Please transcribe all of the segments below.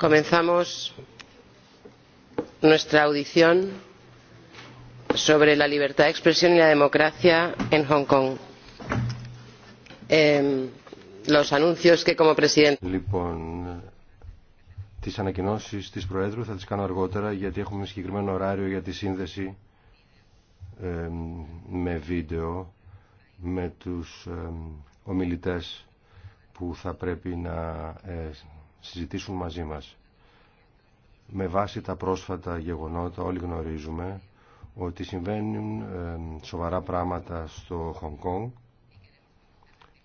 comenzamos nuestra audición sobre la libertad de expresión y la democracia en Hong Kong. Los anuncios que como presidente. Λοιπόν, τις ανακοινώσεις της Προέδρου θα τις κάνω αργότερα γιατί έχουμε συγκεκριμένο ωράριο για τη σύνδεση με βίντεο με τους ομιλητές που θα πρέπει να ε, συζητήσουν μαζί μας με βάση τα πρόσφατα γεγονότα όλοι γνωρίζουμε ότι συμβαίνουν σοβαρά πράγματα στο Χονγκ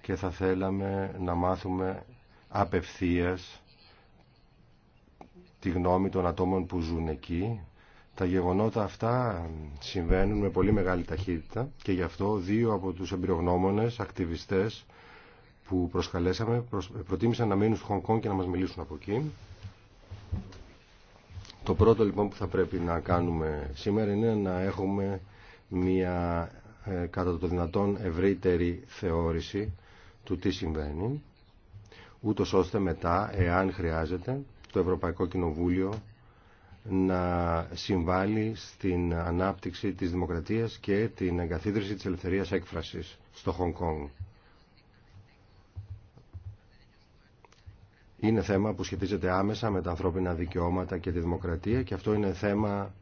και θα θέλαμε να μάθουμε απευθείας τη γνώμη των ατόμων που ζουν εκεί. Τα γεγονότα αυτά συμβαίνουν με πολύ μεγάλη ταχύτητα και γι' αυτό δύο από τους εμπειρογνώμονες, ακτιβιστές που προσκαλέσαμε προτίμησαν να μείνουν στο Χονγκ και να μας μιλήσουν από εκεί. Το πρώτο λοιπόν που θα πρέπει να κάνουμε σήμερα είναι να έχουμε μια ε, κατά το δυνατόν ευρύτερη θεώρηση του τι συμβαίνει, ούτως ώστε μετά, εάν χρειάζεται, το Ευρωπαϊκό Κοινοβούλιο να συμβάλλει στην ανάπτυξη της δημοκρατίας και την εγκαθίδρυση της ελευθερίας έκφρασης στο Χονγκ είναι θέμα που σχετίζεται άμεσα με τα ανθρώπινα δικαιώματα και τη δημοκρατία και αυτό είναι θέμα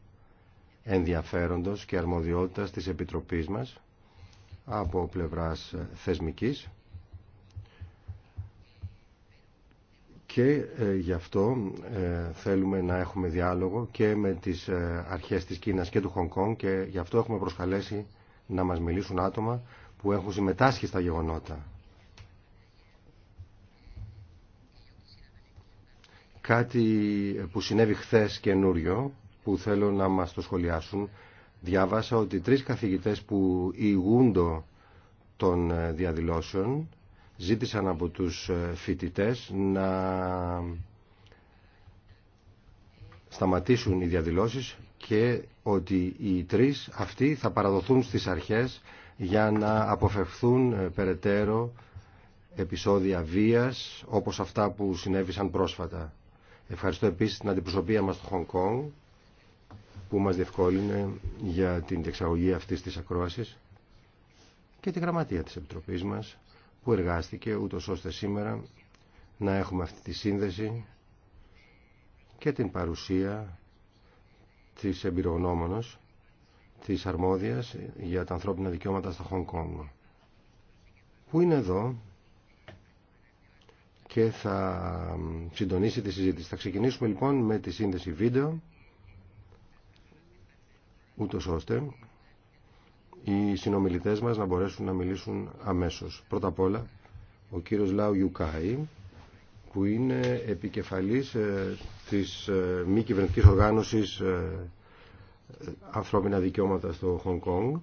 ενδιαφέροντος και αρμοδιότητας της Επιτροπής μας από πλευράς θεσμικής και ε, γι' αυτό ε, θέλουμε να έχουμε διάλογο και με τις ε, αρχές της Κίνας και του Χονγκ και γι' αυτό έχουμε προσκαλέσει να μας μιλήσουν άτομα που έχουν συμμετάσχει στα γεγονότα Κάτι που συνέβη χθες καινούριο που θέλω να μας το σχολιάσουν. Διάβασα ότι τρεις καθηγητές που ηγούντο των ε, διαδηλώσεων ζήτησαν από τους ε, φοιτητές να σταματήσουν οι διαδηλώσεις και ότι οι τρεις αυτοί θα παραδοθούν στις αρχές για να αποφευθούν ε, περαιτέρω επεισόδια βίας όπως αυτά που συνέβησαν πρόσφατα. Ευχαριστώ επίσης την αντιπροσωπεία μας στο Χονγκ που μας διευκόλυνε για την διεξαγωγή αυτής της ακρόασης και τη γραμματεία της Επιτροπής μας που εργάστηκε ούτω ώστε σήμερα να έχουμε αυτή τη σύνδεση και την παρουσία της εμπειρογνώμονος της αρμόδιας για τα ανθρώπινα δικαιώματα στο Χονγκ Κόνγκ που είναι εδώ και θα συντονίσει τη συζήτηση. Θα ξεκινήσουμε λοιπόν με τη σύνδεση βίντεο, ούτω ώστε οι συνομιλητές μας να μπορέσουν να μιλήσουν αμέσως. Πρώτα απ' όλα, ο κύριος Λάου Ιουκάη, που είναι επικεφαλής ε, της ε, μη κυβερνητικής οργάνωσης ε, ανθρώπινα δικαιώματα στο Χονγκ Κόνγκ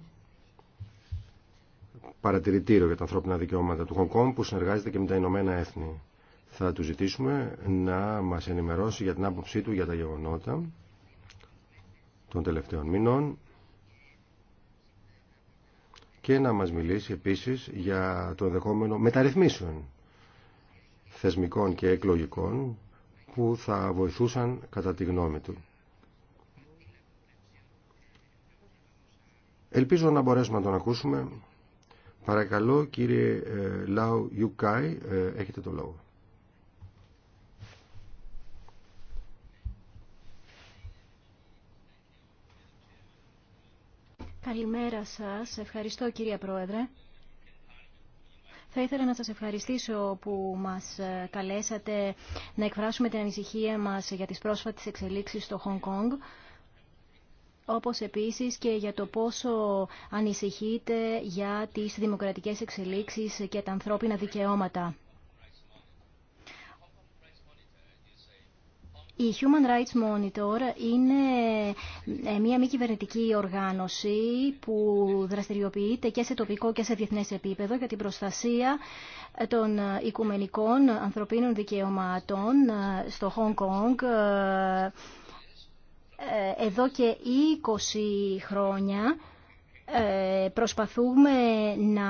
παρατηρητήριο για τα ανθρώπινα δικαιώματα του Χονγκ που συνεργάζεται και με τα Ηνωμένα Έθνη θα του ζητήσουμε να μας ενημερώσει για την άποψή του για τα γεγονότα των τελευταίων μηνών και να μας μιλήσει επίσης για το ενδεχόμενο μεταρρυθμίσεων θεσμικών και εκλογικών που θα βοηθούσαν κατά τη γνώμη του. Ελπίζω να μπορέσουμε να τον ακούσουμε. Παρακαλώ κύριε ε, Λάου Ιουκάι, ε, έχετε το λόγο. Καλημέρα σας. Ευχαριστώ κυρία Πρόεδρε. Θα ήθελα να σας ευχαριστήσω που μας ε, καλέσατε να εκφράσουμε την ανησυχία μας για τις πρόσφατες εξελίξεις στο Χονγκ Κόνγκ όπως επίσης και για το πόσο ανησυχείτε για τις δημοκρατικές εξελίξεις και τα ανθρώπινα δικαιώματα. Η Human Rights Monitor είναι ε, μια μη κυβερνητική οργάνωση που δραστηριοποιείται και σε τοπικό και σε διεθνές επίπεδο για την προστασία ε, των ε, οικουμενικών ανθρωπίνων δικαιωμάτων στο Hong Kong. εδώ και 20 χρόνια προσπαθούμε να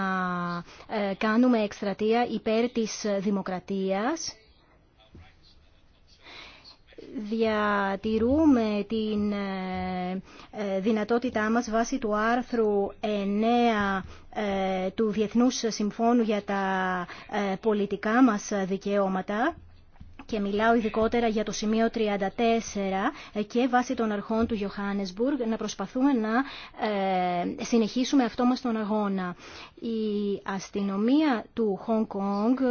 κάνουμε εκστρατεία υπέρ της δημοκρατίας διατηρούμε την ε, ε, δυνατότητά μας βάσει του άρθρου 9 ε, του Διεθνούς Συμφώνου για τα πολιτικά μας δικαιώματα και μιλάω ειδικότερα για το σημείο 34 και βάσει των αρχών του Johannesburg να προσπαθούμε να ε, συνεχίσουμε αυτό μας τον αγώνα. Η αστυνομία του Hong Kong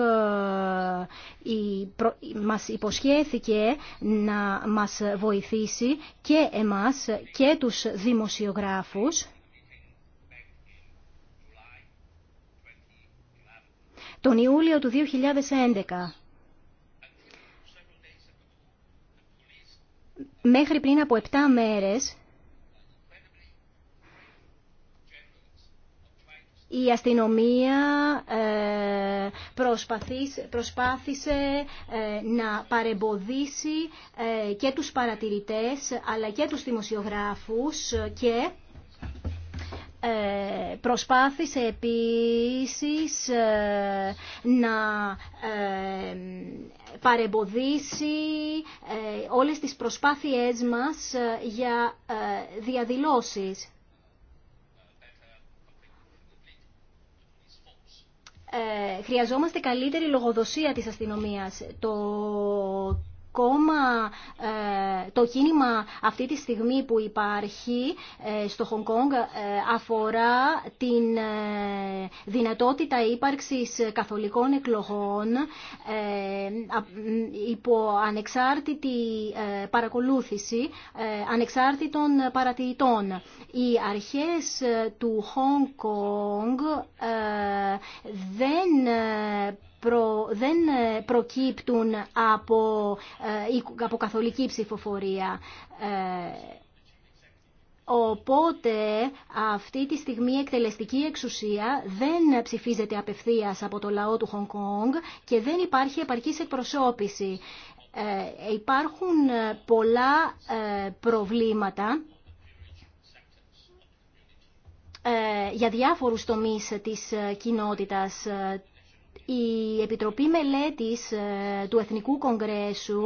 ε, μας υποσχέθηκε να μας βοηθήσει και εμάς και τους δημοσιογράφους τον Ιούλιο του 2011. μέχρι πριν από 7 μέρες η αστυνομία ε, προσπάθησε ε, να παρεμποδίσει ε, και τους παρατηρητές αλλά και τους δημοσιογράφους και προσπάθησε επίσης να παρεμποδίσει ε, όλες τις προσπάθειές μας ε, για ε, διαδηλώσεις. χρειαζόμαστε καλύτερη λογοδοσία της αστυνομίας. Το ακόμα ε, το κίνημα αυτή τη στιγμή που υπάρχει ε, στο Χονγκ Κόνγκ ε, αφορά την δυνατότητα ύπαρξης καθολικών εκλογών υπό ανεξάρτητη παρακολούθηση ανεξάρτητων παρατηρητών. Οι αρχές του Χονγκ Κόνγκ δεν προ, δεν ε, προκύπτουν από, ε, από καθολική ψηφοφορία. Ε, οπότε αυτή τη στιγμή η εκτελεστική εξουσία δεν ψηφίζεται απευθείας από το λαό του Χονγκ Κόνγκ και δεν υπάρχει επαρκής εκπροσώπηση. υπάρχουν πολλά προβλήματα για διάφορους τομείς της κοινότητας η Επιτροπή Μελέτης ε, του Εθνικού Κογκρέσου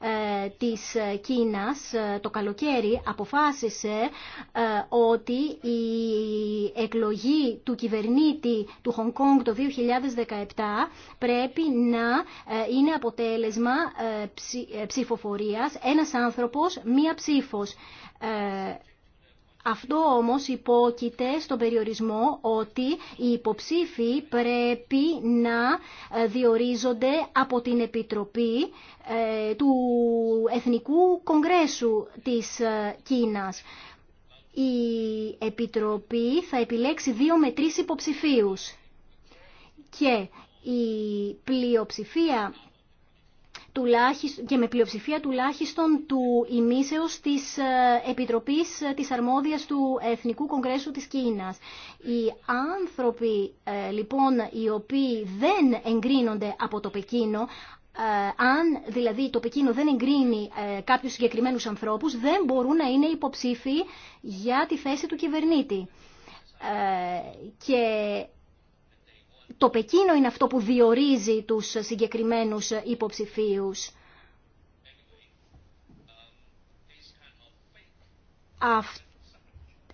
ε, της Κίνας ε, το καλοκαίρι αποφάσισε ότι η εκλογή του κυβερνήτη του Χονγκ Κόνγκ το 2017 πρέπει να είναι αποτέλεσμα ψηφοφορίας ένας άνθρωπος, μία ψήφος. Αυτό όμως υπόκειται στον περιορισμό ότι οι υποψήφοι πρέπει να ε, διορίζονται από την Επιτροπή ε, του Εθνικού Κογκρέσου της ε, Κίνας. Η Επιτροπή θα επιλέξει δύο με τρεις υποψηφίους και η πλειοψηφία τουλάχιστον, και με πλειοψηφία τουλάχιστον του ημίσεως της ε, Επιτροπής ε, της Αρμόδιας του Εθνικού Κογκρέσου της Κίνας. Οι άνθρωποι ε, λοιπόν οι οποίοι δεν εγκρίνονται από το Πεκίνο, αν δηλαδή το Πεκίνο δεν εγκρίνει κάποιους συγκεκριμένους ανθρώπους, δεν μπορούν να είναι υποψήφοι για τη θέση του κυβερνήτη. Και το Πεκίνο είναι αυτό που διορίζει τους συγκεκριμένους υποψηφίους. Αυτό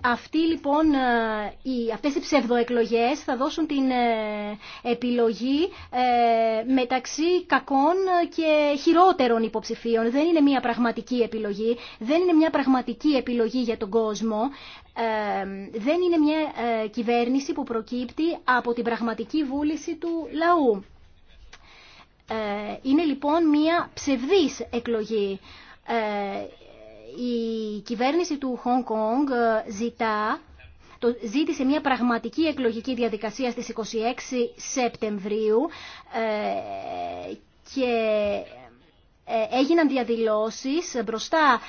αυτή λοιπόν, ε, οι, αυτές οι ψευδοεκλογές θα δώσουν την ε, επιλογή ε, μεταξύ κακών και χειρότερων υποψηφίων. Δεν είναι μια πραγματική επιλογή, δεν είναι μια πραγματική επιλογή για τον κόσμο. δεν είναι μια κυβέρνηση που προκύπτει από την πραγματική βούληση του λαού. είναι λοιπόν μια ψευδής εκλογή η κυβέρνηση του Χονγκ Κονγκ ε, ζητά το ζήτησε μια πραγματική εκλογική διαδικασία στις 26 Σεπτεμβρίου ε, και ε, έγιναν διαδηλώσεις μπροστά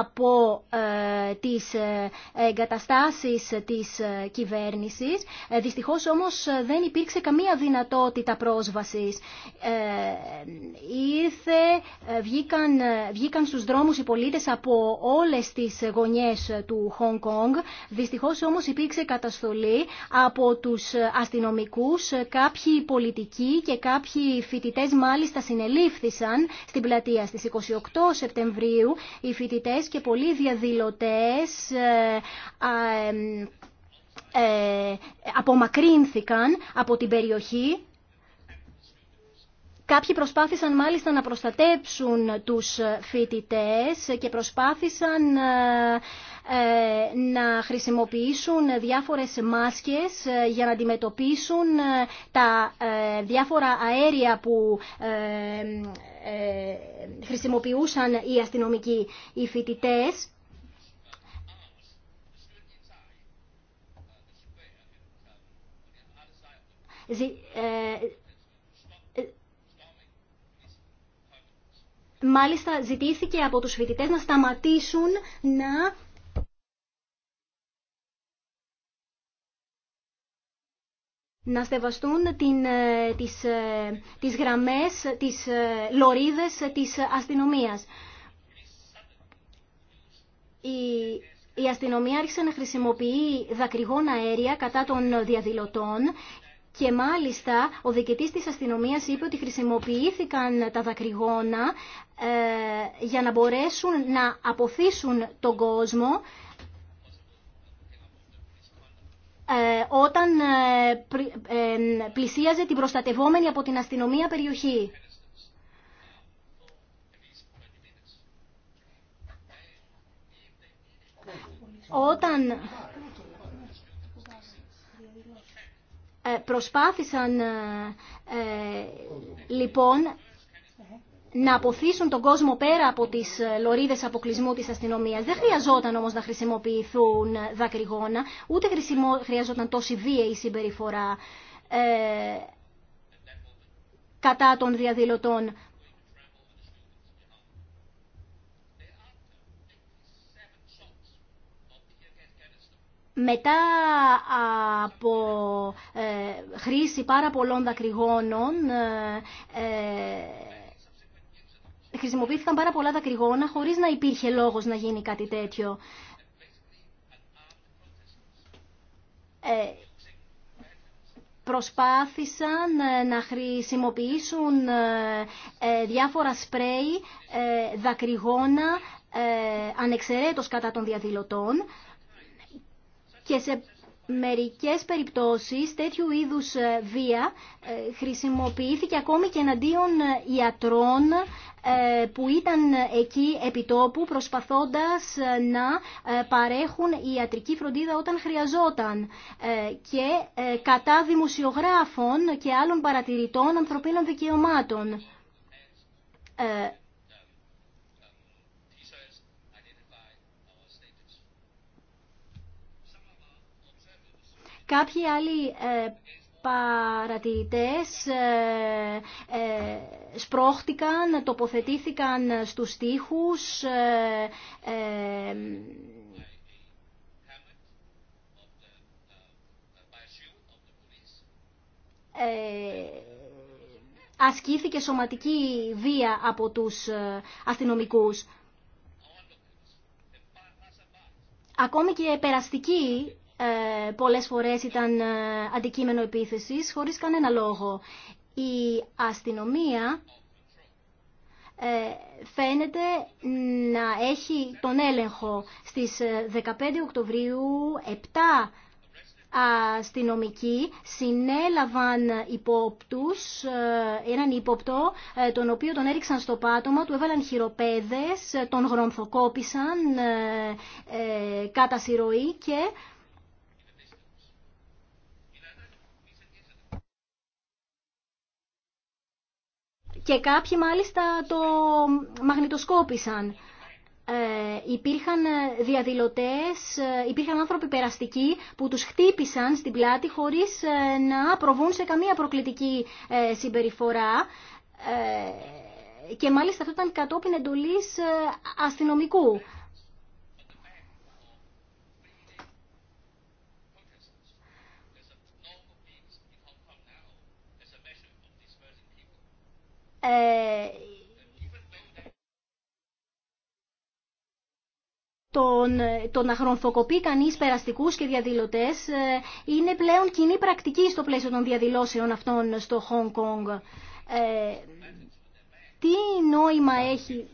από ε, τις ε, εγκαταστάσεις της κυβέρνησης. Δυστυχώς όμως δεν υπήρξε καμία δυνατότητα πρόσβασης. Ήρθε, βγήκαν, βγήκαν στους δρόμους οι πολίτες από όλες τις γωνιές του Χονγκ Κονγκ. Δυστυχώς όμως υπήρξε καταστολή από τους αστυνομικούς. Κάποιοι πολιτικοί και κάποιοι φοιτητές μάλιστα συνελήφθησαν στην πλατεία Δημοκρατία. Στις 28 Σεπτεμβρίου οι φοιτητές και πολλοί διαδηλωτές ε, ε, απομακρύνθηκαν από την περιοχή Κάποιοι προσπάθησαν μάλιστα να προστατέψουν τους φοιτητές και προσπάθησαν ε, ε, να χρησιμοποιήσουν διάφορες μάσκες ε, για να αντιμετωπίσουν ε, τα διάφορα αέρια που χρησιμοποιούσαν οι αστυνομικοί οι φοιτητές. Μάλιστα ζητήθηκε από τους φοιτητές να σταματήσουν να να στεβαστούν την, ε, τις, ε, τις γραμμές, τις ε, λωρίδες της αστυνομίας. Η, η αστυνομία άρχισε να χρησιμοποιεί δακρυγόνα αέρια κατά των διαδηλωτών και μάλιστα ο διοικητής της αστυνομίας είπε ότι χρησιμοποιήθηκαν τα δακρυγόνα ε, για να μπορέσουν να αποθήσουν τον κόσμο ε, όταν ε, ε, πλησίαζε την προστατευόμενη από την αστυνομία περιοχή. Όταν προσπάθησαν λοιπόν να αποθήσουν τον κόσμο πέρα από τις ε, λωρίδες αποκλεισμού της αστυνομίας. Δεν χρειαζόταν όμως να χρησιμοποιηθούν ε, δακρυγόνα, ούτε χρειαζόταν τόση βίαιη συμπεριφορά ε, κατά των διαδηλωτών. Μετά από χρήση πάρα πολλών δακρυγόνων, χρησιμοποιήθηκαν πάρα πολλά δακρυγόνα χωρίς να υπήρχε λόγος να γίνει κάτι τέτοιο. Ε, προσπάθησαν ε, να χρησιμοποιήσουν ε, ε, διάφορα σπρέι δακρυγόνα ανεξαιρέτως κατά των διαδηλωτών και σε μερικές περιπτώσεις τέτοιου είδους ε, βία ε, χρησιμοποιήθηκε ακόμη και εναντίον ε, ιατρών που ήταν εκεί επιτόπου προσπαθώντας να παρέχουν ιατρική φροντίδα όταν χρειαζόταν και κατά δημοσιογράφων και άλλων παρατηρητών ανθρωπίνων δικαιωμάτων Κάποιοι άλλοι ε, παρατηρητές ε, ε, σπρώχτηκαν, τοποθετήθηκαν στους τοίχους ασκήθηκε σωματική βία από τους αστυνομικούς. Ακόμη και περαστικοί ε, πολλές φορές ήταν ε, αντικείμενο επίθεσης χωρίς κανένα λόγο. Η αστυνομία ε, φαίνεται να έχει τον έλεγχο. Στις 15 Οκτωβρίου 7 αστυνομικοί συνέλαβαν υπόπτους, έναν ύποπτο, τον οποίο τον έριξαν στο πάτωμα, του έβαλαν χειροπέδες, τον γρομφοκόπησαν κατά συρροή και και κάποιοι μάλιστα το μαγνητοσκόπησαν. Ε, υπήρχαν ε, διαδηλωτές, ε, υπήρχαν άνθρωποι περαστικοί που τους χτύπησαν στην πλάτη χωρίς ε, να προβούν σε καμία προκλητική συμπεριφορά και μάλιστα αυτό ήταν κατόπιν εντολής αστυνομικού. Ε, τον, το να χρονθοκοπεί κανείς περαστικούς και διαδηλωτές ε, είναι πλέον κοινή πρακτική στο πλαίσιο των διαδηλώσεων αυτών στο Χονγκ Κονγκ. Ε, τι νόημα έχει...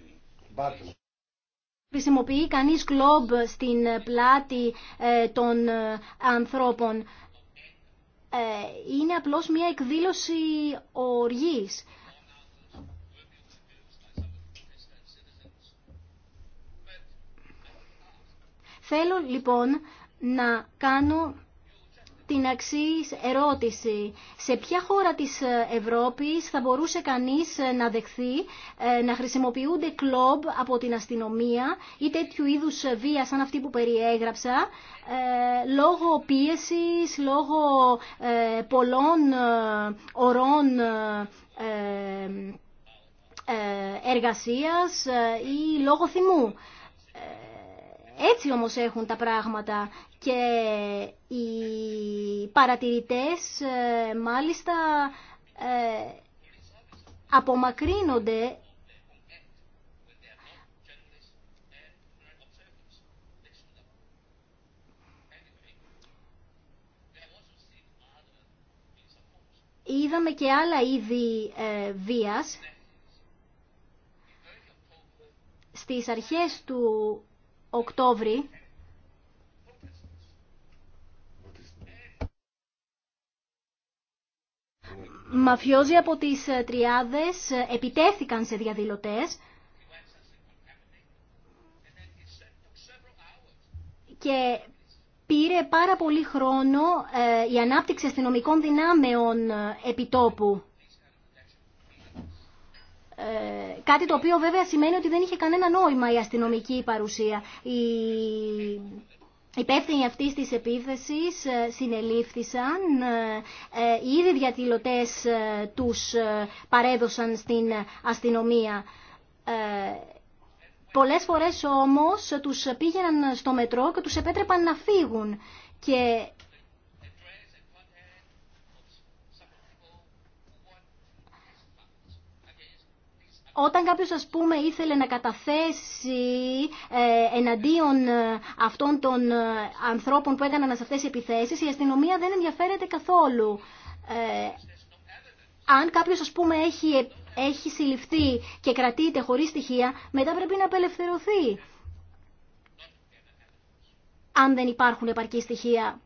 Χρησιμοποιεί κανείς κλόμπ στην πλάτη των ανθρώπων. είναι απλώς μια εκδήλωση οργής. Θέλω λοιπόν να κάνω την αξή ερώτηση. Σε ποια χώρα της Ευρώπης θα μπορούσε κανείς ε, να δεχθεί ε, να χρησιμοποιούνται κλόμπ από την αστυνομία ή τέτοιου είδους βία σαν αυτή που περιέγραψα ε, λόγω πίεσης, λόγω πολλών ορών εργασίας ή λόγω θυμού. Έτσι όμως έχουν τα πράγματα και οι παρατηρητές ε, μάλιστα ε, απομακρύνονται Είδαμε και άλλα είδη ε, βίας στις αρχές του Οκτώβρη μαφιόζοι από τις ε, τριάδες ε, επιτέθηκαν σε διαδηλωτές και πήρε πάρα πολύ χρόνο ε, η ανάπτυξη αστυνομικών δυνάμεων επιτόπου. Ε, κάτι το οποίο βέβαια σημαίνει ότι δεν είχε κανένα νόημα η αστυνομική παρουσία. Η υπεύθυνοι αυτή της επίθεσης ε, συνελήφθησαν, οι ε, ε, ήδη διατηλωτές τους παρέδωσαν στην αστυνομία. Πολλέ φορέ όμω τους πήγαιναν στο μετρό και τους επέτρεπαν να φύγουν. Και Όταν κάποιος ας πούμε ήθελε να καταθέσει ε, εναντίον ε, αυτών των ε, ανθρώπων που έκαναν σε αυτές τις επιθέσεις, η αστυνομία δεν ενδιαφέρεται καθόλου. αν κάποιος ας πούμε έχει, έχει συλληφθεί και κρατείται χωρίς στοιχεία, μετά πρέπει να απελευθερωθεί. Αν δεν υπάρχουν επαρκή στοιχεία.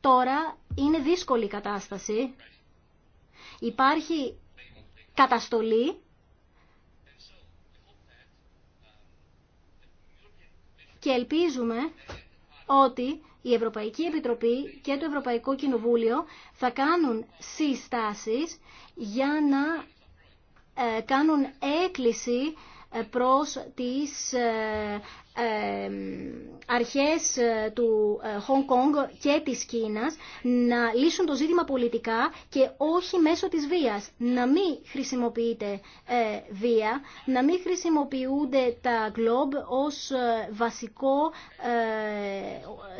Τώρα είναι δύσκολη η κατάσταση υπάρχει καταστολή και ελπίζουμε ότι η Ευρωπαϊκή Επιτροπή και το Ευρωπαϊκό Κοινοβούλιο θα κάνουν συστάσεις για να ε, κάνουν έκκληση ε, προς τις ε, ε, αρχές ε, του ε, Hong Kong και της Κίνας να λύσουν το ζήτημα πολιτικά και όχι μέσω της βίας. Να μην χρησιμοποιείται βία, να μην χρησιμοποιούνται τα GLOBE ως βασικό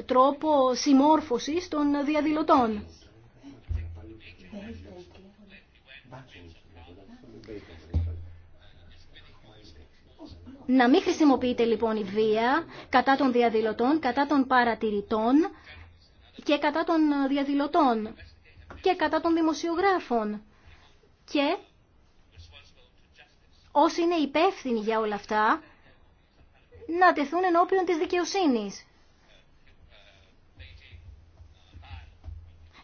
τρόπο συμμόρφωσης των διαδηλωτών. Να μην χρησιμοποιείται λοιπόν η βία κατά των διαδηλωτών, κατά των παρατηρητών και κατά των διαδηλωτών και κατά των δημοσιογράφων. Και όσοι είναι υπεύθυνοι για όλα αυτά να τεθούν ενώπιον της δικαιοσύνης.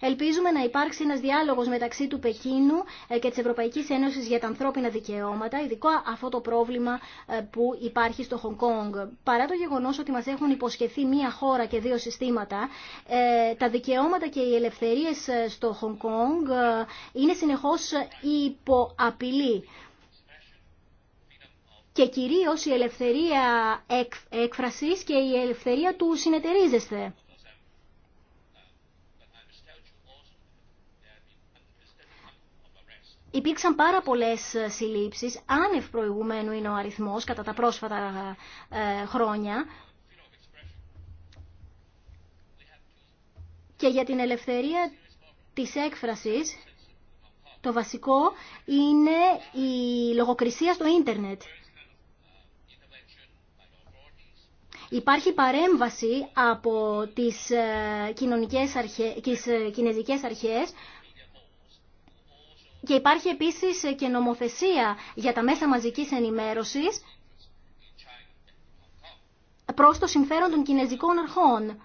Ελπίζουμε να υπάρξει ένας διάλογος μεταξύ του Πεκίνου ε, και της Ευρωπαϊκής Ένωσης για τα ανθρώπινα δικαιώματα, ειδικό αυτό το πρόβλημα ε, που υπάρχει στο Χονγκ Κόνγκ. Παρά το γεγονός ότι μας έχουν υποσχεθεί μία χώρα και δύο συστήματα, ε, τα δικαιώματα και οι ελευθερίες στο Χονγκ Κόνγκ είναι συνεχώς υπό απειλή και κυρίως η ελευθερία έκφρασης και η ελευθερία του συνεταιρίζεσθε. Υπήρξαν πάρα πολλέ ε, συλλήψει, άνευ προηγουμένου είναι ο αριθμός κατά τα πρόσφατα ε, χρόνια. Και για την ελευθερία της έκφρασης, το βασικό είναι η λογοκρισία στο ίντερνετ. Υπάρχει παρέμβαση από τις, ε, κοινωνικές αρχές, τις κινέζικες αρχές και υπάρχει επίσης και νομοθεσία για τα μέσα μαζικής ενημέρωσης προς το συμφέρον των κινέζικων αρχών.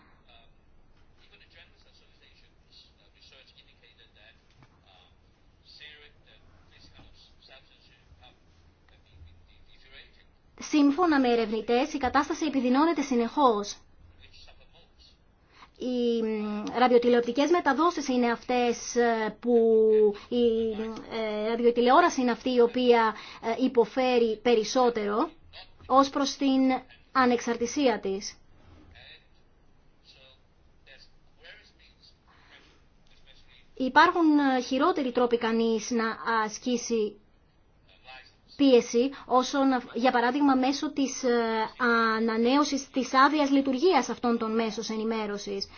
Σύμφωνα με ερευνητές, η κατάσταση επιδεινώνεται συνεχώς οι ραδιοτηλεοπτικές μεταδόσεις είναι αυτές ε, που η ε, ραδιοτηλεόραση είναι αυτή η οποία ε, υποφέρει περισσότερο ως προς την ανεξαρτησία της. Υπάρχουν χειρότεροι τρόποι κανείς να ασκήσει πίεση όσον, για παράδειγμα μέσω της ε, ανανέωσης της άδεια λειτουργίας αυτών των μέσων ενημέρωσης.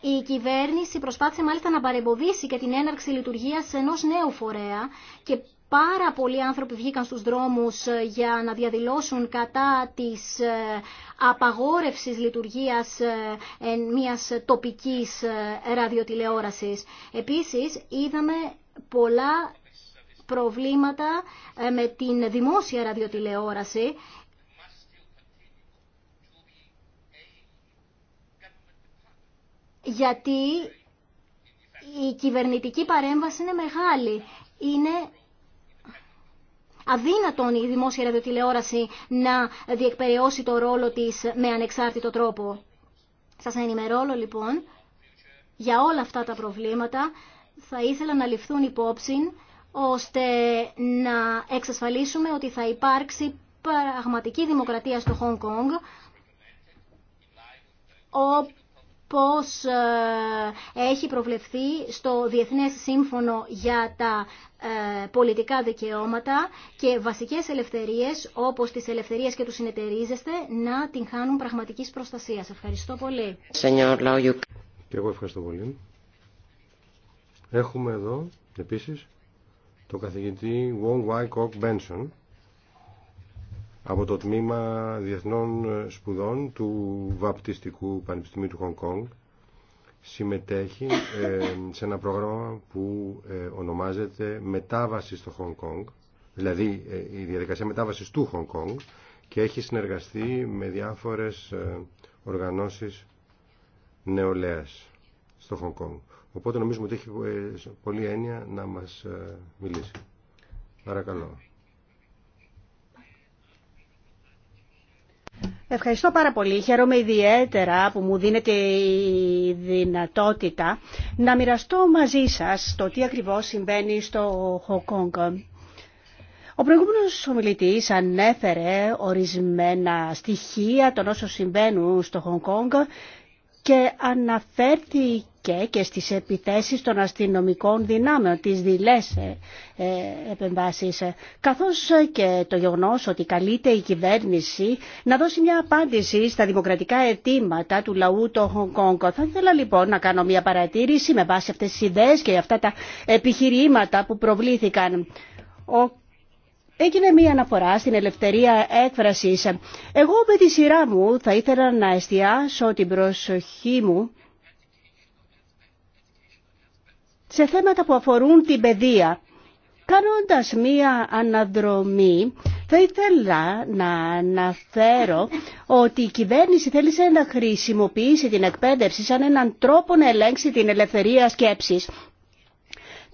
Η κυβέρνηση προσπάθησε μάλιστα να παρεμποδίσει και την έναρξη λειτουργίας ενός νέου φορέα και πάρα πολλοί άνθρωποι βγήκαν στους δρόμους ε, για να διαδηλώσουν κατά της ε, απαγόρευσης λειτουργίας ε, μιας τοπικής ραδιοτηλεόρασης. Επίσης είδαμε πολλά προβλήματα με την δημόσια ραδιοτηλεόραση γιατί η κυβερνητική παρέμβαση είναι μεγάλη. Είναι αδύνατον η δημόσια ραδιοτηλεόραση να διεκπαιρεώσει το ρόλο της με ανεξάρτητο τρόπο. Σας ενημερώνω λοιπόν για όλα αυτά τα προβλήματα θα ήθελα να ληφθούν υπόψη ώστε να εξασφαλίσουμε ότι θα υπάρξει πραγματική δημοκρατία στο Χονγκ Κόνγκ πώς ε, έχει προβλεφθεί στο Διεθνές Σύμφωνο για τα ε, πολιτικά δικαιώματα και βασικές ελευθερίες όπως τις ελευθερίες και του συνεταιρίζεστε να την χάνουν πραγματικής προστασίας. Ευχαριστώ πολύ. Και εγώ ευχαριστώ πολύ. Έχουμε εδώ επίσης το καθηγητή Wong Wai Kok Benson από το Τμήμα Διεθνών Σπουδών του Βαπτιστικού Πανεπιστημίου του Χονγκ Κόνγκ συμμετέχει ε, σε ένα πρόγραμμα που ε, ονομάζεται Μετάβαση στο Χονγκ Κόνγκ, δηλαδή ε, η διαδικασία μετάβασης του Χονγκ Κόνγκ και έχει συνεργαστεί με διάφορες οργανώσεις νεολαίας στο Χονγκ Κόνγκ. Οπότε νομίζουμε ότι έχει πολλή έννοια να μας μιλήσει. Παρακαλώ. Ευχαριστώ πάρα πολύ. Χαίρομαι ιδιαίτερα που μου δίνετε η δυνατότητα να μοιραστώ μαζί σας το τι ακριβώς συμβαίνει στο Χοκόγκ. Ο προηγούμενος ομιλητής ανέφερε ορισμένα στοιχεία των όσων συμβαίνουν στο Χονγκ και αναφέρθηκε και, και στις επιθέσεις των αστυνομικών δυνάμεων, τις δειλές ε, ε επεμβάσεις, καθώς ε, και το γεγονός ότι καλείται η κυβέρνηση να δώσει μια απάντηση στα δημοκρατικά αιτήματα του λαού του Χονγκ Θα ήθελα λοιπόν να κάνω μια παρατήρηση με βάση αυτές τις ιδέες και αυτά τα επιχειρήματα που προβλήθηκαν. Ο Έγινε μία αναφορά στην ελευθερία έκφρασης. Εγώ με τη σειρά μου θα ήθελα να εστιάσω την προσοχή μου σε θέματα που αφορούν την παιδεία. Κάνοντας μία αναδρομή, θα ήθελα να αναφέρω ότι η κυβέρνηση θέλησε να χρησιμοποιήσει την εκπαίδευση σαν έναν τρόπο να ελέγξει την ελευθερία σκέψης.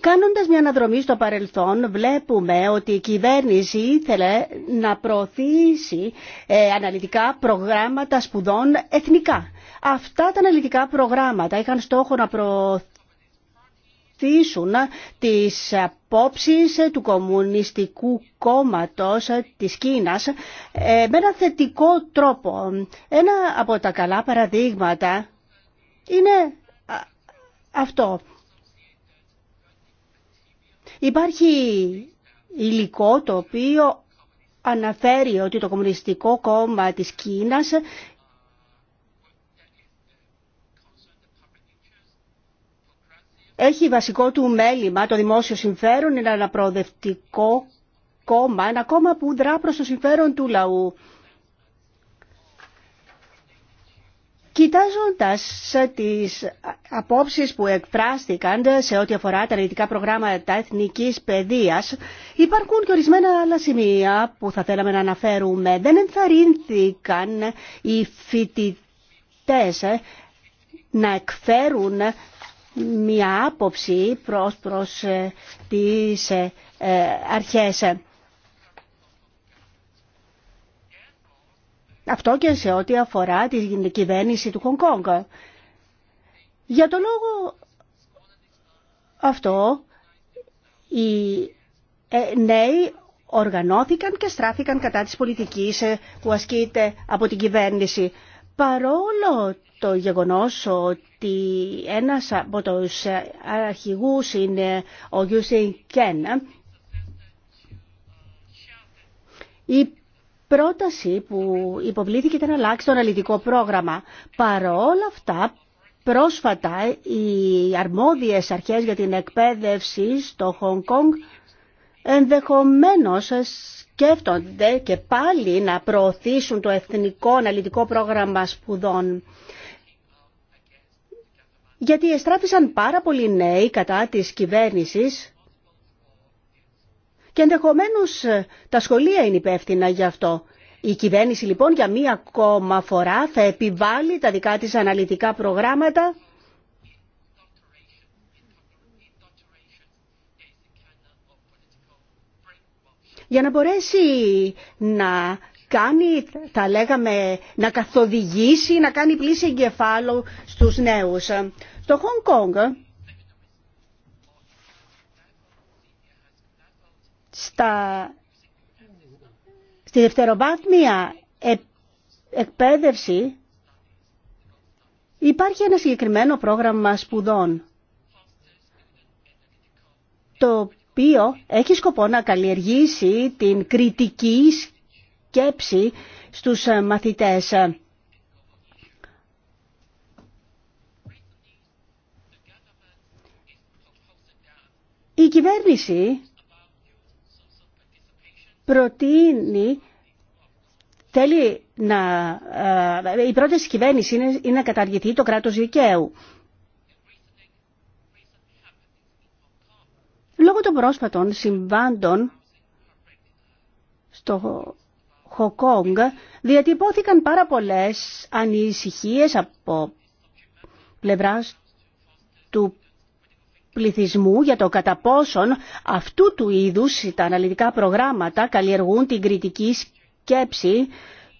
Κάνοντας μια αναδρομή στο παρελθόν βλέπουμε ότι η κυβέρνηση ήθελε να προωθήσει ε, αναλυτικά προγράμματα σπουδών εθνικά. Αυτά τα αναλυτικά προγράμματα είχαν στόχο να χρησιμοποιησει την εκπαιδευση σαν εναν τροπο να ελεγξει την ελευθερια σκεψης κανοντας μια αναδρομη στο παρελθον βλεπουμε οτι η κυβερνηση ηθελε να προωθησει αναλυτικα προγραμματα σπουδων εθνικα αυτα τα αναλυτικα προγραμματα ειχαν στοχο να προωθησουν ακολουθήσουν τις απόψεις του Κομμουνιστικού Κόμματος της Κίνας ε, με ένα θετικό τρόπο. Ένα από τα καλά παραδείγματα είναι αυτό. Υπάρχει υλικό το οποίο αναφέρει ότι το Κομμουνιστικό Κόμμα της Κίνας έχει βασικό του μέλημα το δημόσιο συμφέρον, είναι ένα προοδευτικό κόμμα, ένα κόμμα που δρά προς το συμφέρον του λαού. Κοιτάζοντας τις απόψεις που εκφράστηκαν σε ό,τι αφορά τα αναλυτικά προγράμματα εθνικής παιδείας, υπάρχουν και ορισμένα άλλα σημεία που θα θέλαμε να αναφέρουμε. Δεν ενθαρρύνθηκαν οι φοιτητές να εκφέρουν μια άποψη προς, προς ε, τις ε, ε, αρχές. Αυτό και σε ό,τι αφορά την κυβέρνηση του Χονγκ Για τον λόγο αυτό, οι νέοι οργανώθηκαν και στράφηκαν κατά της πολιτικής που ασκείται από την κυβέρνηση παρόλο το γεγονός ότι ένας από τους αρχηγούς είναι ο Γιούσιν Κέν, η πρόταση που υποβλήθηκε ήταν να αλλάξει το αναλυτικό πρόγραμμα. Παρόλα αυτά, πρόσφατα οι αρμόδιες αρχές για την εκπαίδευση στο Χονγκ ενδεχομένως σκέφτονται και πάλι να προωθήσουν το Εθνικό Αναλυτικό Πρόγραμμα Σπουδών. Γιατί εστράφησαν πάρα πολλοί νέοι κατά της κυβέρνησης και ενδεχομένως τα σχολεία είναι υπεύθυνα γι' αυτό. Η κυβέρνηση λοιπόν για μία ακόμα φορά θα επιβάλλει τα δικά της αναλυτικά προγράμματα για να μπορέσει να κάνει, τα λέγαμε, να καθοδηγήσει, να κάνει πλήση εγκεφάλου στους νέους. Στο Χονγκ Κόνγκ, στα, στη δευτεροβάθμια ε, εκπαίδευση υπάρχει ένα συγκεκριμένο πρόγραμμα σπουδών το οποίο έχει σκοπό να καλλιεργήσει την κριτική σκέψη στους ε, μαθητές. Η κυβέρνηση προτείνει, θέλει να, ε, η πρόταση της είναι, είναι να καταργηθεί το κράτος δικαίου. Λόγω των πρόσφατων συμβάντων στο Χοκόγκ διατυπώθηκαν πάρα πολλές ανησυχίες από πλευράς του πληθυσμού για το κατά πόσον αυτού του είδους τα αναλυτικά προγράμματα καλλιεργούν την κριτική σκέψη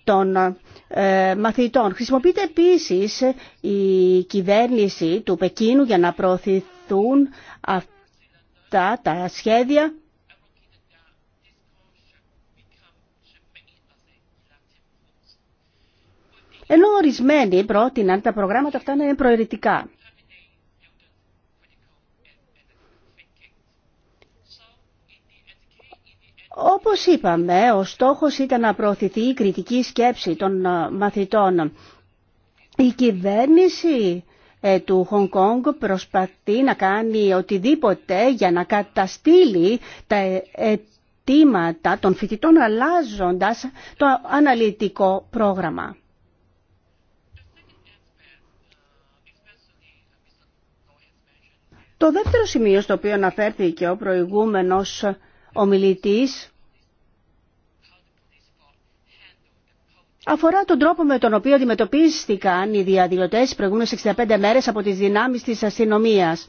των ε, μαθητών. Χρησιμοποιείται επίσης η κυβέρνηση του Πεκίνου για να προωθηθούν αυτοί αυτά τα σχέδια ενώ ορισμένοι πρότειναν τα προγράμματα αυτά να είναι προαιρετικά. Όπως είπαμε, ο στόχος ήταν να προωθηθεί η κριτική σκέψη των ε, μαθητών. Η κυβέρνηση ε, του Χονγκ Κόνγκ προσπαθεί να κάνει οτιδήποτε για να καταστήλει τα αιτήματα των φοιτητών αλλάζοντας το αναλυτικό πρόγραμμα. Το δεύτερο σημείο στο οποίο αναφέρθηκε ο προηγούμενος ομιλητής αφορά τον τρόπο με τον οποίο αντιμετωπίστηκαν οι διαδηλωτές τι προηγούμενες 65 μέρες από τις δυνάμεις της αστυνομίας.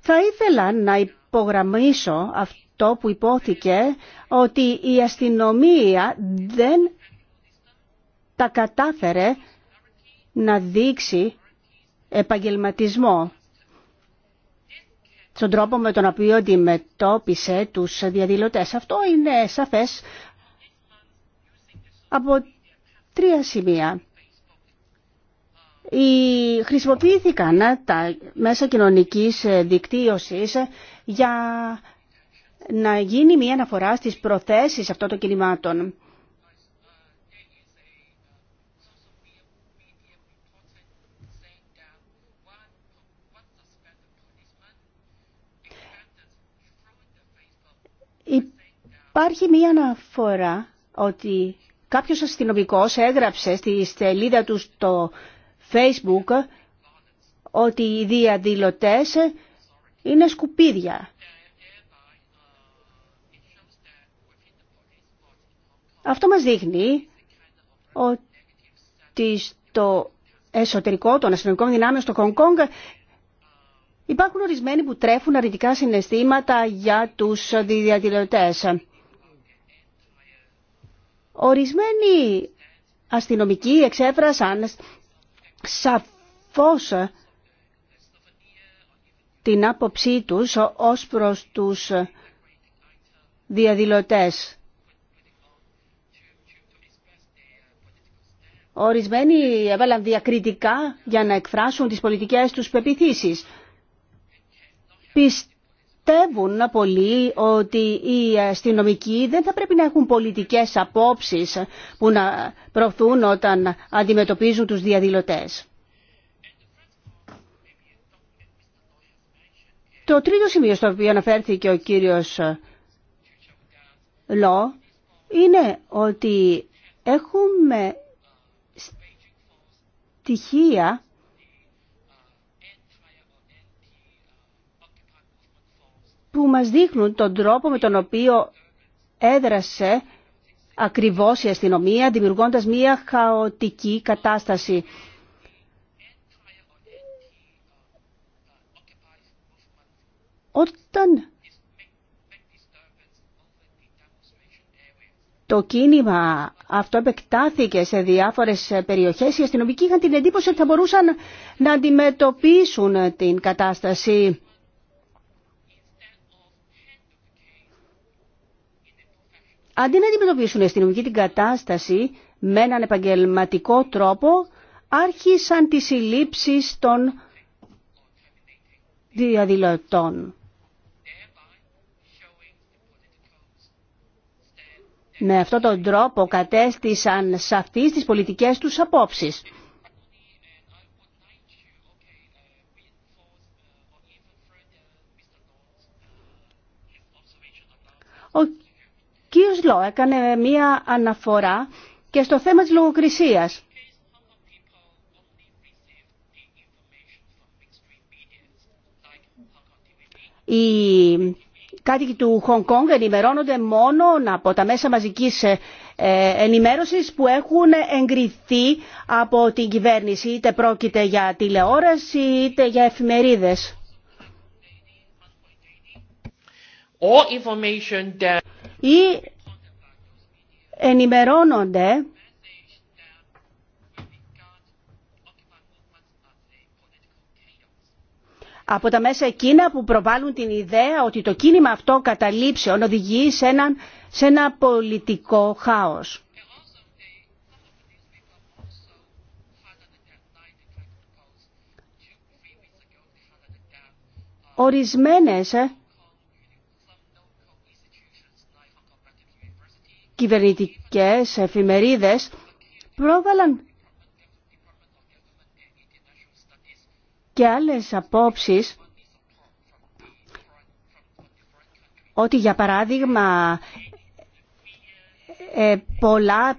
Θα ήθελα να υπογραμμίσω αυτό που υπόθηκε ότι η αστυνομία δεν τα κατάφερε να δείξει επαγγελματισμό στον τρόπο με τον οποίο αντιμετώπισε τους διαδηλωτές. Αυτό είναι σαφές από τρία σημεία. Οι, χρησιμοποιήθηκαν τα μέσα κοινωνικής δικτύωσης για να γίνει μια αναφορά στις προθέσεις αυτών των κινημάτων. Υπάρχει μία αναφορά ότι κάποιος αστυνομικός έγραψε στη σελίδα του στο facebook ότι οι διαδηλωτές είναι σκουπίδια. Αυτό μας δείχνει ότι στο εσωτερικό των αστυνομικών δυνάμεων στο Χονγκ υπάρχουν ορισμένοι που τρέφουν αρνητικά συναισθήματα για τους διαδηλωτές. Ορισμένοι αστυνομικοί εξέφρασαν σαφώς την άποψή τους ως προς τους διαδηλωτές. Ορισμένοι έβαλαν διακριτικά για να εκφράσουν τις πολιτικές τους πεπιθήσεις πιστεύουν πολλοί ότι οι αστυνομικοί δεν θα πρέπει να έχουν πολιτικές απόψεις που να προωθούν όταν αντιμετωπίζουν τους διαδηλωτές. Το τρίτο σημείο στο οποίο αναφέρθηκε ο κύριος Λό είναι ότι έχουμε στοιχεία που μας δείχνουν τον τρόπο με τον οποίο έδρασε ακριβώς η αστυνομία, δημιουργώντας μία χαοτική κατάσταση. Όταν το κίνημα αυτό επεκτάθηκε σε διάφορες περιοχές, οι αστυνομικοί είχαν την εντύπωση ότι θα μπορούσαν να αντιμετωπίσουν την κατάσταση. αντί να αντιμετωπίσουν οι αστυνομικοί την κατάσταση με έναν επαγγελματικό τρόπο, άρχισαν τις συλλήψεις των διαδηλωτών. Με αυτόν τον τρόπο κατέστησαν σαφείς τις πολιτικές τους απόψεις. Ο κύριος Λό έκανε μία αναφορά και στο θέμα της λογοκρισίας. Οι κάτοικοι του Χονγκ Κόνγκ ενημερώνονται μόνο από τα μέσα μαζικής ε, ε, ενημέρωσης που έχουν εγκριθεί από την κυβέρνηση, είτε πρόκειται για τηλεόραση είτε για εφημερίδες ή ενημερώνονται από τα μέσα εκείνα που προβάλλουν την ιδέα ότι το κίνημα αυτό καταλήψεων οδηγεί σε ένα, σε ένα πολιτικό χάος. Ορισμένες κυβερνητικές εφημερίδες πρόβαλαν και άλλες απόψεις ότι για παράδειγμα ε, πολλά,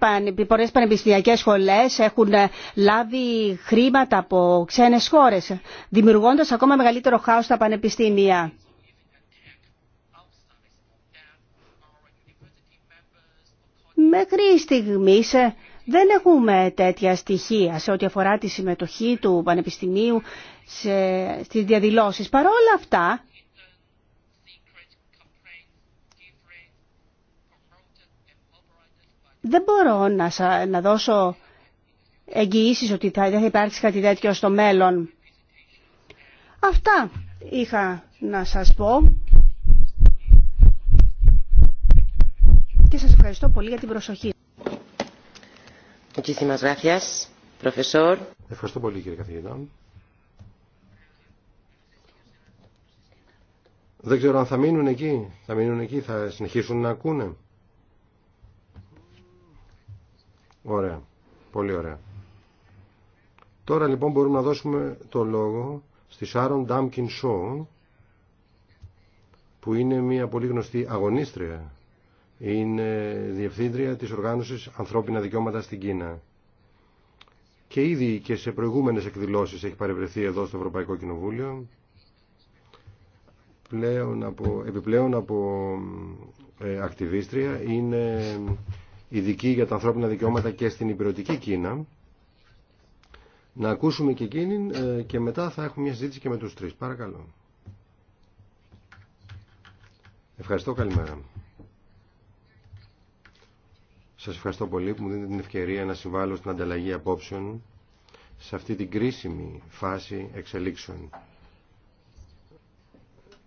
πολλές πανεπιστημιακές σχολές έχουν ε, λάβει χρήματα από ξένες χώρες, δημιουργώντας ακόμα μεγαλύτερο χάος στα πανεπιστήμια. Μέχρι στιγμή ε, δεν έχουμε τέτοια στοιχεία σε ό,τι αφορά τη συμμετοχή του Πανεπιστημίου σε, στις διαδηλώσεις. Παρ' όλα αυτά, δεν μπορώ να, να δώσω εγγυήσεις ότι θα, δεν θα υπάρξει κάτι τέτοιο στο μέλλον. Αυτά είχα να σας πω. ευχαριστώ πολύ για την προσοχή. Ευχαριστώ πολύ κύριε καθηγητά. Δεν ξέρω αν θα μείνουν εκεί. Θα μείνουν εκεί, θα συνεχίσουν να ακούνε. Ωραία. Πολύ ωραία. Τώρα λοιπόν μπορούμε να δώσουμε το λόγο στη Σάρον Ντάμκιν Σόου που είναι μια πολύ γνωστή αγωνίστρια είναι διευθύντρια της οργάνωσης Ανθρώπινα Δικαιώματα στην Κίνα. Και ήδη και σε προηγούμενες εκδηλώσεις έχει παρευρεθεί εδώ στο Ευρωπαϊκό Κοινοβούλιο. Πλέον από, επιπλέον από ε, ακτιβίστρια είναι ειδική για τα ανθρώπινα δικαιώματα και στην υπηρετική Κίνα. Να ακούσουμε και εκείνη ε, και μετά θα έχουμε μια συζήτηση και με τους τρεις. Παρακαλώ. Ευχαριστώ. Καλημέρα. Σας ευχαριστώ πολύ που μου δίνετε την ευκαιρία να συμβάλλω στην ανταλλαγή απόψεων σε αυτή την κρίσιμη φάση εξελίξεων.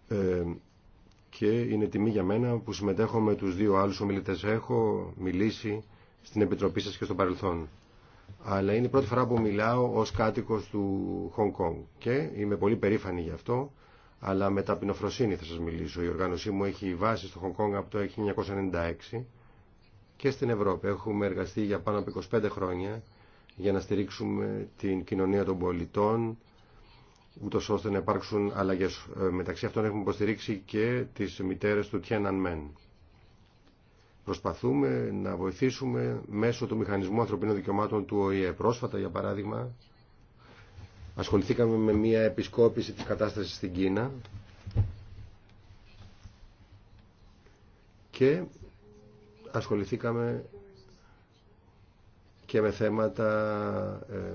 Ε, και είναι τιμή για μένα που συμμετέχω με τους δύο άλλους ομιλητές. Έχω μιλήσει στην Επιτροπή σας και στο παρελθόν. Αλλά είναι η πρώτη φορά που μιλάω ως κάτοικος του Χονγκ Κονγκ. Και είμαι πολύ περήφανη γι' αυτό, αλλά με ταπεινοφροσύνη θα σας μιλήσω. Η οργάνωσή μου έχει βάση στο Χονγκ Κονγκ από το 1996 και στην Ευρώπη. Έχουμε εργαστεί για πάνω από 25 χρόνια για να στηρίξουμε την κοινωνία των πολιτών, ούτως ώστε να υπάρξουν αλλαγές. Ε, μεταξύ αυτών έχουμε υποστηρίξει και τις μητέρες του Tiananmen. Προσπαθούμε να βοηθήσουμε μέσω του Μηχανισμού Ανθρωπίνων Δικαιωμάτων του ΟΗΕ. Πρόσφατα, για παράδειγμα, ασχοληθήκαμε με μια επισκόπηση της κατάστασης στην Κίνα και ασχοληθήκαμε και με θέματα ε,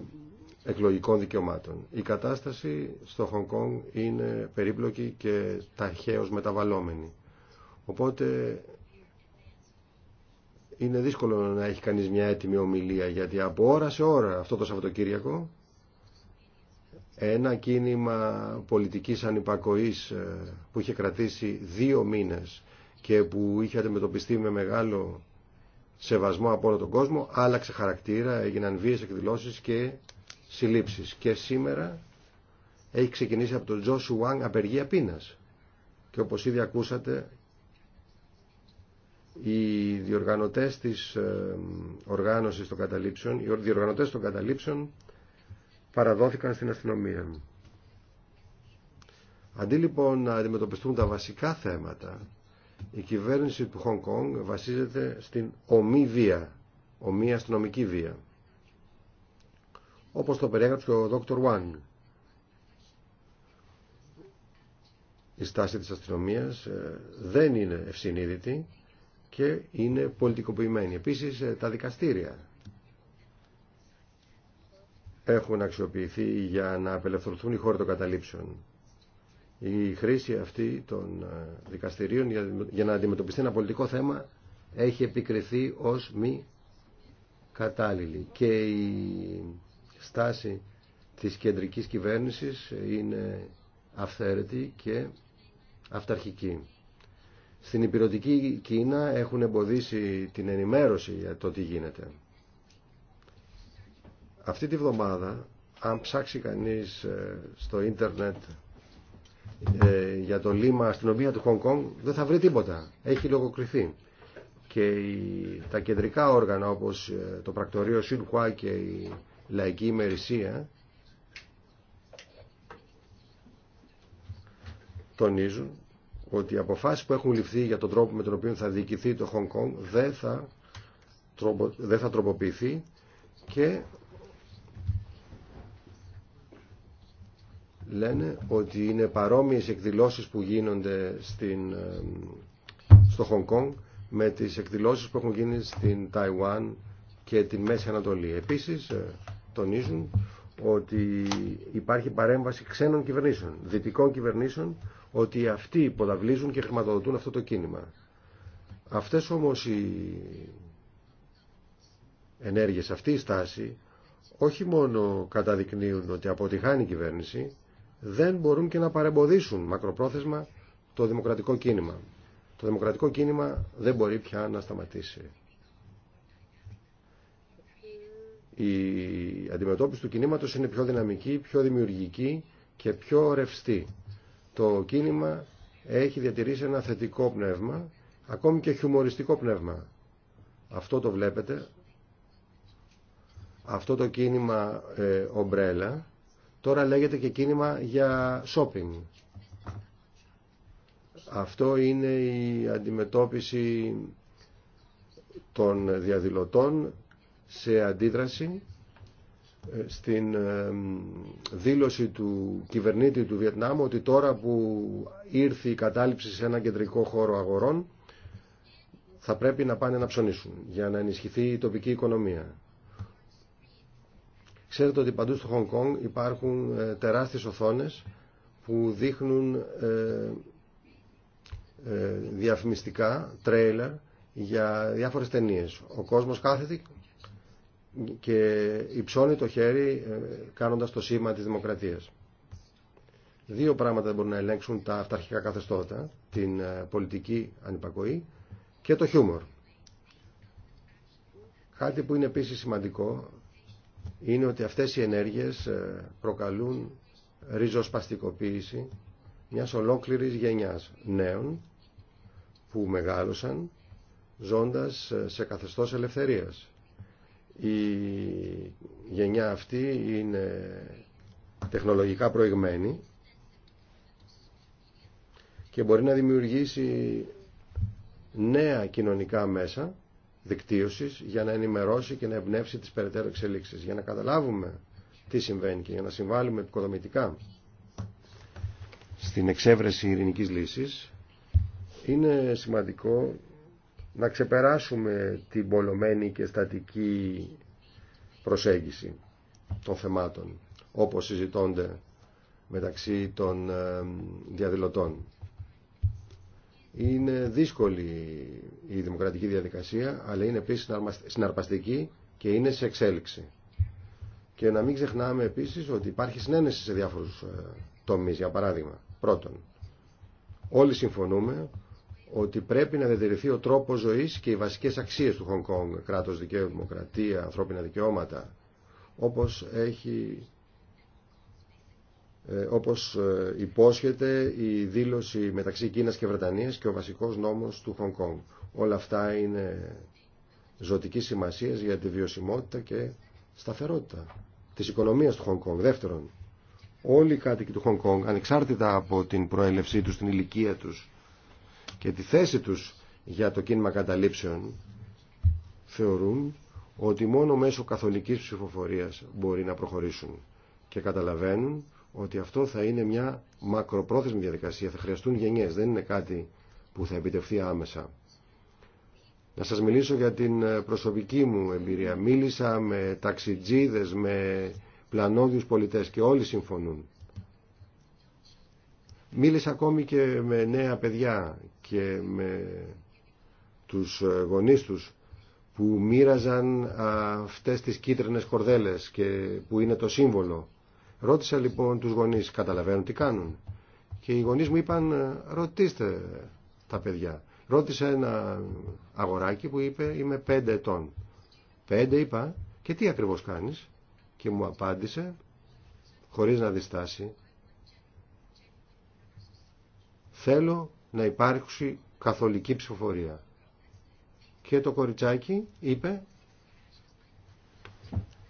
εκλογικών δικαιωμάτων. Η κατάσταση στο Χονγκ Κονγκ είναι περίπλοκη και ταχαίως μεταβαλλόμενη. Οπότε είναι δύσκολο να έχει κανείς μια έτοιμη ομιλία γιατί από ώρα σε ώρα αυτό το Σαββατοκύριακο ένα κίνημα πολιτικής ανυπακοής ε, που είχε κρατήσει δύο μήνες και που είχε αντιμετωπιστεί με μεγάλο σεβασμό από όλο τον κόσμο, άλλαξε χαρακτήρα, έγιναν βίες εκδηλώσεις και συλλήψεις. Και σήμερα έχει ξεκινήσει από τον Τζόσου Ουάνγκ απεργία πείνας. Και όπως ήδη ακούσατε, οι διοργανωτές της ε, οργάνωσης των καταλήψεων, οι διοργανωτές των καταλήψεων παραδόθηκαν στην αστυνομία. Αντί λοιπόν να αντιμετωπιστούν τα βασικά θέματα, η κυβέρνηση του Χονγκ Κόνγκ βασίζεται στην ομή βία, ομή αστυνομική βία. Όπως το περιέγραψε ο Δόκτωρ Βάν. Η στάση της αστυνομίας ε, δεν είναι ευσυνείδητη και είναι πολιτικοποιημένη. Επίσης ε, τα δικαστήρια έχουν αξιοποιηθεί για να απελευθερωθούν οι χώροι των καταλήψεων. Η χρήση αυτή των ε, δικαστηρίων για να αντιμετωπιστεί ένα πολιτικό θέμα έχει επικριθεί ως μη κατάλληλη. Και η στάση της κεντρικής κυβέρνησης είναι αυθαίρετη και αυταρχική. Στην υπηρετική Κίνα έχουν εμποδίσει την ενημέρωση για το τι γίνεται. Αυτή τη βδομάδα, αν ψάξει κανείς ε, στο ίντερνετ ε, για το λίμα αστυνομία του Χονγκ Κονγκ δεν θα βρει τίποτα. Έχει λογοκριθεί. Και τα κεντρικά όργανα όπως ε, το πρακτορείο Σιλκουά και η λαϊκή ημερησία τονίζουν ότι οι αποφάσεις που έχουν ληφθεί για τον τρόπο με τον οποίο θα διοικηθεί το Χονγκ Κονγκ δεν θα, δεν θα τροποποιηθεί και λένε ότι είναι παρόμοιες εκδηλώσεις που γίνονται στην, ε, στο Χονγκ Κονγκ με τις εκδηλώσεις που έχουν γίνει στην Ταϊουάν και τη Μέση Ανατολή. Επίσης ε, τονίζουν ότι υπάρχει παρέμβαση ξένων κυβερνήσεων, δυτικών κυβερνήσεων, ότι αυτοί υποδαβλίζουν και χρηματοδοτούν αυτό το κίνημα. Αυτές όμως οι ενέργειες, αυτή η στάση, όχι μόνο καταδεικνύουν ότι αποτυχάνει η κυβέρνηση, δεν μπορούν και να παρεμποδίσουν μακροπρόθεσμα το δημοκρατικό κίνημα. Το δημοκρατικό κίνημα δεν μπορεί πια να σταματήσει. Η αντιμετώπιση του κινήματος είναι πιο δυναμική, πιο δημιουργική και πιο ρευστή. Το κίνημα έχει διατηρήσει ένα θετικό πνεύμα, ακόμη και χιουμοριστικό πνεύμα. Αυτό το βλέπετε. Αυτό το κίνημα ε, ομπρέλα Τώρα λέγεται και κίνημα για shopping. Αυτό είναι η αντιμετώπιση των διαδηλωτών σε αντίδραση ε, στην ε, δήλωση του κυβερνήτη του Βιετνάμ ότι τώρα που ήρθε η κατάληψη σε ένα κεντρικό χώρο αγορών θα πρέπει να πάνε να ψωνίσουν για να ενισχυθεί η τοπική οικονομία. Ξέρετε ότι παντού στο Χονγκ Κονγκ υπάρχουν ε, τεράστιες οθόνες που δείχνουν ε, ε, διαφημιστικά τρέιλερ για διάφορες ταινίες. Ο κόσμος κάθεται και υψώνει το χέρι κάνοντας το σήμα της δημοκρατίας. Δύο πράγματα μπορούν να ελέγξουν τα αυταρχικά καθεστώτα, την πολιτική ανυπακοή και το χιούμορ. Κάτι που είναι επίσης σημαντικό είναι ότι αυτές οι ενέργειες ε, προκαλούν ριζοσπαστικοποίηση μιας ολόκληρης γενιάς νέων που μεγάλωσαν ζώντας ε, σε καθεστώς ελευθερίας. Η γενιά αυτή είναι τεχνολογικά προηγμένη και μπορεί να δημιουργήσει νέα κοινωνικά μέσα Δικτύωση για να ενημερώσει και να εμπνεύσει τις περαιτέρω εξελίξει. για να καταλάβουμε τι συμβαίνει και για να συμβάλλουμε επικοδομητικά στην εξέβρεση ειρηνική λύση, είναι σημαντικό να ξεπεράσουμε την πολλωμένη και στατική προσέγγιση των θεμάτων, όπως συζητώνται μεταξύ των ε, διαδηλωτών. Είναι δύσκολη η δημοκρατική διαδικασία, αλλά είναι επίσης συναρπαστική και είναι σε εξέλιξη. Και να μην ξεχνάμε επίσης ότι υπάρχει συνένεση σε διάφορους ε, τομείς, για παράδειγμα. Πρώτον, όλοι συμφωνούμε ότι πρέπει να διατηρηθεί ο τρόπος ζωής και οι βασικές αξίες του Χονγκ Κόνγκ, κράτος δικαίου, δημοκρατία, ανθρώπινα δικαιώματα, όπως έχει ε, όπως ε, υπόσχεται η δήλωση μεταξύ Κίνας και Βρετανίας και ο βασικός νόμος του Χονγκ Κόνγκ. Όλα αυτά είναι ζωτική σημασία για τη βιωσιμότητα και σταθερότητα της οικονομίας του Χονγκ Κόνγκ. Δεύτερον, όλοι οι κάτοικοι του Χονγκ Κόνγκ, ανεξάρτητα από την προέλευσή τους, την ηλικία τους και τη θέση τους για το κίνημα καταλήψεων, θεωρούν ότι μόνο μέσω καθολικής ψηφοφορίας μπορεί να προχωρήσουν και καταλαβαίνουν ότι αυτό θα είναι μια μακροπρόθεσμη διαδικασία. Θα χρειαστούν γενιές. Δεν είναι κάτι που θα επιτευχθεί άμεσα. Να σας μιλήσω για την ε, προσωπική μου εμπειρία. Μίλησα με ταξιτζίδες, με πλανόδιους πολιτές και όλοι συμφωνούν. Μίλησα ακόμη και με νέα παιδιά και με τους ε, γονείς τους που μοίραζαν αυτές τις κίτρινες κορδέλες και που είναι το σύμβολο Ρώτησα λοιπόν τους γονείς, καταλαβαίνουν τι κάνουν. Και οι γονείς μου είπαν, ρωτήστε τα παιδιά. Ρώτησα ένα αγοράκι που είπε, είμαι πέντε ετών. Πέντε είπα, και τι ακριβώς κάνεις. Και μου απάντησε, χωρίς να διστάσει, θέλω να υπάρξει καθολική ψηφοφορία. Και το κοριτσάκι είπε,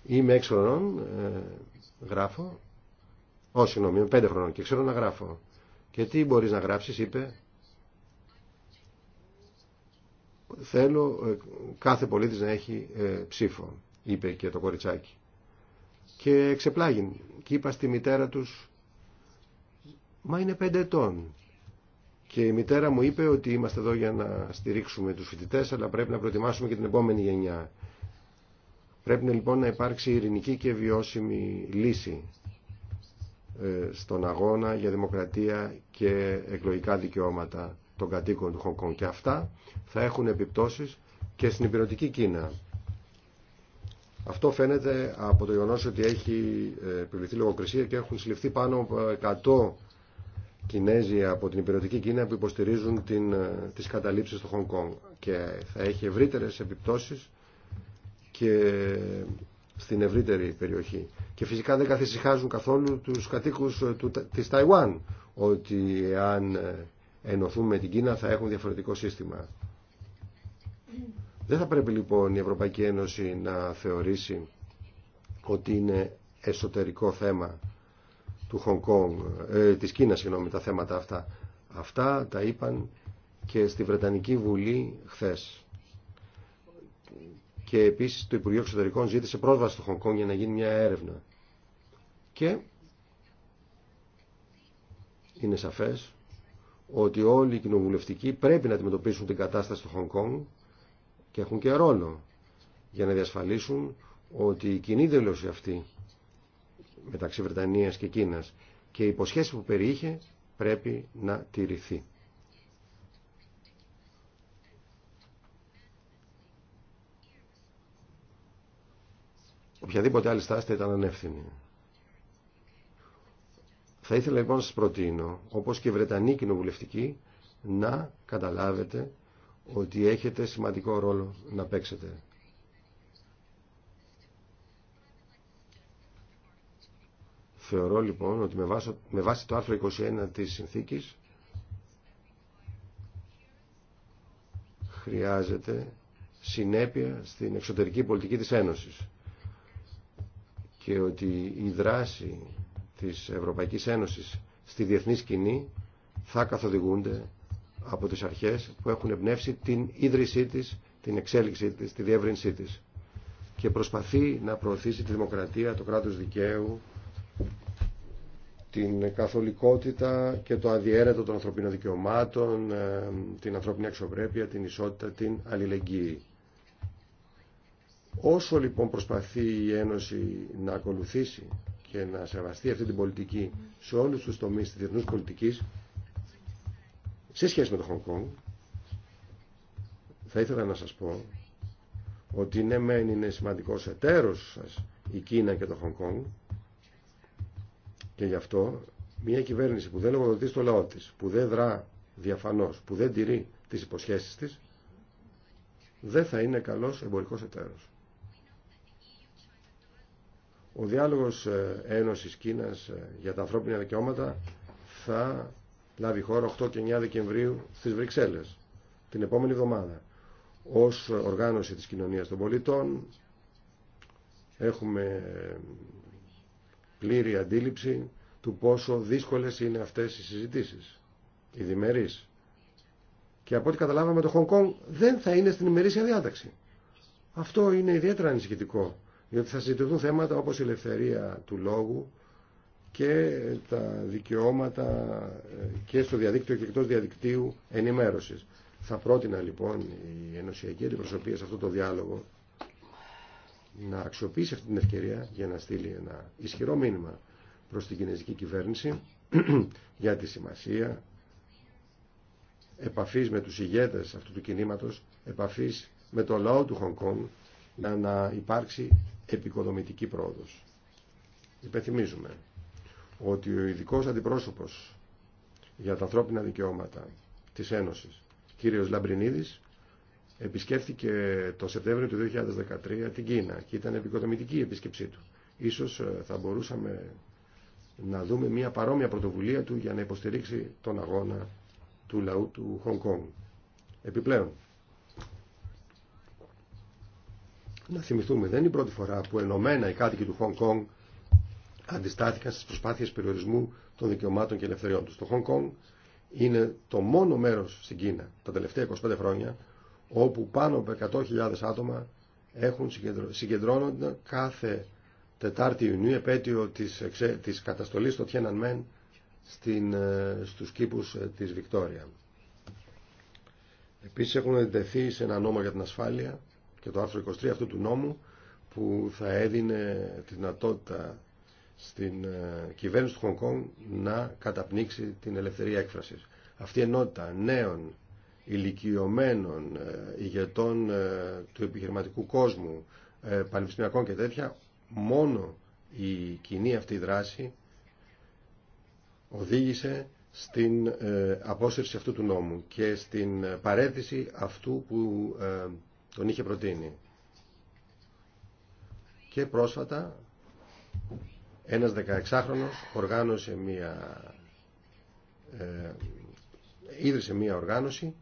είμαι έξω ε, γράφω, όχι, συγγνώμη, είμαι πέντε χρόνια και ξέρω να γράφω. Και τι μπορείς να γράψεις, είπε. Θέλω ε, κάθε πολίτης να έχει ε, ψήφο, είπε και το κοριτσάκι. Και ξεπλάγει. Και είπα στη μητέρα τους, μα είναι πέντε ετών. Και η μητέρα μου είπε ότι είμαστε εδώ για να στηρίξουμε τους φοιτητέ, αλλά πρέπει να προετοιμάσουμε και την επόμενη γενιά. Πρέπει λοιπόν να υπάρξει ειρηνική και βιώσιμη λύση ε, στον αγώνα για δημοκρατία και εκλογικά δικαιώματα των κατοίκων του Χονγκ Και αυτά θα έχουν επιπτώσεις και στην υπηρετική Κίνα. Αυτό φαίνεται από το γεγονό ότι έχει ε, επιβληθεί λογοκρισία και έχουν συλληφθεί πάνω από 100 Κινέζοι από την υπηρετική Κίνα που υποστηρίζουν την, ε, τις καταλήψεις στο Χογκόν και θα έχει ευρύτερες επιπτώσεις και στην ευρύτερη περιοχή. Και φυσικά δεν καθησυχάζουν καθόλου τους κατοίκους ε, της Ταϊουάν ότι αν ε, ενωθούν με την Κίνα θα έχουν διαφορετικό σύστημα. Δεν θα πρέπει λοιπόν η Ευρωπαϊκή Ένωση να θεωρήσει ότι είναι εσωτερικό θέμα του Hong ε, της Κίνας συγγνώμη, τα θέματα αυτά. Αυτά τα είπαν και στη Βρετανική Βουλή χθες και επίσης το Υπουργείο Εξωτερικών ζήτησε πρόσβαση στο Χονγκ για να γίνει μια έρευνα. Και είναι σαφές ότι όλοι οι κοινοβουλευτικοί πρέπει να αντιμετωπίσουν την κατάσταση στο Χονγκ Κόνγκ και έχουν και ρόλο για να διασφαλίσουν ότι η κοινή δήλωση αυτή μεταξύ Βρετανίας και Κίνας και η υποσχέση που περιείχε πρέπει να τηρηθεί. Οποιαδήποτε άλλη στάση θα ήταν ανεύθυνη. Θα ήθελα λοιπόν να σας προτείνω, όπως και οι Βρετανοί κοινοβουλευτικοί, να καταλάβετε ότι έχετε σημαντικό ρόλο να παίξετε. Θεωρώ λοιπόν ότι με, με βάση το άρθρο 21 της συνθήκης χρειάζεται συνέπεια στην εξωτερική πολιτική της Ένωσης και ότι η δράση της Ευρωπαϊκής Ένωσης στη διεθνή σκηνή θα καθοδηγούνται από τις αρχές που έχουν εμπνεύσει την ίδρυσή της, την εξέλιξή της, τη διεύρυνσή της και προσπαθεί να προωθήσει τη δημοκρατία, το κράτος δικαίου, την καθολικότητα και το αδιέρετο των ανθρωπίνων δικαιωμάτων, ε, την ανθρώπινη αξιοπρέπεια, την ισότητα, την αλληλεγγύη. Όσο λοιπόν προσπαθεί η Ένωση να ακολουθήσει και να σεβαστεί αυτή την πολιτική σε όλους τους τομείς της διεθνούς πολιτικής, σε σχέση με το Χονγκ θα ήθελα να σας πω ότι ναι μεν είναι σημαντικός εταίρος σας η Κίνα και το Χονγκ Κόνγκ και γι' αυτό μια κυβέρνηση που δεν λογοδοτεί στο λαό της, που δεν δρά διαφανώς, που δεν τηρεί τις υποσχέσεις της, δεν θα είναι καλός εμπορικός εταίρος. Ο διάλογος ε, Ένωσης Κίνας ε, για τα ανθρώπινα δικαιώματα θα λάβει χώρο 8 και 9 Δεκεμβρίου στις Βρυξέλλες την επόμενη εβδομάδα. Ως οργάνωση της κοινωνίας των πολιτών έχουμε ε, πλήρη αντίληψη του πόσο δύσκολες είναι αυτές οι συζητήσεις, οι διμερείς. Και από ό,τι καταλάβαμε το Χονγκ Κόνγκ δεν θα είναι στην ημερήσια διάταξη. Αυτό είναι ιδιαίτερα ανησυχητικό διότι θα συζητηθούν θέματα όπως η ελευθερία του λόγου και τα δικαιώματα ε, και στο διαδίκτυο και εκτός διαδικτύου ενημέρωσης. Θα πρότεινα λοιπόν η ενωσιακή αντιπροσωπεία σε αυτό το διάλογο να αξιοποιήσει αυτή την ευκαιρία για να στείλει ένα ισχυρό μήνυμα προς την κινέζικη κυβέρνηση για τη σημασία επαφής με τους ηγέτες αυτού του κινήματος, επαφής με το λαό του Χονγκ να υπάρξει επικοδομητική πρόοδος. Υπενθυμίζουμε ότι ο ειδικό αντιπρόσωπος για τα ανθρώπινα δικαιώματα της Ένωσης, κύριος Λαμπρινίδης, επισκέφθηκε το Σεπτέμβριο του 2013 την Κίνα και ήταν επικοδομητική η επίσκεψή του. Ίσως ε, θα μπορούσαμε να δούμε μια παρόμοια πρωτοβουλία του για να υποστηρίξει τον αγώνα του λαού του Χονγκ Επιπλέον, Να θυμηθούμε, δεν είναι η πρώτη φορά που ενωμένα οι κάτοικοι του Χονγκ Κονγκ αντιστάθηκαν στις προσπάθειες περιορισμού των δικαιωμάτων και ελευθεριών τους. Το Χονγκ Κονγκ είναι το μόνο μέρος στην Κίνα τα τελευταία 25 χρόνια όπου πάνω από 100.000 άτομα έχουν συγκεντρώνονται κάθε Τετάρτη Ιουνίου επέτειο της, εξε, καταστολής στο Τιέναν στην, ε, στους κήπους ε, της Βικτόρια. Επίσης έχουν εντεθεί σε ένα νόμο για την ασφάλεια και το άρθρο 23 αυτού του νόμου που θα έδινε τη δυνατότητα στην ε, κυβέρνηση του Χονγκ να καταπνίξει την ελευθερία έκφρασης. Αυτή η ενότητα νέων ηλικιωμένων ε, ηγετών ε, του επιχειρηματικού κόσμου, πανεπιστημιακών και τέτοια, μόνο η κοινή αυτή δράση οδήγησε στην απόσυρση αυτού του νόμου και στην παρέτηση αυτού που τον είχε προτείνει. Και πρόσφατα ένας 16χρονος οργάνωσε μία, ε, ίδρυσε μία οργάνωση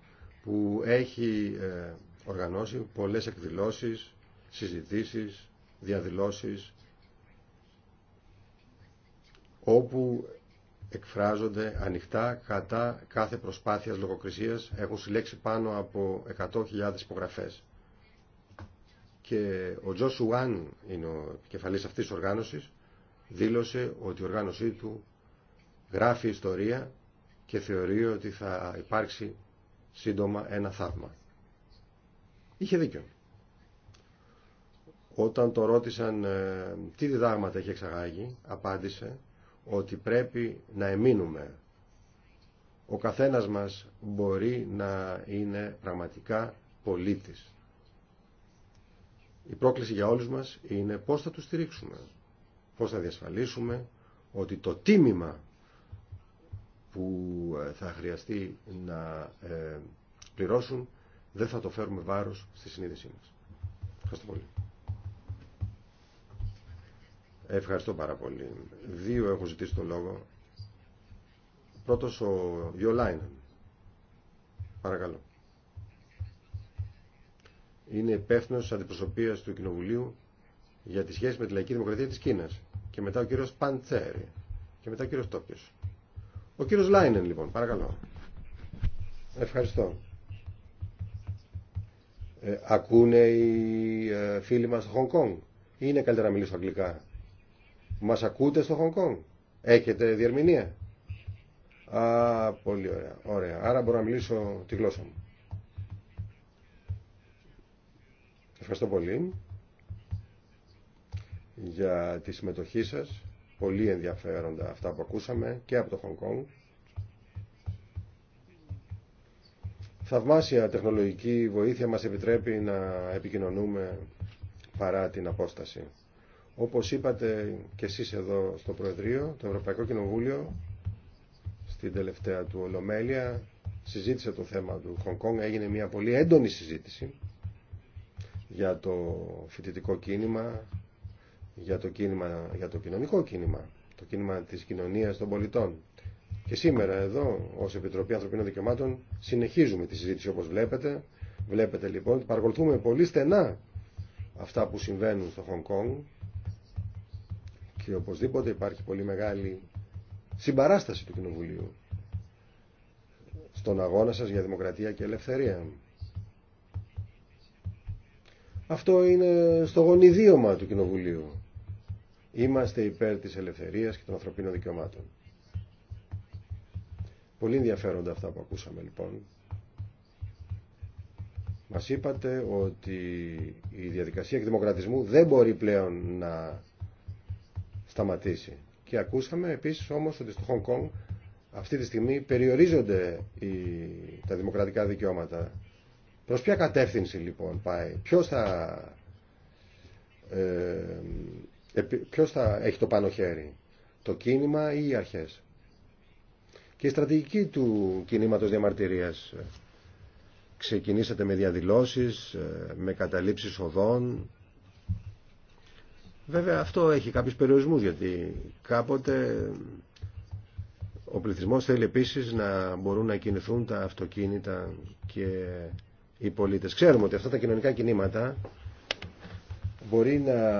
που έχει ε, οργανώσει πολλές εκδηλώσεις, συζητήσεις, διαδηλώσεις όπου εκφράζονται ανοιχτά κατά κάθε προσπάθειας λογοκρισίας. Έχουν συλλέξει πάνω από 100.000 υπογραφές και ο Τζο Σουάν, είναι ο κεφαλής αυτής της οργάνωσης δήλωσε ότι η οργάνωσή του γράφει ιστορία και θεωρεί ότι θα υπάρξει σύντομα ένα θαύμα. Είχε δίκιο. Όταν το ρώτησαν ε, τι διδάγματα έχει εξαγάγει, απάντησε ότι πρέπει να εμείνουμε. Ο καθένας μας μπορεί να είναι πραγματικά πολίτης. Η πρόκληση για όλους μας είναι πώς θα τους στηρίξουμε, πώς θα διασφαλίσουμε ότι το τίμημα που ε, θα χρειαστεί να ε, πληρώσουν δεν θα το φέρουμε βάρος στη συνείδησή μας. Ευχαριστώ πολύ. Ευχαριστώ πάρα πολύ. Δύο έχω ζητήσει τον λόγο. Πρώτος ο Γιολάινεν. Παρακαλώ είναι υπεύθυνο αντιπροσωπεία του Κοινοβουλίου για τη σχέση με τη λαϊκή δημοκρατία τη Κίνα. Και μετά ο κύριο Παντσέρη. Και μετά ο κύριο Τόκιο. Ο κύριο Λάινεν, λοιπόν, παρακαλώ. Ευχαριστώ. Ε, ακούνε οι ε, φίλοι μα στο Χονγκ Κονγκ. Είναι καλύτερα να μιλήσω αγγλικά. Μα ακούτε στο Χονγκ Κονγκ. Έχετε διερμηνία. Α, πολύ ωραία. ωραία. Άρα μπορώ να μιλήσω τη γλώσσα μου. Ευχαριστώ πολύ για τη συμμετοχή σας. Πολύ ενδιαφέροντα αυτά που ακούσαμε και από το Χονγκ Κόνγκ. Θαυμάσια τεχνολογική βοήθεια μας επιτρέπει να επικοινωνούμε παρά την απόσταση. Όπως είπατε και εσείς εδώ στο Προεδρείο, το Ευρωπαϊκό Κοινοβούλιο στην τελευταία του Ολομέλεια συζήτησε το θέμα του Χονγκ Κόνγκ, έγινε μια πολύ έντονη συζήτηση για το φοιτητικό κίνημα, για το, κίνημα, για το κοινωνικό κίνημα, το κίνημα της κοινωνίας των πολιτών. Και σήμερα εδώ, ως Επιτροπή Ανθρωπίνων Δικαιωμάτων, συνεχίζουμε τη συζήτηση όπως βλέπετε. Βλέπετε λοιπόν ότι παρακολουθούμε πολύ στενά αυτά που συμβαίνουν στο Χονγκ Κόνγκ και οπωσδήποτε υπάρχει πολύ μεγάλη συμπαράσταση του Κοινοβουλίου στον αγώνα σας για δημοκρατία και ελευθερία. Αυτό είναι στο γονιδίωμα του Κοινοβουλίου. Είμαστε υπέρ της ελευθερίας και των ανθρωπίνων δικαιωμάτων. Πολύ ενδιαφέροντα αυτά που ακούσαμε λοιπόν. Μας είπατε ότι η διαδικασία εκδημοκρατισμού δεν μπορεί πλέον να σταματήσει. Και ακούσαμε επίσης όμως ότι στο Χονγκ Κόνγκ αυτή τη στιγμή περιορίζονται τα δημοκρατικά δικαιώματα. Προς ποια κατεύθυνση λοιπόν πάει, ποιος θα, ε, ποιος θα έχει το πάνω χέρι, το κίνημα ή οι αρχές. Και η στρατηγική του κινήματος διαμαρτυρίας ε, ξεκινήσατε με διαδηλώσεις, ε, με καταλήψεις οδών. Βέβαια αυτό έχει κάποιους περιορισμούς γιατί κάποτε ο πληθυσμός θέλει επίσης να μπορούν να κινηθούν τα αυτοκίνητα και οι πολίτες. Ξέρουμε ότι αυτά τα κοινωνικά κινήματα μπορεί να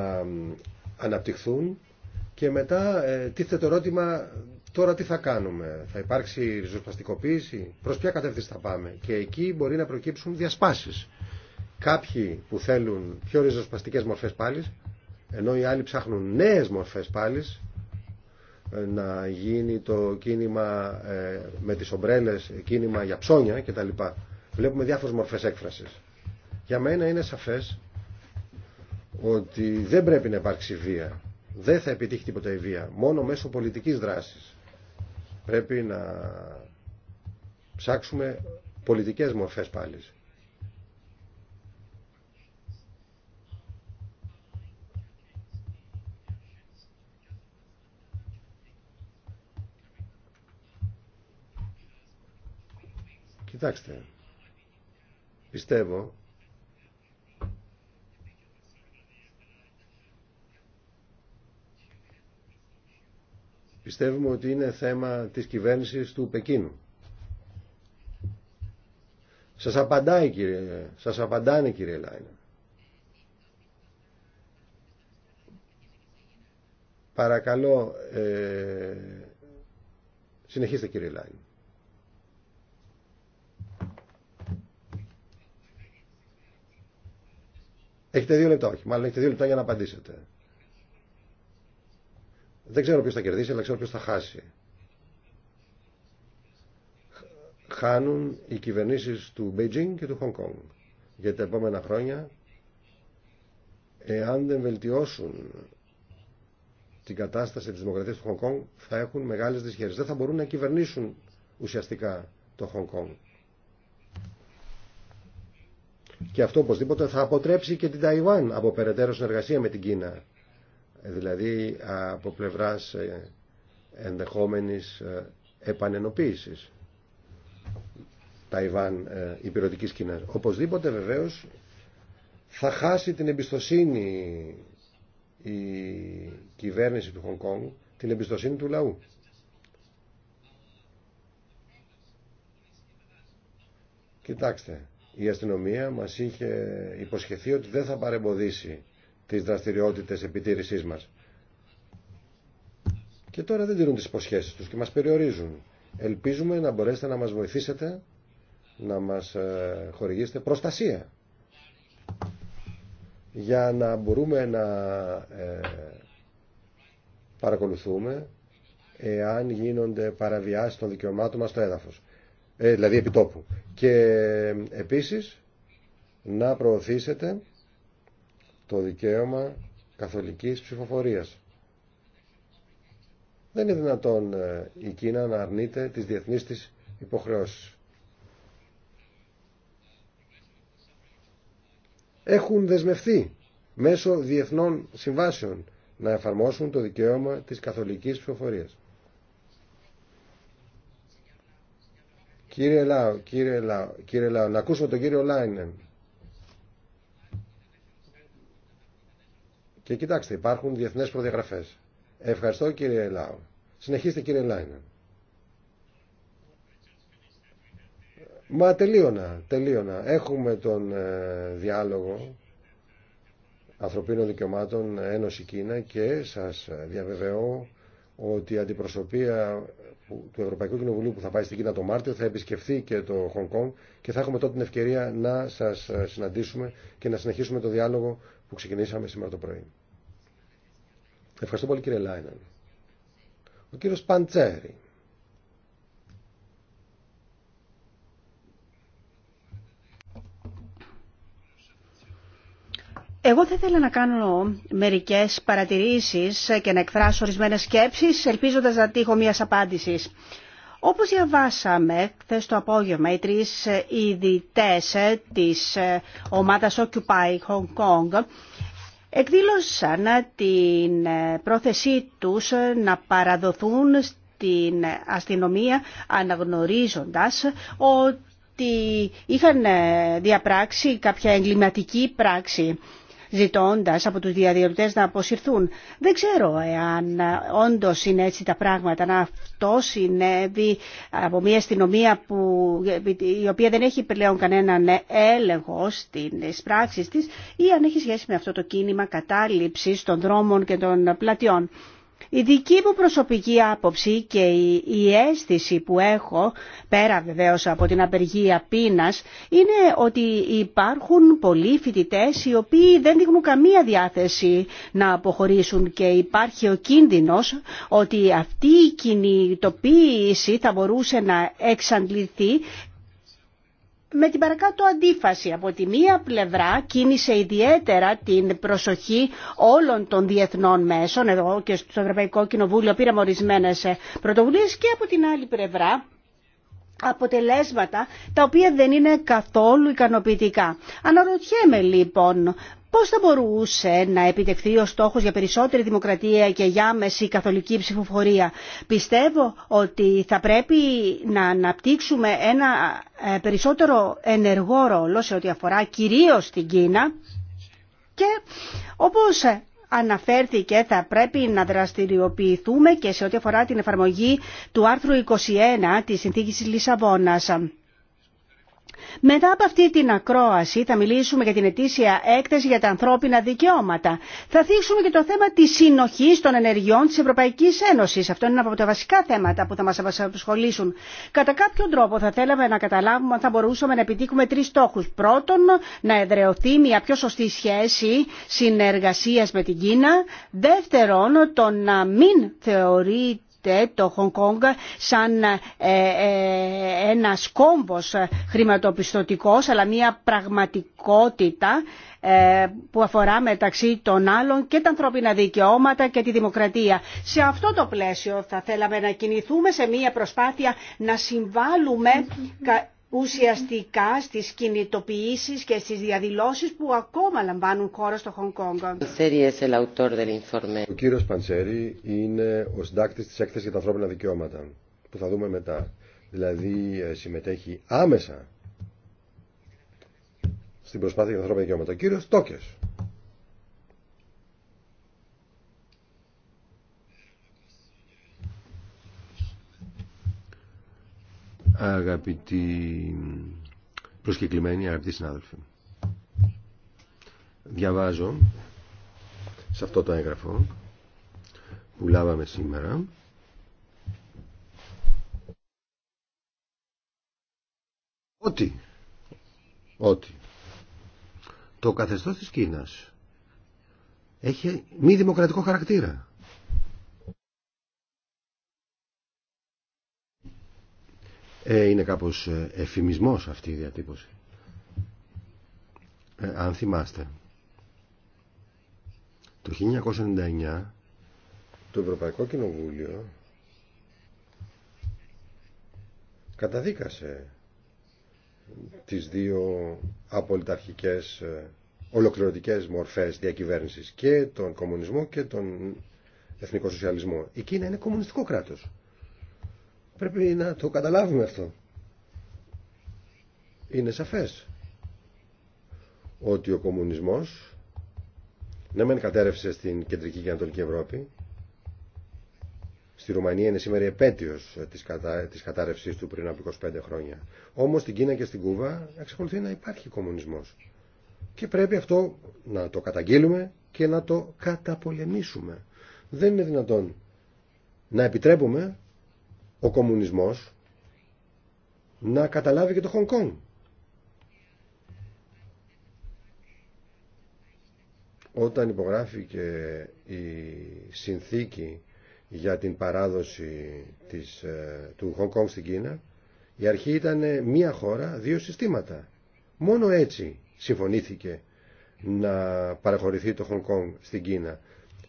αναπτυχθούν και μετά ε, τίθεται το ερώτημα τώρα τι θα κάνουμε. Θα υπάρξει ριζοσπαστικοποίηση, προς ποια κατεύθυνση θα πάμε. Και εκεί μπορεί να προκύψουν διασπάσεις. Κάποιοι που θέλουν πιο ριζοσπαστικές μορφές πάλι, ενώ οι άλλοι ψάχνουν νέες μορφές πάλι, ε, να γίνει το κίνημα ε, με τις ομπρέλες, κίνημα για ψώνια κτλ βλέπουμε διάφορες μορφές έκφρασης. Για μένα είναι σαφές ότι δεν πρέπει να υπάρξει βία. Δεν θα επιτύχει τίποτα η βία. Μόνο μέσω πολιτικής δράσης. Πρέπει να ψάξουμε πολιτικές μορφές πάλι. Κοιτάξτε, Πιστεύω Πιστεύουμε ότι είναι θέμα της κυβέρνησης του Πεκίνου. Σας απαντάει κύριε, σας απαντάνε κύριε Λάινα. Παρακαλώ, ε, συνεχίστε κύριε Λάινα. Έχετε δύο λεπτά, όχι. Μάλλον έχετε δύο λεπτά για να απαντήσετε. Δεν ξέρω ποιος θα κερδίσει, αλλά ξέρω ποιος θα χάσει. Χάνουν οι κυβερνήσεις του Μπέιτζινγκ και του Hong Κονγκ για τα επόμενα χρόνια εάν δεν βελτιώσουν την κατάσταση της δημοκρατίας του Χονγκ Κονγκ, θα έχουν μεγάλες δυσχέρειες. Δεν θα μπορούν να κυβερνήσουν ουσιαστικά το Hong Kong. Και αυτό οπωσδήποτε θα αποτρέψει και την Ταϊβάν από περαιτέρω συνεργασία με την Κίνα. Δηλαδή από πλευρά ε, ενδεχομένη ε, επανενοποίησης Ταϊβάν ε, υπηρετική Κίνας. Οπωσδήποτε βεβαίω θα χάσει την εμπιστοσύνη η κυβέρνηση του Χονγκ την εμπιστοσύνη του λαού. Κοιτάξτε, η αστυνομία μας είχε υποσχεθεί ότι δεν θα παρεμποδίσει τις δραστηριότητες επιτήρησής μας. Και τώρα δεν τηρούν τις υποσχέσεις τους και μας περιορίζουν. Ελπίζουμε να μπορέσετε να μας βοηθήσετε, να μας ε, χορηγήσετε προστασία. Για να μπορούμε να ε, παρακολουθούμε εάν γίνονται παραβιάσεις των δικαιωμάτων μας στο έδαφος ε, δηλαδή επιτόπου. Και ε, επίσης να προωθήσετε το δικαίωμα καθολικής ψηφοφορίας. Δεν είναι δυνατόν ε, η Κίνα να αρνείται τις διεθνείς της υποχρεώσεις. Έχουν δεσμευτεί μέσω διεθνών συμβάσεων να εφαρμόσουν το δικαίωμα της καθολικής ψηφοφορίας. Κύριε Λάου, κύριε Λάου, κύριε Λάου, να ακούσουμε τον κύριο Λάινεν. Και κοιτάξτε, υπάρχουν διεθνές προδιαγραφές. Ευχαριστώ κύριε Λάου. Συνεχίστε κύριε Λάινεν. Μα τελείωνα, τελείωνα. Έχουμε τον ε, διάλογο ανθρωπίνων δικαιωμάτων Ένωση Κίνα και σας διαβεβαιώ ότι η αντιπροσωπεία του Ευρωπαϊκού Κοινοβουλίου που θα πάει στην Κίνα το Μάρτιο θα επισκεφθεί και το Χονγκ Κονγκ και θα έχουμε τότε την ευκαιρία να σας ε, συναντήσουμε και να συνεχίσουμε το διάλογο που ξεκινήσαμε σήμερα το πρωί. Ευχαριστώ πολύ κύριε Λάιναν. Ο κύριος Παντσέρη. Εγώ θα ήθελα να κάνω μερικές παρατηρήσεις και να εκφράσω ορισμένες σκέψεις, ελπίζοντας να τύχω μια απάντησης. Όπως διαβάσαμε χθε το απόγευμα, οι τρεις ειδητέ της ομάδας Occupy Hong Kong εκδήλωσαν την πρόθεσή τους να παραδοθούν στην αστυνομία αναγνωρίζοντας ότι είχαν διαπράξει κάποια εγκληματική πράξη. Ζητώντα από τους διαδηλωτέ να αποσυρθούν. Δεν ξέρω εάν όντω είναι έτσι τα πράγματα, να αυτό συνέβη από μια αστυνομία που, η οποία δεν έχει πλέον κανέναν έλεγχο στι πράξεις της ή αν έχει σχέση με αυτό το κίνημα κατάληψης των δρόμων και των πλατιών. Η δική μου προσωπική άποψη και η αίσθηση που έχω, πέρα βεβαίως από την απεργία πείνας, είναι ότι υπάρχουν πολλοί φοιτητέ οι οποίοι δεν δείχνουν καμία διάθεση να αποχωρήσουν και υπάρχει ο κίνδυνος ότι αυτή η κινητοποίηση θα μπορούσε να εξαντληθεί με την παρακάτω αντίφαση. Από τη μία πλευρά κίνησε ιδιαίτερα την προσοχή όλων των διεθνών μέσων, εδώ και στο Ευρωπαϊκό Κοινοβούλιο πήραμε ορισμένε πρωτοβουλίε και από την άλλη πλευρά αποτελέσματα τα οποία δεν είναι καθόλου ικανοποιητικά. Αναρωτιέμαι λοιπόν Πώς θα μπορούσε να επιτευχθεί ο στόχος για περισσότερη δημοκρατία και για άμεση καθολική ψηφοφορία. Πιστεύω ότι θα πρέπει να αναπτύξουμε ένα ε, περισσότερο ενεργό ρόλο σε ό,τι αφορά κυρίως την Κίνα και όπως αναφέρθηκε θα πρέπει να δραστηριοποιηθούμε και σε ό,τι αφορά την εφαρμογή του άρθρου 21 της Συνθήκης Λισαβόνας. Μετά από αυτή την ακρόαση θα μιλήσουμε για την ετήσια έκθεση για τα ανθρώπινα δικαιώματα. Θα θίξουμε και το θέμα της συνοχής των ενεργειών της Ευρωπαϊκής Ένωσης. Αυτό είναι ένα από τα βασικά θέματα που θα μας απασχολήσουν. Κατά κάποιον τρόπο θα θέλαμε να καταλάβουμε αν θα μπορούσαμε να επιτύχουμε τρεις στόχους. Πρώτον, να εδρεωθεί μια πιο σωστή σχέση συνεργασίας με την Κίνα. Δεύτερον, το να μην θεωρείται το Χονγκ σαν ε, ε, ένα σκόμπος χρηματοπιστωτικό, αλλά μια πραγματικότητα ε, που αφορά μεταξύ των άλλων και τα ανθρώπινα δικαιώματα και τη δημοκρατία. Σε αυτό το πλαίσιο θα θέλαμε να κινηθούμε σε μια προσπάθεια να συμβάλλουμε ουσιαστικά στις κινητοποιήσεις και στις διαδηλώσεις που ακόμα λαμβάνουν χώρα στο Χονγκ Κόγκ. Ο κύριος Παντσέρη είναι ο συντάκτης της έκθεσης για τα ανθρώπινα δικαιώματα, που θα δούμε μετά. Δηλαδή ε, συμμετέχει άμεσα στην προσπάθεια για τα ανθρώπινα δικαιώματα. Ο κύριος Τόκες. Αγαπητοί προσκεκλημένοι, αγαπητοί συνάδελφοι. Διαβάζω σε αυτό το έγγραφο που λάβαμε σήμερα ότι, ότι το καθεστώς της Κίνας έχει μη δημοκρατικό χαρακτήρα. Ε, είναι κάπως ε, εφημισμός αυτή η διατύπωση. Ε, αν θυμάστε, το 1999 το Ευρωπαϊκό Κοινοβούλιο καταδίκασε τις δύο απολυταρχικές ε, ολοκληρωτικές μορφές διακυβέρνησης και τον κομμουνισμό και τον εθνικό σοσιαλισμό. Η Κίνα είναι κομμουνιστικό κράτος. Πρέπει να το καταλάβουμε αυτό. Είναι σαφές ότι ο κομμουνισμός ναι μεν κατέρευσε στην κεντρική και ανατολική Ευρώπη στη Ρουμανία είναι σήμερα επέτειος της, κατα... της του πριν από 25 χρόνια όμως στην Κίνα και στην Κούβα εξακολουθεί να υπάρχει κομμουνισμός και πρέπει αυτό να το καταγγείλουμε και να το καταπολεμήσουμε δεν είναι δυνατόν να επιτρέπουμε ο κομμουνισμός να καταλάβει και το Χονγκ Κόνγκ. Όταν υπογράφηκε η συνθήκη για την παράδοση της, ε, του Χονγκ Κόνγκ στην Κίνα, η αρχή ήταν μία χώρα, δύο συστήματα. Μόνο έτσι συμφωνήθηκε να παραχωρηθεί το Χονγκ Κόνγκ στην Κίνα.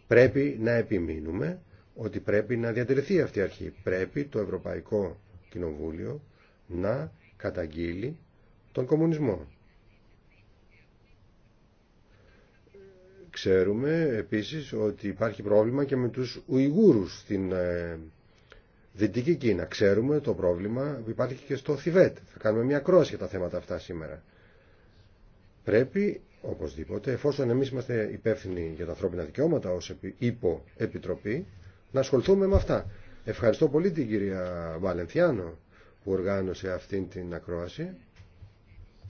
Πρέπει να επιμείνουμε ότι πρέπει να διατηρηθεί αυτή η αρχή. Πρέπει το Ευρωπαϊκό Κοινοβούλιο να καταγγείλει τον κομμουνισμό. Ξέρουμε επίσης ότι υπάρχει πρόβλημα και με τους Ουιγούρους στην ε, Δυτική Κίνα. Ξέρουμε το πρόβλημα που υπάρχει και στο Θιβέτ. Θα κάνουμε μια κρόση για τα θέματα αυτά σήμερα. Πρέπει οπωσδήποτε, εφόσον εμείς είμαστε υπεύθυνοι για τα ανθρώπινα δικαιώματα ως υποεπιτροπή, να ασχοληθούμε με αυτά. Ευχαριστώ πολύ την κυρία Βαλεντιάνο που οργάνωσε αυτήν την ακρόαση.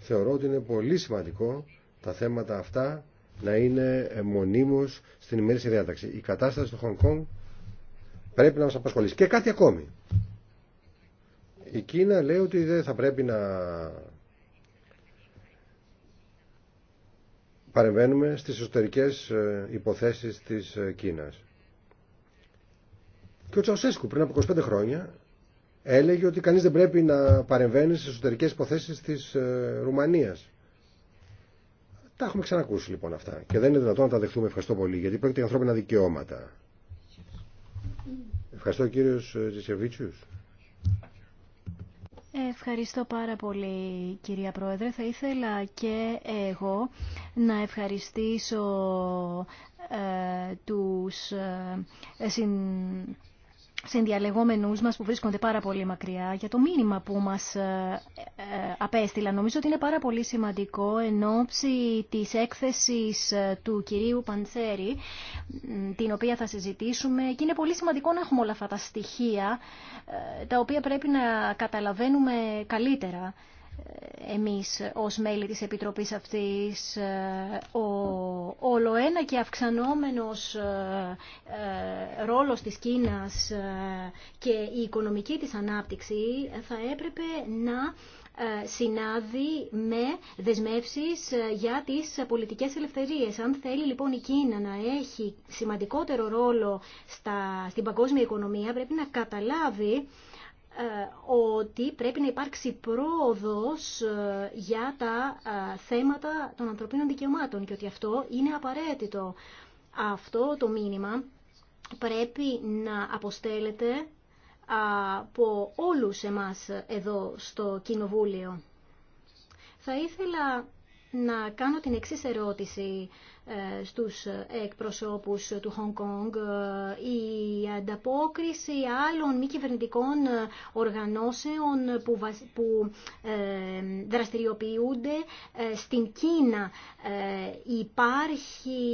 Θεωρώ ότι είναι πολύ σημαντικό τα θέματα αυτά να είναι μονίμως στην ημέρηση διάταξη. Η κατάσταση του Χονγκ Κόνγκ πρέπει να μας απασχολήσει. Και κάτι ακόμη. Η Κίνα λέει ότι δεν θα πρέπει να παρεμβαίνουμε στις εσωτερικές ε, υποθέσεις της ε, Κίνας. Και ο Τσαουσέσκου πριν από 25 χρόνια έλεγε ότι κανείς δεν πρέπει να παρεμβαίνει στις εσωτερικές υποθέσεις της ε, Ρουμανίας. Τα έχουμε ξανακούσει λοιπόν αυτά και δεν είναι δυνατόν να τα δεχτούμε. Ευχαριστώ πολύ γιατί πρόκειται για ανθρώπινα δικαιώματα. Ευχαριστώ κύριος ε, Τζισεβίτσιους. Ευχαριστώ πάρα πολύ κυρία Πρόεδρε. Θα ήθελα και εγώ να ευχαριστήσω ε, τους ε, συνδιαλεγόμενούς μας που βρίσκονται πάρα πολύ μακριά για το μήνυμα που μας ε, ε, απέστειλαν. Νομίζω ότι είναι πάρα πολύ σημαντικό εν ώψη της έκθεσης ε, του κυρίου Παντσέρη την οποία θα συζητήσουμε και είναι πολύ σημαντικό να έχουμε όλα αυτά τα στοιχεία τα οποία πρέπει να καταλαβαίνουμε καλύτερα εμείς ως μέλη της Επιτροπής αυτής ε, ο όλο ένα και αυξανόμενος ε, ε, ρόλος της Κίνας και η οικονομική της ανάπτυξη θα έπρεπε να συνάδει με δεσμεύσεις για τις πολιτικές ελευθερίες. Αν θέλει λοιπόν η Κίνα να έχει σημαντικότερο ρόλο στην παγκόσμια οικονομία πρέπει να καταλάβει ε, ότι πρέπει να υπάρξει πρόοδος ε, για τα ε, θέματα των ανθρωπίνων δικαιωμάτων και ότι αυτό είναι απαραίτητο. Αυτό το μήνυμα πρέπει να αποστέλλεται από όλους εμάς εδώ στο Κοινοβούλιο. Θα ήθελα να κάνω την εξής ερώτηση ε, στους εκπροσώπους του Χονγκ Κονγκ. Ε, η ανταπόκριση άλλων μη κυβερνητικών ε, οργανώσεων που δραστηριοποιούνται στην Κίνα. Υπάρχει,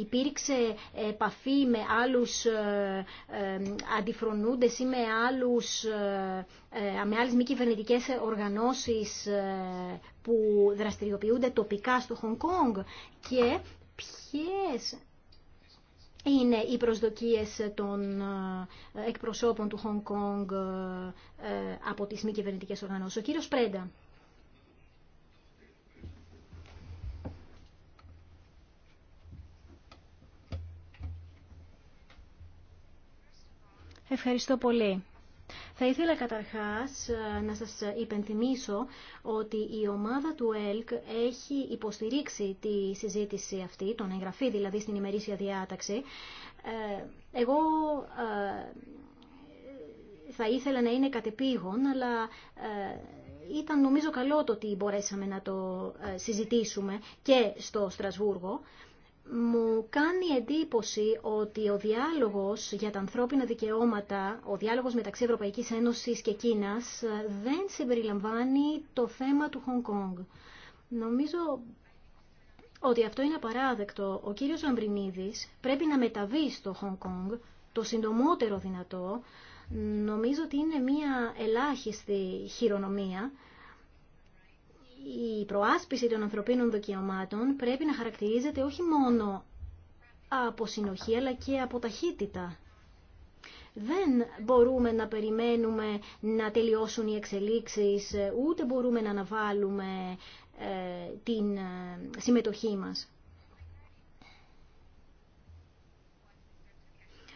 υπήρξε επαφή με άλλους αντιφρονούντες ή με άλλους ε, με άλλες μη κυβερνητικέ οργανώσεις ε, που δραστηριοποιούνται τοπικά στο Χονγκ Κόνγκ και ποιες είναι οι προσδοκίες των ε, εκπροσώπων του Χονγκ Κόνγκ από τις μη κυβερνητικέ οργανώσεις. Ο κύριος Πρέντα. Ευχαριστώ πολύ. Θα ήθελα καταρχάς ε, να σας υπενθυμίσω ότι η ομάδα του ΕΛΚ έχει υποστηρίξει τη συζήτηση αυτή, τον εγγραφή δηλαδή στην ημερήσια διάταξη. Ε, εγώ ε, θα ήθελα να είναι κατεπήγον, αλλά ήταν νομίζω καλό το ότι μπορέσαμε να το συζητήσουμε και στο Στρασβούργο μου κάνει εντύπωση ότι ο διάλογος για τα ανθρώπινα δικαιώματα, ο διάλογος μεταξύ Ευρωπαϊκής Ένωσης και Κίνας ε, δεν συμπεριλαμβάνει το θέμα του Χονγκ Κόνγκ. Νομίζω ότι αυτό είναι απαράδεκτο. Ο κύριος Λαμπρινίδης πρέπει να μεταβεί στο Χονγκ Κόνγκ το συντομότερο δυνατό. Νομίζω ότι είναι μια ελάχιστη χειρονομία η προάσπιση των ανθρωπίνων δικαιωμάτων πρέπει να χαρακτηρίζεται όχι μόνο από συνοχή αλλά και από ταχύτητα. Δεν μπορούμε να περιμένουμε να τελειώσουν οι εξελίξεις, ούτε μπορούμε να αναβάλουμε ε, την ε, συμμετοχή μας.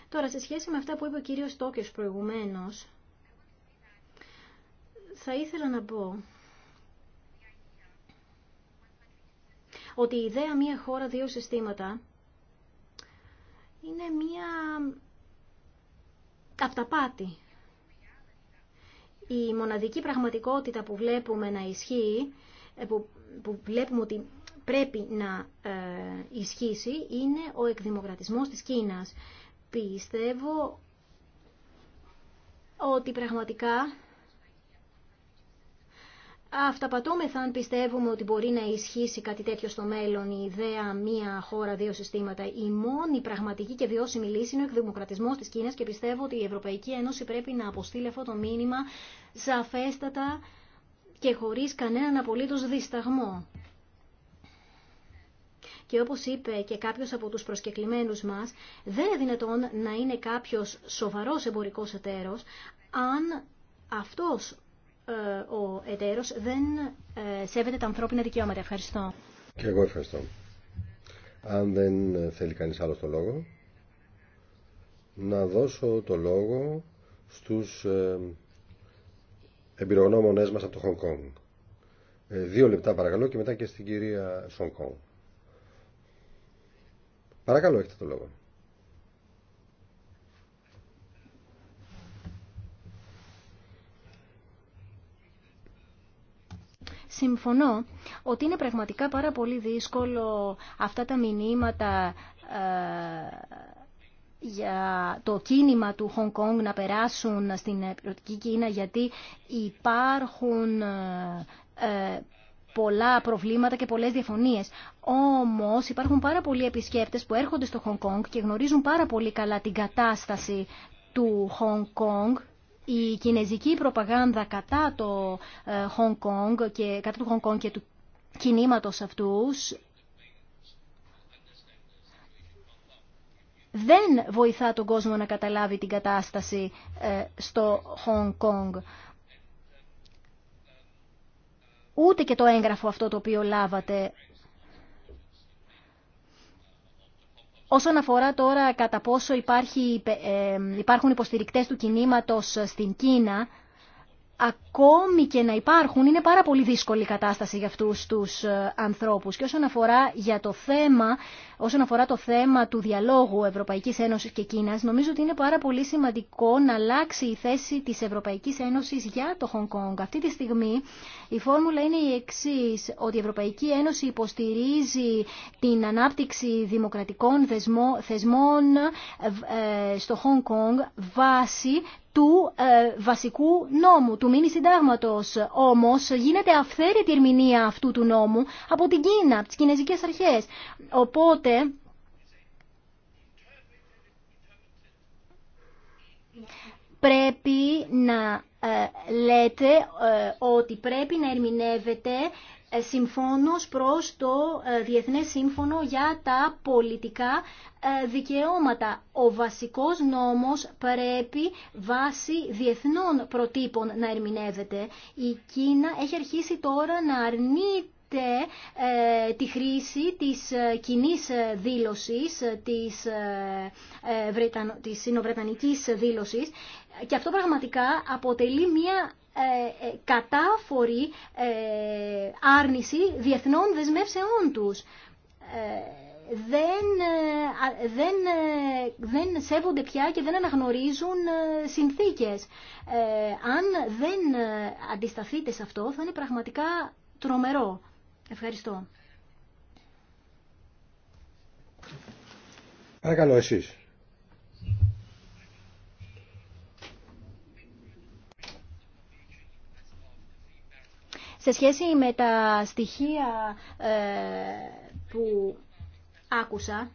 Τώρα, σε σχέση με αυτά που είπε ο κύριος Τόκιος προηγουμένως, θα ήθελα να πω ότι η ιδέα μία χώρα, δύο συστήματα είναι μία αυταπάτη. Η μοναδική πραγματικότητα που βλέπουμε να ισχύει, ε, που, που βλέπουμε ότι πρέπει να ε, ισχύσει, είναι ο εκδημοκρατισμός της Κίνας. Πιστεύω ότι πραγματικά Αυταπατώμεθα αν πιστεύουμε ότι μπορεί να ισχύσει κάτι τέτοιο στο μέλλον η ιδέα μία χώρα, δύο συστήματα. Η μόνη πραγματική και βιώσιμη λύση είναι ο εκδημοκρατισμό τη Κίνα και πιστεύω ότι η Ευρωπαϊκή Ένωση πρέπει να αποστείλει αυτό το μήνυμα σαφέστατα και χωρί κανέναν απολύτω δισταγμό. Και όπως είπε και κάποιο από του προσκεκλημένου μα, δεν είναι δυνατόν να είναι κάποιο σοβαρό εμπορικό εταίρος αν αυτός ε, ο εταίρος δεν ε, σέβεται τα ανθρώπινα δικαιώματα. Ευχαριστώ. Και εγώ ευχαριστώ. Αν δεν θέλει κανείς άλλο το λόγο, να δώσω το λόγο στους ε, εμπειρογνώμονές μας από το Χονγκ Κόνγκ. Δύο λεπτά παρακαλώ και μετά και στην κυρία Κονγκ. Παρακαλώ έχετε το λόγο. συμφωνώ ότι είναι πραγματικά πάρα πολύ δύσκολο αυτά τα μηνύματα ε, για το κίνημα του Χονγκ Κόνγκ να περάσουν στην επιρροτική Κίνα γιατί υπάρχουν ε, πολλά προβλήματα και πολλές διαφωνίες. Όμως υπάρχουν πάρα πολλοί επισκέπτες που έρχονται στο Χονγκ Κόνγκ και γνωρίζουν πάρα πολύ καλά την κατάσταση του Χονγκ Κόνγκ η κινέζικη προπαγάνδα κατά το ε, Hong και κατά του Hong Kong και του κινήματος αυτούς δεν βοηθά τον κόσμο να καταλάβει την κατάσταση ε, στο Hong Kong. Ούτε και το έγγραφο αυτό το οποίο λάβατε Όσον αφορά τώρα κατά πόσο υπάρχει, ε, ε, υπάρχουν υποστηρικτές του κινήματος στην Κίνα, ακόμη και να υπάρχουν, είναι πάρα πολύ δύσκολη κατάσταση για αυτούς τους ε, ανθρώπους. Και όσον αφορά, για το θέμα, όσον αφορά το θέμα του διαλόγου Ευρωπαϊκής Ένωσης και Κίνας, νομίζω ότι είναι πάρα πολύ σημαντικό να αλλάξει η θέση της Ευρωπαϊκής Ένωσης για το Χονγκ Κόνγκ. Αυτή τη στιγμή η φόρμουλα είναι η εξή ότι η Ευρωπαϊκή Ένωση υποστηρίζει την ανάπτυξη δημοκρατικών θεσμών ε, ε, στο Χονγκ Κόνγκ βάσει του ε, βασικού νόμου, του μήνυ συντάγματος. Όμως γίνεται αυθαίρετη ερμηνεία αυτού του νόμου από την Κίνα, από τις κινέζικες αρχές. Οπότε... Πρέπει να ε, λέτε ε, ότι πρέπει να ερμηνεύετε ε, συμφώνος προς το ε, Διεθνές Σύμφωνο για τα πολιτικά ε, δικαιώματα. Ο βασικός νόμος πρέπει βάσει διεθνών προτύπων να ερμηνεύεται. Η Κίνα έχει αρχίσει τώρα να αρνείται τη χρήση της κοινή δήλωσης, της, της συνοβρετανικής δήλωσης και αυτό πραγματικά αποτελεί μια ε, ε, κατάφορη ε, άρνηση διεθνών δεσμεύσεών τους. Δεν, δεν, δεν σέβονται πια και δεν αναγνωρίζουν συνθήκες. Αν δεν αντισταθείτε σε αυτό θα είναι πραγματικά τρομερό. Ευχαριστώ. Παρακαλώ εσείς. Σε σχέση με τα στοιχεία ε, που άκουσα,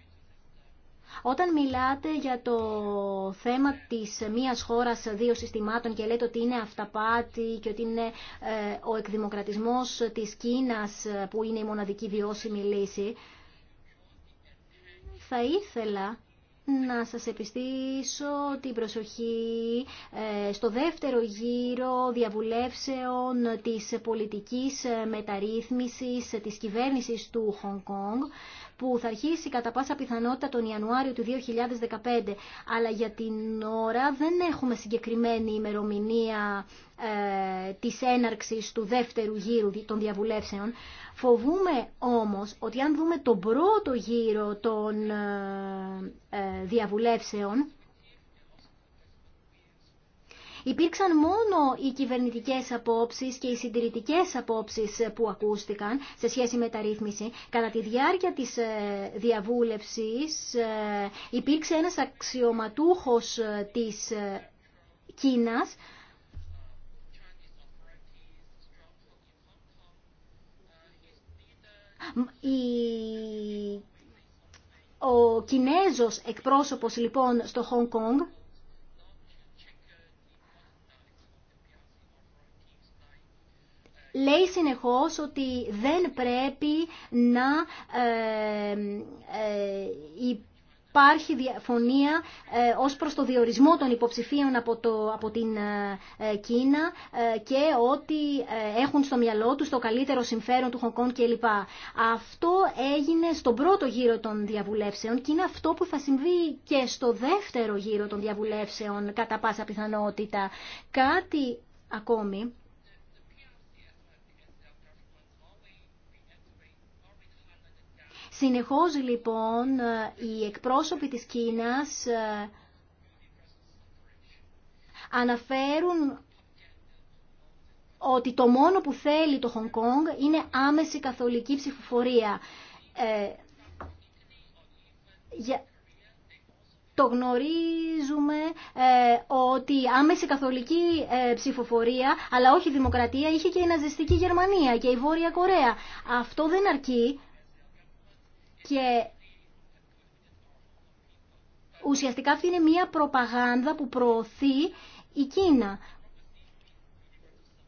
όταν μιλάτε για το θέμα της μίας χώρας δύο συστημάτων και λέτε ότι είναι αυταπάτη και ότι είναι ε, ο εκδημοκρατισμός της Κίνας που είναι η μοναδική βιώσιμη λύση, θα ήθελα να σας επιστήσω την προσοχή ε, στο δεύτερο γύρο διαβουλεύσεων της πολιτικής μεταρρύθμισης της κυβέρνησης του Χονγκ Κόνγκ που θα αρχίσει κατά πάσα πιθανότητα τον Ιανουάριο του 2015. Αλλά για την ώρα δεν έχουμε συγκεκριμένη ημερομηνία ε, της έναρξης του δεύτερου γύρου των διαβουλεύσεων. Φοβούμε όμως ότι αν δούμε τον πρώτο γύρο των ε, ε διαβουλεύσεων, Υπήρξαν μόνο οι κυβερνητικές απόψεις και οι συντηρητικές απόψεις που ακούστηκαν σε σχέση με τα ρύθμιση. Κατά τη διάρκεια της ε, διαβούλευσης ε, υπήρξε ένας αξιωματούχος ε, της Κίνας Ο Κινέζος εκπρόσωπος λοιπόν στο Χονγκ Κόνγκ λέει συνεχώς ότι δεν πρέπει να ε, ε, υπάρχει διαφωνία ε, ως προς το διορισμό των υποψηφίων από, το, από την Κίνα και ότι έχουν στο μυαλό τους το καλύτερο συμφέρον του Χονγκ κλπ. Αυτό έγινε στον πρώτο γύρο των διαβουλεύσεων και είναι αυτό που θα συμβεί και στο δεύτερο γύρο των διαβουλεύσεων κατά πάσα πιθανότητα. Κάτι ακόμη Συνεχώς λοιπόν ε, οι εκπρόσωποι της Κίνας ε, αναφέρουν ότι το μόνο που θέλει το Χονγκ Κόνγκ είναι άμεση καθολική ψηφοφορία. Ε, για, το γνωρίζουμε ε, ότι άμεση καθολική ψηφοφορία, αλλά όχι δημοκρατία, είχε και η ναζιστική Γερμανία και η Βόρεια Κορέα. Αυτό δεν αρκεί και ουσιαστικά αυτή είναι μια προπαγάνδα που προωθεί η Κίνα.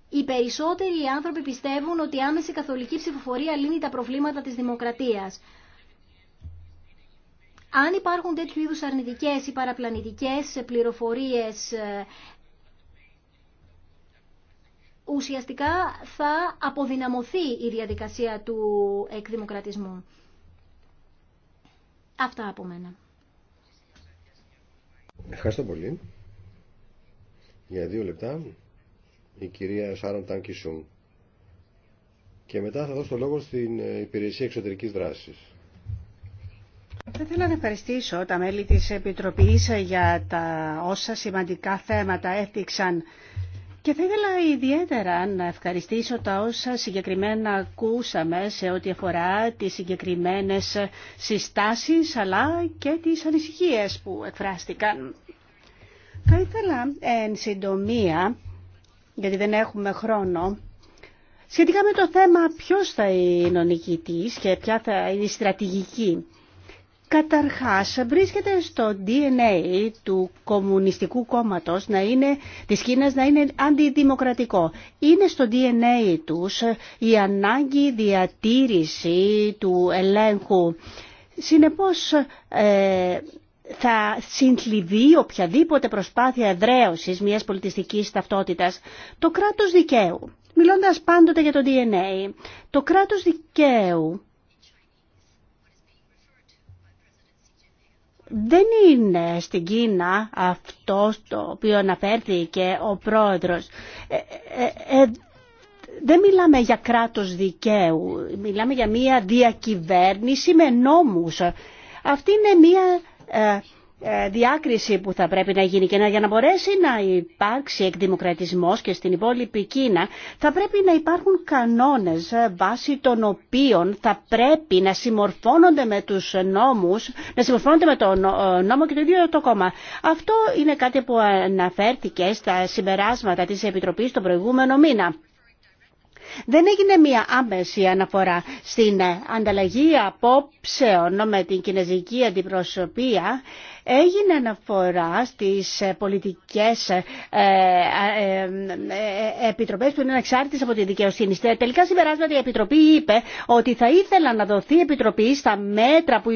Οι περισσότεροι άνθρωποι πιστεύουν ότι η άμεση καθολική ψηφοφορία λύνει τα προβλήματα της δημοκρατίας. Αν υπάρχουν τέτοιου είδους αρνητικές ή παραπλανητικές πληροφορίες, ε, ουσιαστικά θα αποδυναμωθεί η διαδικασία του εκδημοκρατισμού. Αυτά από μένα. Ευχαριστώ πολύ. Για δύο λεπτά η κυρία Σάρον Τάνκισουν. Και μετά θα δώσω το λόγο στην ε, Υπηρεσία Εξωτερικής Δράσης. Θα ήθελα να ευχαριστήσω τα μέλη της Επιτροπής για τα όσα σημαντικά θέματα έφτιαξαν και θα ήθελα ιδιαίτερα να ευχαριστήσω τα όσα συγκεκριμένα ακούσαμε σε ό,τι αφορά τις συγκεκριμένες συστάσεις αλλά και τις ανησυχίες που εκφράστηκαν. Θα ήθελα εν συντομία, γιατί δεν έχουμε χρόνο, σχετικά με το θέμα ποιος θα είναι ο νικητής και ποια θα είναι η στρατηγική καταρχάς βρίσκεται στο DNA του Κομμουνιστικού Κόμματος να είναι, της Κίνας να είναι αντιδημοκρατικό. Είναι στο DNA τους η ανάγκη διατήρηση του ελέγχου. Συνεπώς ε, θα συνθλιβεί οποιαδήποτε προσπάθεια εδραίωσης μιας πολιτιστικής ταυτότητας το κράτος δικαίου. Μιλώντας πάντοτε για το DNA, το κράτος δικαίου δεν είναι στην Κίνα αυτό το οποίο αναφέρθηκε ο πρόεδρος. Ε, ε, ε, δεν μιλάμε για κράτος δικαίου, μιλάμε για μια διακυβέρνηση με νόμους. Αυτή είναι μια ε, διάκριση που θα πρέπει να γίνει και για να μπορέσει να υπάρξει εκδημοκρατισμός και στην υπόλοιπη Κίνα θα πρέπει να υπάρχουν κανόνες ε, βάσει των οποίων θα πρέπει να συμμορφώνονται με τους νόμους, να συμμορφώνονται με τον ε, νόμο και το ίδιο το κόμμα. Αυτό είναι κάτι που αναφέρθηκε στα συμπεράσματα της Επιτροπής τον προηγούμενο μήνα. Δεν έγινε μια άμεση αναφορά στην ε, ανταλλαγή απόψεων με την κινέζικη αντιπροσωπεία έγινε αναφορά στις ε, πολιτικές ε, ε, επιτροπές που είναι εξάρτητες από τη δικαιοσύνη. τελικά συμπεράσματα η Επιτροπή είπε ότι θα ήθελα να δοθεί επιτροπή στα μέτρα που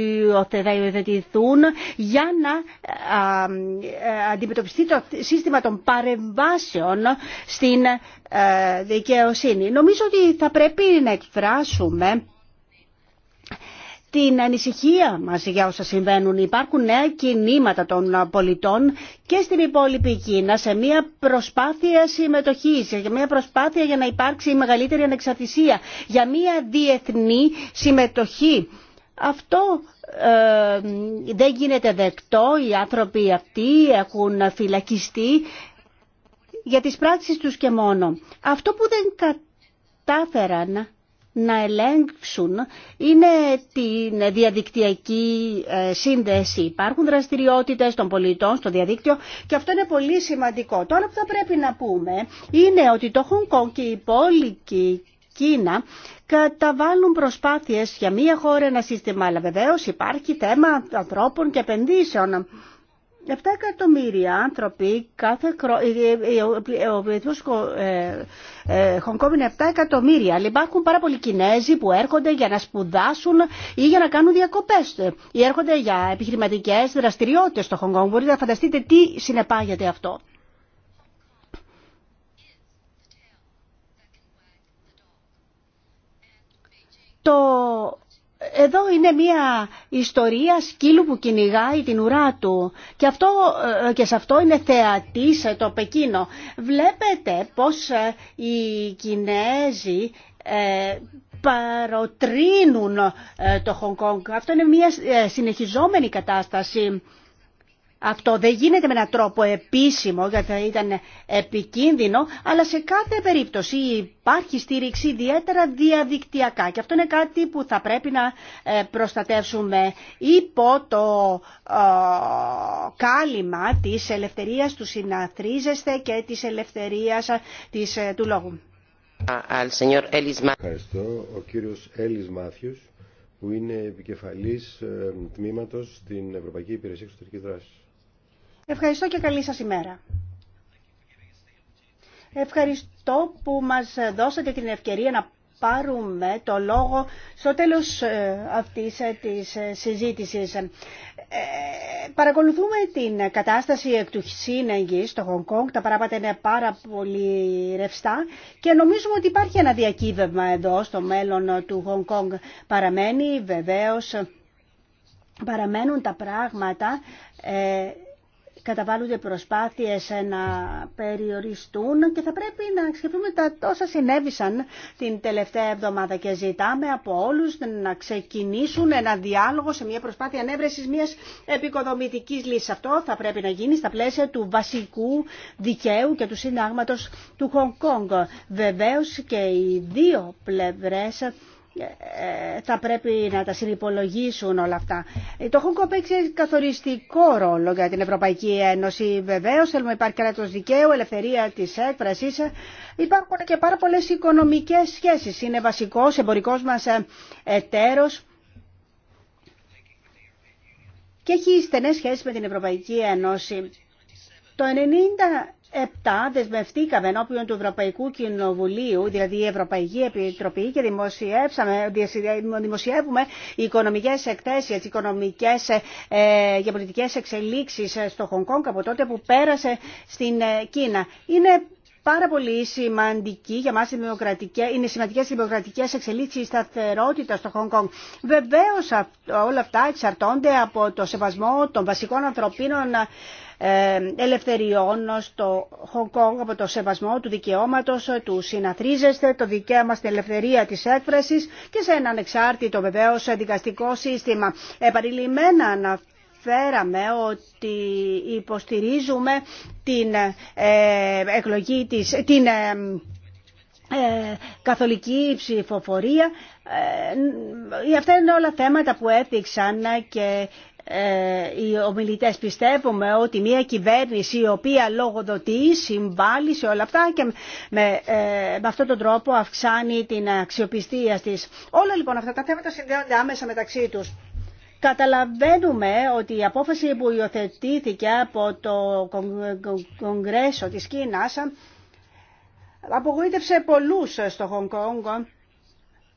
θα υιοθετηθούν για να αντιμετωπιστεί το σύστημα των παρεμβάσεων στην δικαιοσύνη. Νομίζω ότι θα πρέπει να εκφράσουμε την ανησυχία μας για όσα συμβαίνουν. Υπάρχουν νέα κινήματα των πολιτών και στην υπόλοιπη Κίνα σε μια προσπάθεια συμμετοχής, για μια προσπάθεια για να υπάρξει η μεγαλύτερη ανεξαρτησία, για μια διεθνή συμμετοχή. Αυτό ε, δεν γίνεται δεκτό, οι άνθρωποι αυτοί έχουν φυλακιστεί για τις πράξεις τους και μόνο. Αυτό που δεν κατάφεραν να ελέγξουν είναι την διαδικτυακή ε, σύνδεση. Υπάρχουν δραστηριότητες των πολιτών στο διαδίκτυο και αυτό είναι πολύ σημαντικό. άλλο που θα πρέπει να πούμε είναι ότι το Hong και η πόλη Κίνα καταβάλουν προσπάθειες για μία χώρα ένα σύστημα, αλλά βεβαίως υπάρχει θέμα ανθρώπων και επενδύσεων. 7 εκατομμύρια άνθρωποι κάθε χρόνο, ο πληθυσμός ε, είναι 7 εκατομμύρια, αλλά υπάρχουν πάρα πολλοί Κινέζοι που έρχονται για να σπουδάσουν ή για να κάνουν διακοπές ή έρχονται για επιχειρηματικέ δραστηριότητες στο Χονγκ Μπορείτε να φανταστείτε τι συνεπάγεται αυτό. Το εδώ είναι μια ιστορία σκύλου που κυνηγάει την ουρά του και, αυτό, ε, και σε αυτό είναι θεατής ε, το Πεκίνο. Βλέπετε πως ε, οι Κινέζοι παροτρύνουν το Χονγκ Αυτό είναι μια συνεχιζόμενη κατάσταση. Αυτό δεν γίνεται με έναν τρόπο επίσημο γιατί θα ήταν επικίνδυνο, αλλά σε κάθε περίπτωση υπάρχει στήριξη ιδιαίτερα διαδικτυακά και αυτό είναι κάτι που θα πρέπει να ε, προστατεύσουμε υπό το ε, κάλυμα της ελευθερίας του συναθρίζεστε και της ελευθερίας ε, της, του λόγου. Ευχαριστώ. Ο κύριος Έλλης Μάθιος που είναι επικεφαλής τμήματος στην Ευρωπαϊκή Υπηρεσία Εξωτερικής Δράσης. Ευχαριστώ και καλή σας ημέρα. Ευχαριστώ που μας δώσατε την ευκαιρία να πάρουμε το λόγο στο τέλος ε, αυτής ε, της ε, συζήτησης. Παρακολουθούμε την κατάσταση εκ του σύνεγγυ στο Χονγκ Κόνγκ. Τα πράγματα είναι πάρα πολύ ρευστά και νομίζουμε ότι υπάρχει ένα διακύβευμα εδώ στο μέλλον του Χονγκ Κόνγκ. Παραμένει βεβαίως, παραμένουν τα πράγματα καταβάλλονται προσπάθειες να περιοριστούν και θα πρέπει να σκεφτούμε τα τόσα συνέβησαν την τελευταία εβδομάδα και ζητάμε από όλους να ξεκινήσουν ένα διάλογο σε μια προσπάθεια ανέβρεσης μιας επικοδομητικής λύσης. Αυτό θα πρέπει να γίνει στα πλαίσια του βασικού δικαίου και του συνάγματος του Χονγκ Κόνγκ. Βεβαίως και οι δύο πλευρές ε, θα πρέπει να τα συνυπολογίσουν όλα αυτά. Ε, το Χονγκ έχει καθοριστικό ρόλο για την Ευρωπαϊκή Ένωση. Βεβαίω θέλουμε να υπάρχει κράτο δικαίου, ελευθερία τη έκφραση. Υπάρχουν και πάρα πολλέ οικονομικέ σχέσει. Είναι βασικό εμπορικό μα ε, εταίρο και έχει στενέ σχέσει με την Ευρωπαϊκή Ένωση. Το Επτά δεσμευτήκαμε ενώπιον του Ευρωπαϊκού Κοινοβουλίου, δηλαδή η Ευρωπαϊκή Επιτροπή και δημοσιεύσαμε, δημοσιεύουμε οι οικονομικές εκθέσει, τις οικονομικές ε, γεωπολιτικές εξελίξεις ε, στο Χονγκ από τότε που πέρασε στην ε, Κίνα. Είναι πάρα πολύ σημαντική για μας είναι σημαντικές δημοκρατικές εξελίξεις η σταθερότητα στο Χονγκ Κονγκ. Βεβαίως όλα αυτά εξαρτώνται από το σεβασμό των βασικών ανθρωπίνων ε, ελευθεριών στο Χονγκ από το σεβασμό του δικαιώματος ε, του συναθρίζεστε, το δικαίωμα στην ελευθερία της έκφρασης και σε ένα ανεξάρτητο βεβαίως δικαστικό σύστημα. να αναφέραμε ότι υποστηρίζουμε την ε, εκλογή της, την καθολική ψηφοφορία. Αυτά είναι όλα θέματα που έδειξαν και ε, οι ομιλητές πιστεύουμε ότι μια κυβέρνηση η οποία λογοδοτεί, συμβάλλει σε όλα αυτά και με, ε, με αυτόν τον τρόπο αυξάνει την αξιοπιστία της. Όλα λοιπόν αυτά τα θέματα συνδέονται άμεσα μεταξύ τους. Καταλαβαίνουμε ότι η απόφαση που υιοθετήθηκε από το Κογκρέσο της Κίνας απογοήτευσε πολλούς στο Χονγκ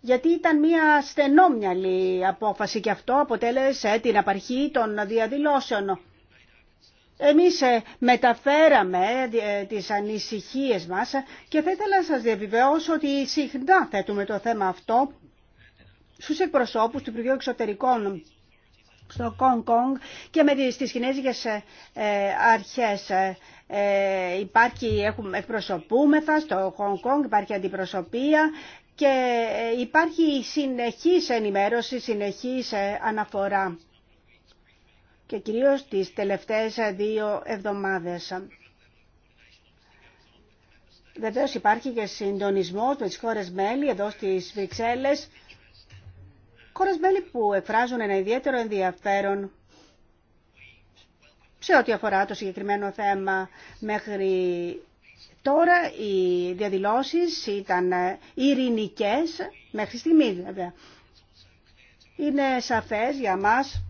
γιατί ήταν μια στενόμυαλη απόφαση και αυτό αποτέλεσε την απαρχή των διαδηλώσεων. Εμείς ε, μεταφέραμε ε, τις ανησυχίες μας και θα ήθελα να σας διαβεβαιώσω ότι συχνά θέτουμε το θέμα αυτό στους εκπροσώπους του Υπουργείου Εξωτερικών στο Κονγκ Κονγκ και με τις, τις κινέζικες ε, ε αρχές υπάρχει, έχουμε, εκπροσωπούμεθα στο Χονγκ Κονγκ, υπάρχει αντιπροσωπεία και ε, υπάρχει συνεχής ενημέρωση, συνεχής ε, αναφορά και κυρίως τις τελευταίες ε, δύο εβδομάδες. Βεβαίως υπάρχει και συντονισμός με τις χώρες μέλη εδώ στις Βρυξέλλες, χώρες μέλη που εκφράζουν ένα ιδιαίτερο ενδιαφέρον σε ό,τι αφορά το συγκεκριμένο θέμα μέχρι Τώρα οι διαδηλώσεις ήταν ειρηνικέ μέχρι στιγμή βέβαια. Είναι σαφές για μας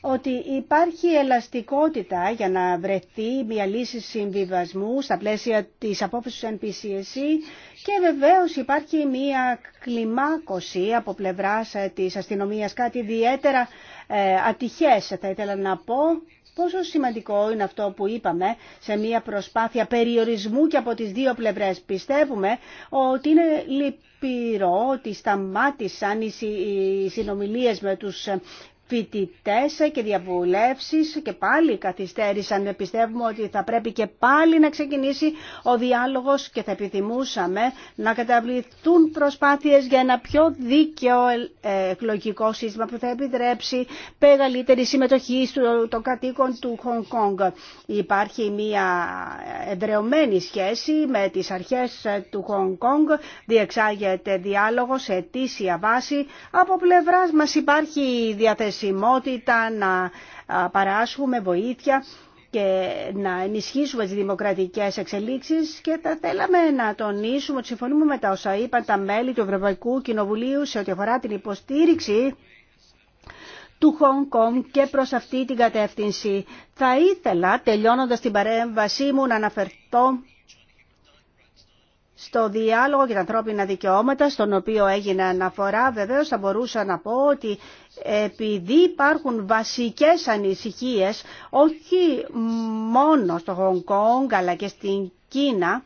ότι υπάρχει ελαστικότητα για να βρεθεί μια λύση συμβιβασμού στα πλαίσια της απόφασης του NPCSC e και βεβαίως υπάρχει μια κλιμάκωση από πλευράς ε, της αστυνομίας, κάτι ιδιαίτερα ε, ατυχές θα ήθελα να πω πόσο σημαντικό είναι αυτό που είπαμε σε μια προσπάθεια περιορισμού και από τις δύο πλευρές. Πιστεύουμε ότι είναι λυπηρό ότι σταμάτησαν οι συνομιλίες με τους φοιτητέ και διαβουλευσει και πάλι καθυστέρησαν. Πιστεύουμε ότι θα πρέπει και πάλι να ξεκινήσει ο διάλογος και θα επιθυμούσαμε να καταβληθούν προσπάθειες για ένα πιο δίκαιο ε, εκλογικό σύστημα που θα επιτρέψει μεγαλύτερη συμμετοχή των κατοίκων του Χονγκ Κόνγκ. Υπάρχει μια εδρεωμένη σχέση με τις αρχέ του Χονγκ Κόνγκ. Διεξάγεται διάλογο σε αιτήσια βάση. Από πλευρά μας υπάρχει να παράσχουμε βοήθεια και να ενισχύσουμε τις δημοκρατικές εξελίξεις και θα θέλαμε να τονίσουμε ότι συμφωνούμε με τα όσα είπαν τα μέλη του Ευρωπαϊκού Κοινοβουλίου σε ό,τι αφορά την υποστήριξη του Χονγκ Κονγκ και προς αυτή την κατεύθυνση. Θα ήθελα, τελειώνοντας την παρέμβασή μου, να αναφερθώ στο διάλογο για τα ανθρώπινα δικαιώματα, στον οποίο έγινε αναφορά, βεβαίως θα μπορούσα να πω ότι επειδή υπάρχουν βασικές ανησυχίες όχι μόνο στο Χονγκ Κόνγκ αλλά και στην Κίνα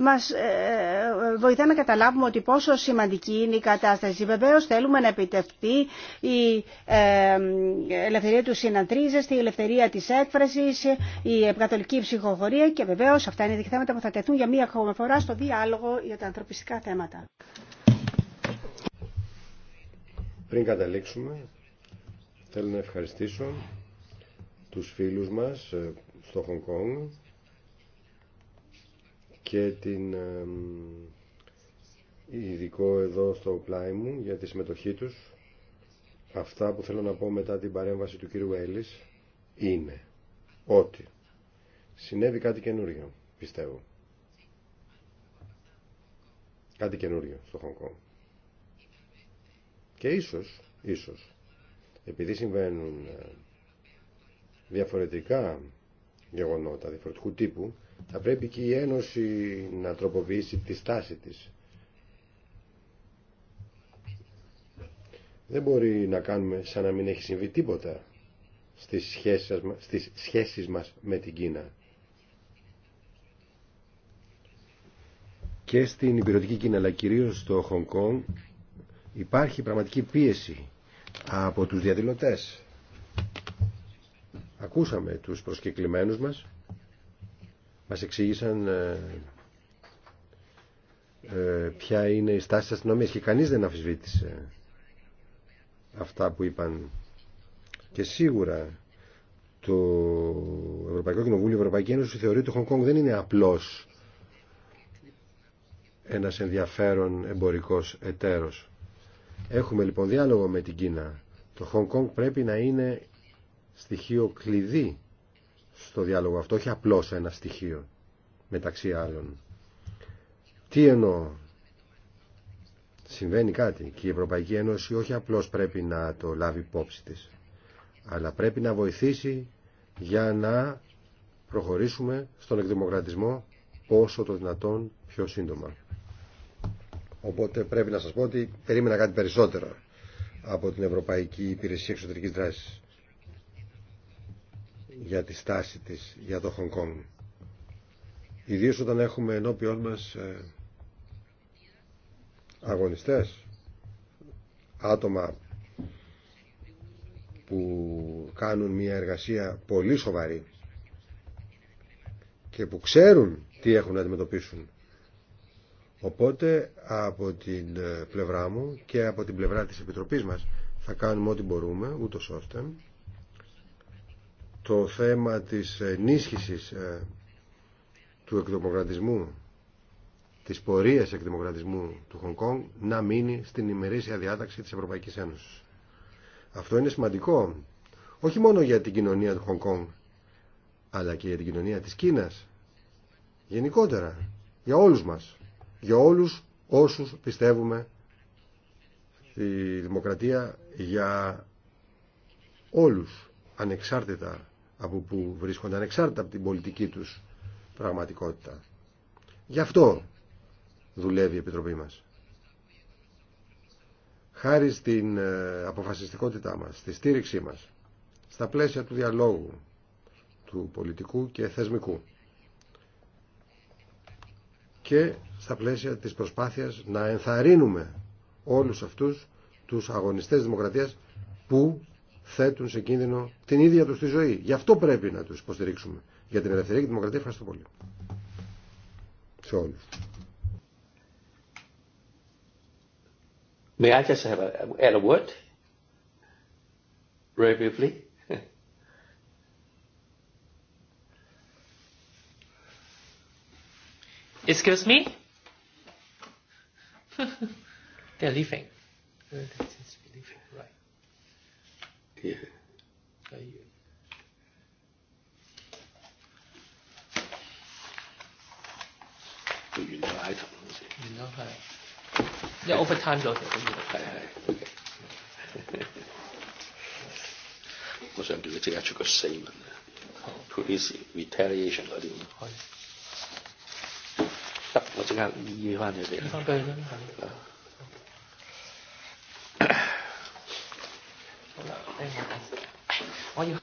μας ε, βοηθά να καταλάβουμε ότι πόσο σημαντική είναι η κατάσταση. Βεβαίως θέλουμε να επιτευχθεί η ε, ελευθερία του συναντρίζεστη, η ελευθερία της έκφρασης, η καθολική ψυχοφορία και βεβαίως αυτά είναι δικαιώματα που θα τεθούν για μία ακόμα φορά στο διάλογο για τα ανθρωπιστικά θέματα. Πριν καταλήξουμε, θέλω να ευχαριστήσω τους φίλους μας ε, στο Χονγκ Κόνγκ και την ε, ειδικό εδώ στο πλάι μου για τη συμμετοχή τους. Αυτά που θέλω να πω μετά την παρέμβαση του κύριου Έλλης είναι ότι συνέβη κάτι καινούριο, πιστεύω. Κάτι καινούριο στο Χονγκ και ίσως, ίσως, επειδή συμβαίνουν ε, διαφορετικά γεγονότα, διαφορετικού τύπου, θα πρέπει και η Ένωση να τροποποιήσει τη στάση της. Δεν μπορεί να κάνουμε σαν να μην έχει συμβεί τίποτα στις σχέσεις, στις σχέσεις μας με την Κίνα. Και στην υπηρετική Κίνα, αλλά κυρίως στο Χονγκ Υπάρχει πραγματική πίεση από τους διαδηλωτές. Ακούσαμε τους προσκεκλημένους μας. Μας εξήγησαν ε, ε, ποια είναι η στάση της αστυνομίας και κανείς δεν αφισβήτησε αυτά που είπαν. Και σίγουρα το Ευρωπαϊκό Κοινοβούλιο, η Ευρωπαϊκή Ένωση θεωρεί ότι το Χονγκ δεν είναι απλώς ένας ενδιαφέρον εμπορικός εταίρος. Έχουμε λοιπόν διάλογο με την Κίνα. Το Χονγκ Κονγκ πρέπει να είναι στοιχείο κλειδί στο διάλογο αυτό, όχι απλώς ένα στοιχείο μεταξύ άλλων. Τι εννοώ. Συμβαίνει κάτι και η Ευρωπαϊκή Ένωση όχι απλώς πρέπει να το λάβει υπόψη της, αλλά πρέπει να βοηθήσει για να προχωρήσουμε στον εκδημοκρατισμό όσο το δυνατόν πιο σύντομα. Οπότε πρέπει να σας πω ότι περίμενα κάτι περισσότερο από την Ευρωπαϊκή Υπηρεσία Εξωτερικής Δράσης για τη στάση της για το Χονγκ Κόνγκ. Ιδίως όταν έχουμε ενώπιόν μας ε, αγωνιστές, άτομα που κάνουν μια εργασία πολύ σοβαρή και που ξέρουν τι έχουν να αντιμετωπίσουν Οπότε από την ε, πλευρά μου και από την πλευρά της Επιτροπής μας θα κάνουμε ό,τι μπορούμε, ούτως ώστε το θέμα της ενίσχυσης ε, του εκδημοκρατισμού, της πορείας εκδημοκρατισμού του Χονγκ Κόνγκ να μείνει στην ημερήσια διάταξη της Ευρωπαϊκής Ένωσης. Αυτό είναι σημαντικό, όχι μόνο για την κοινωνία του Χονγκ Κόνγκ, αλλά και για την κοινωνία της Κίνας, γενικότερα, για όλους μας για όλους όσους πιστεύουμε στη δημοκρατία για όλους ανεξάρτητα από που βρίσκονται, ανεξάρτητα από την πολιτική τους πραγματικότητα. Γι' αυτό δουλεύει η Επιτροπή μας. Χάρη στην ε, αποφασιστικότητά μας, στη στήριξή μας, στα πλαίσια του διαλόγου, του πολιτικού και θεσμικού και στα πλαίσια της προσπάθειας να ενθαρρύνουμε όλους αυτούς τους αγωνιστές δημοκρατίας που θέτουν σε κίνδυνο την ίδια τους τη ζωή. Γι' αυτό πρέπει να τους υποστηρίξουμε. Για την ελευθερία και τη δημοκρατία ευχαριστώ πολύ. Σε όλους. May I just a, word? briefly. Excuse me? They're leaving. Yeah. okay. statement 啊，police retaliation 嗰啲。το, ο, τί κάνω, ναι, ναι,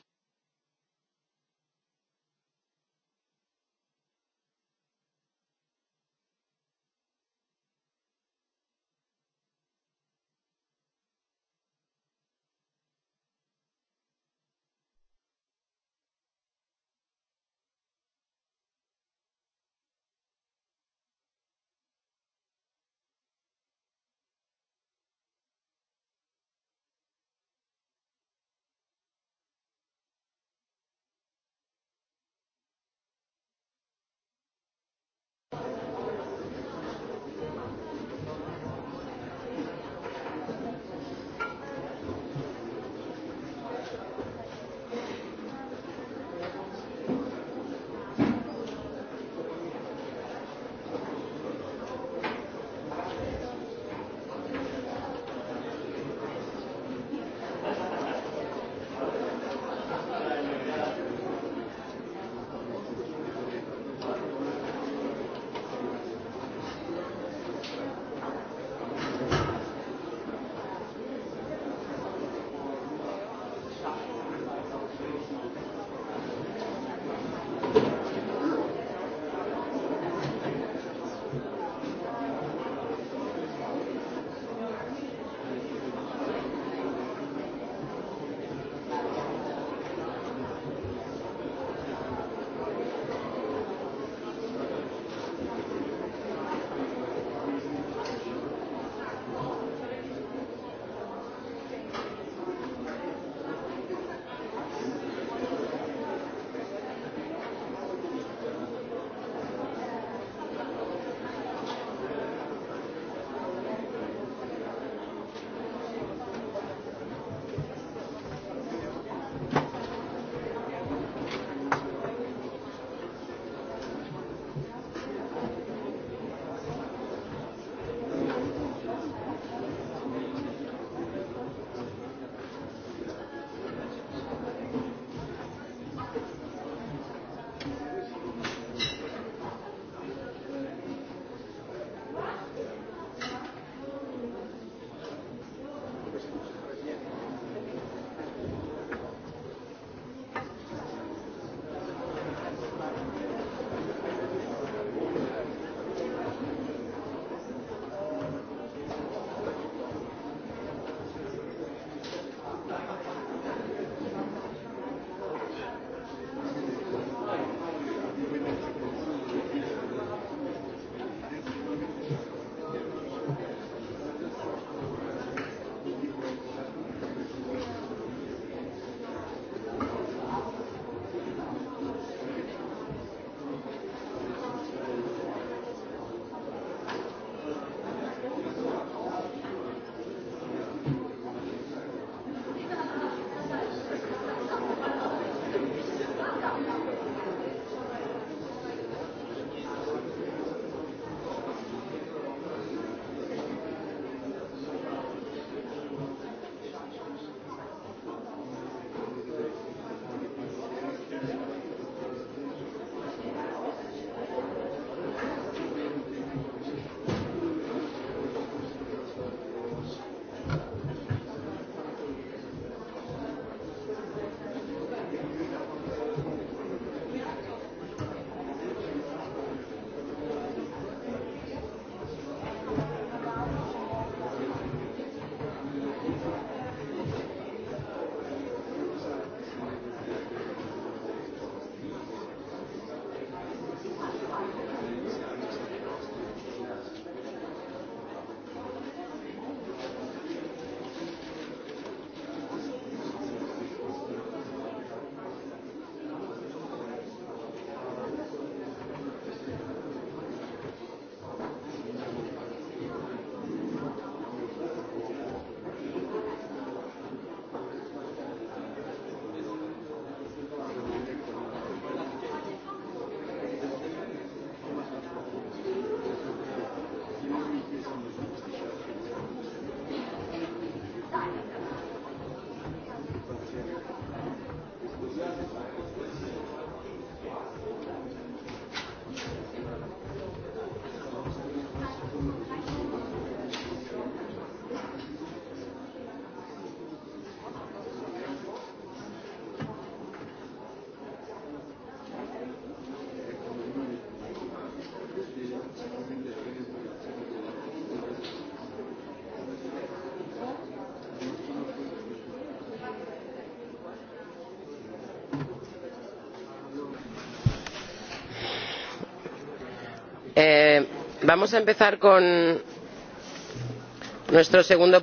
Vamos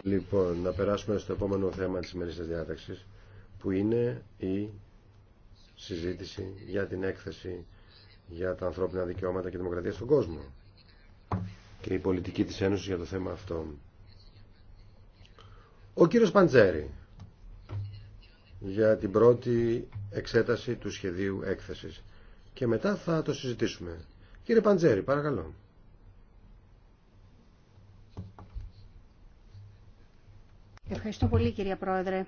Λοιπόν, να περάσουμε στο επόμενο θέμα της σημερινής διάταξης, που είναι η συζήτηση για την έκθεση για τα ανθρώπινα δικαιώματα και δημοκρατία στον κόσμο και η πολιτική της Ένωσης για το θέμα αυτό. Ο κύριος Παντζέρη για την πρώτη εξέταση του σχεδίου έκθεσης και μετά θα το συζητήσουμε. Κύριε Παντζέρη, παρακαλώ. Ευχαριστώ πολύ κυρία Πρόεδρε.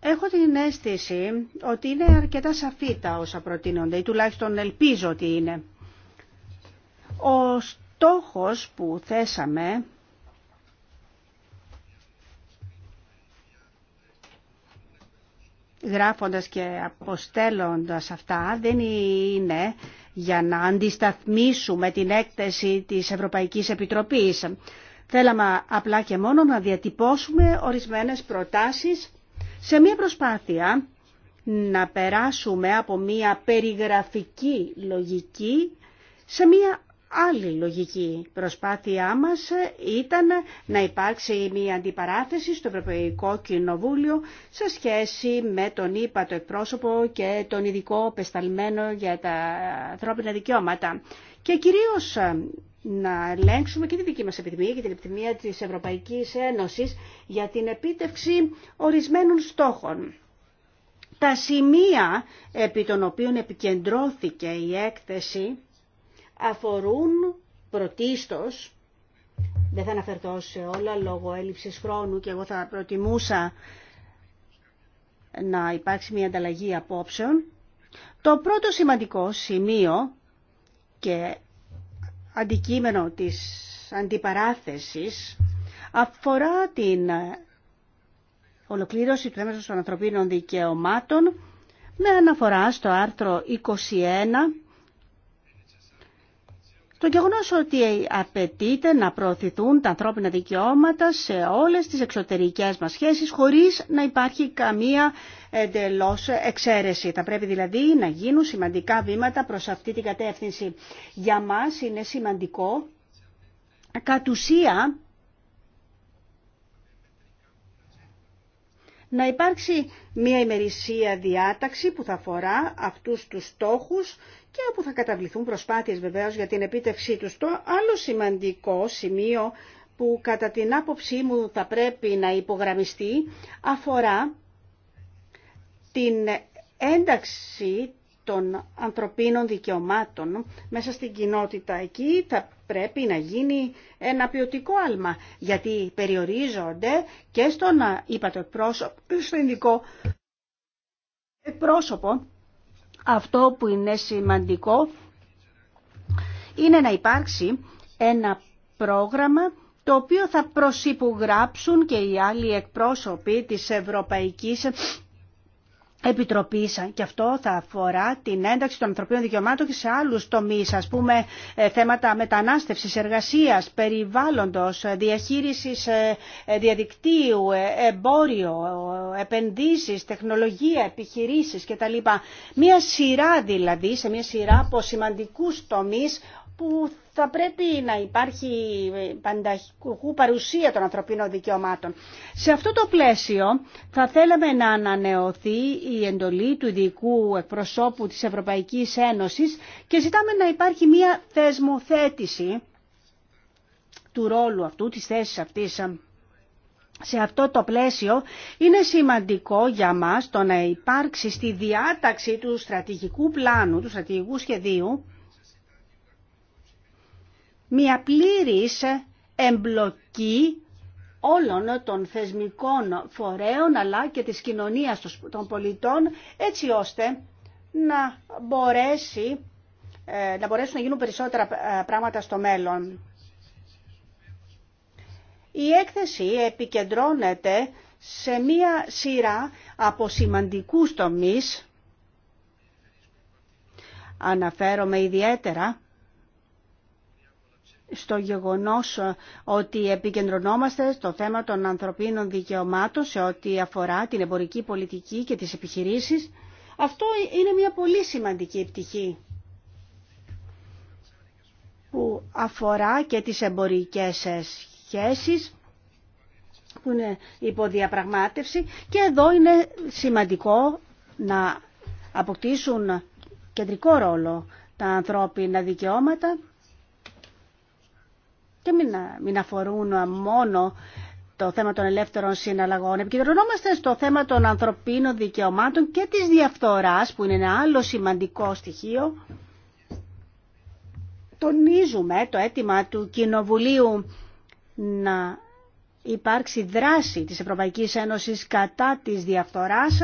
Έχω την αίσθηση ότι είναι αρκετά σαφή τα όσα προτείνονται ή τουλάχιστον ελπίζω ότι είναι. Ο στόχος που θέσαμε γράφοντας και αποστέλλοντας αυτά δεν είναι για να αντισταθμίσουμε την έκθεση της Ευρωπαϊκής Επιτροπής. Θέλαμε απλά και μόνο να διατυπώσουμε ορισμένες προτάσεις σε μια προσπάθεια να περάσουμε από μια περιγραφική λογική σε μια άλλη λογική. Προσπάθειά μας ήταν να υπάρξει μια αντιπαράθεση στο Ευρωπαϊκό Κοινοβούλιο σε σχέση με τον ΙΠΑ, το εκπρόσωπο και τον ειδικό πεσταλμένο για τα ανθρώπινα δικαιώματα. Και κυρίως ε, να ελέγξουμε και τη δική μας επιθυμία και την επιθυμία της Ευρωπαϊκής Ένωσης για την επίτευξη ορισμένων στόχων. Τα σημεία επί των οποίων επικεντρώθηκε η έκθεση αφορούν πρωτίστως, δεν θα αναφερθώ σε όλα λόγω έλλειψης χρόνου και εγώ θα προτιμούσα να υπάρξει μια ανταλλαγή απόψεων. Το πρώτο σημαντικό σημείο και αντικείμενο της αντιπαράθεσης αφορά την ολοκλήρωση του θέματος των ανθρωπίνων δικαιωμάτων με αναφορά στο άρθρο 21 το γεγονό ότι απαιτείται να προωθηθούν τα ανθρώπινα δικαιώματα σε όλε τι εξωτερικέ μα σχέσει χωρί να υπάρχει καμία εντελώ εξαίρεση. Θα πρέπει δηλαδή να γίνουν σημαντικά βήματα προ αυτή την κατεύθυνση. Για μα είναι σημαντικό κατ' ουσία να υπάρξει μια ημερησία διάταξη που θα αφορά αυτούς τους στόχους και όπου θα καταβληθούν προσπάθειες βεβαίως για την επίτευξή τους. Το άλλο σημαντικό σημείο που κατά την άποψή μου θα πρέπει να υπογραμμιστεί αφορά την ένταξη των ανθρωπίνων δικαιωμάτων μέσα στην κοινότητα. Εκεί θα πρέπει να γίνει ένα ποιοτικό άλμα, γιατί περιορίζονται και στον, είπα το ειδικό πρόσωπο. Αυτό που είναι σημαντικό είναι να υπάρξει ένα πρόγραμμα το οποίο θα προσυπουγράψουν και οι άλλοι εκπρόσωποι της Ευρωπαϊκής Επιτροπή ε, και αυτό θα αφορά την ένταξη των ανθρωπίνων δικαιωμάτων και σε άλλους τομείς, ας πούμε ε, θέματα μετανάστευση, εργασία, περιβάλλοντος, ε, διαχείρισης διαδικτύου, εμπόριο, επενδύσεις, τεχνολογία, επιχειρήσεις κτλ. Μία σειρά δηλαδή, σε μία σειρά από σημαντικού τομείς που θα πρέπει να υπάρχει πανταχικού παρουσία των ανθρωπίνων δικαιωμάτων. Σε αυτό το πλαίσιο θα θέλαμε να ανανεωθεί η εντολή του ειδικού εκπροσώπου της Ευρωπαϊκής Ένωσης και ζητάμε να υπάρχει μια θεσμοθέτηση του ρόλου αυτού, της θέσης αυτής. Σε αυτό το πλαίσιο είναι σημαντικό για μας το να υπάρξει στη διάταξη του στρατηγικού πλάνου, του στρατηγικού σχεδίου, μια πλήρης εμπλοκή όλων των θεσμικών φορέων αλλά και της κοινωνίας των πολιτών έτσι ώστε να, μπορέσει, ε, να μπορέσουν να γίνουν περισσότερα ε, πράγματα στο μέλλον. Η έκθεση επικεντρώνεται σε μία σειρά από σημαντικούς τομείς. Αναφέρομαι ιδιαίτερα στο γεγονός ε, ότι επικεντρωνόμαστε στο θέμα των ανθρωπίνων δικαιωμάτων σε ό,τι αφορά την εμπορική πολιτική και τις επιχειρήσεις. Αυτό είναι μια πολύ σημαντική πτυχή που αφορά και τις εμπορικές ε, σχέσεις που είναι υποδιαπραγμάτευση και εδώ είναι σημαντικό να αποκτήσουν κεντρικό ρόλο τα ανθρώπινα δικαιώματα και μην, αφορούν μόνο το θέμα των ελεύθερων συναλλαγών. Επικεντρωνόμαστε στο θέμα των ανθρωπίνων δικαιωμάτων και της διαφθοράς που είναι ένα άλλο σημαντικό στοιχείο. Τονίζουμε το αίτημα του Κοινοβουλίου να υπάρξει δράση της Ευρωπαϊκής Ένωσης κατά της διαφθοράς,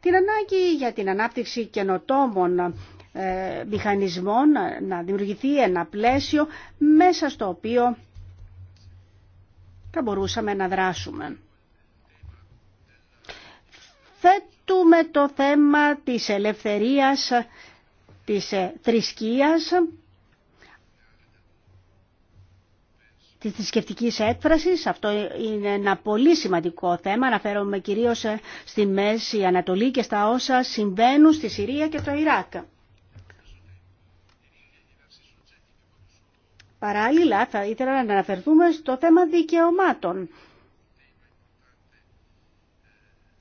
την ανάγκη για την ανάπτυξη καινοτόμων ε, μηχανισμών, να δημιουργηθεί ένα πλαίσιο μέσα στο οποίο θα μπορούσαμε να δράσουμε. Θέτουμε το θέμα της ελευθερίας της ε, θρησκείας, της θρησκευτική έκφρασης. Αυτό είναι ένα πολύ σημαντικό θέμα. Αναφέρομαι κυρίως ε, στη Μέση Ανατολή και στα όσα συμβαίνουν στη Συρία και το Ιράκ. Παράλληλα, θα ήθελα να αναφερθούμε στο θέμα δικαιωμάτων.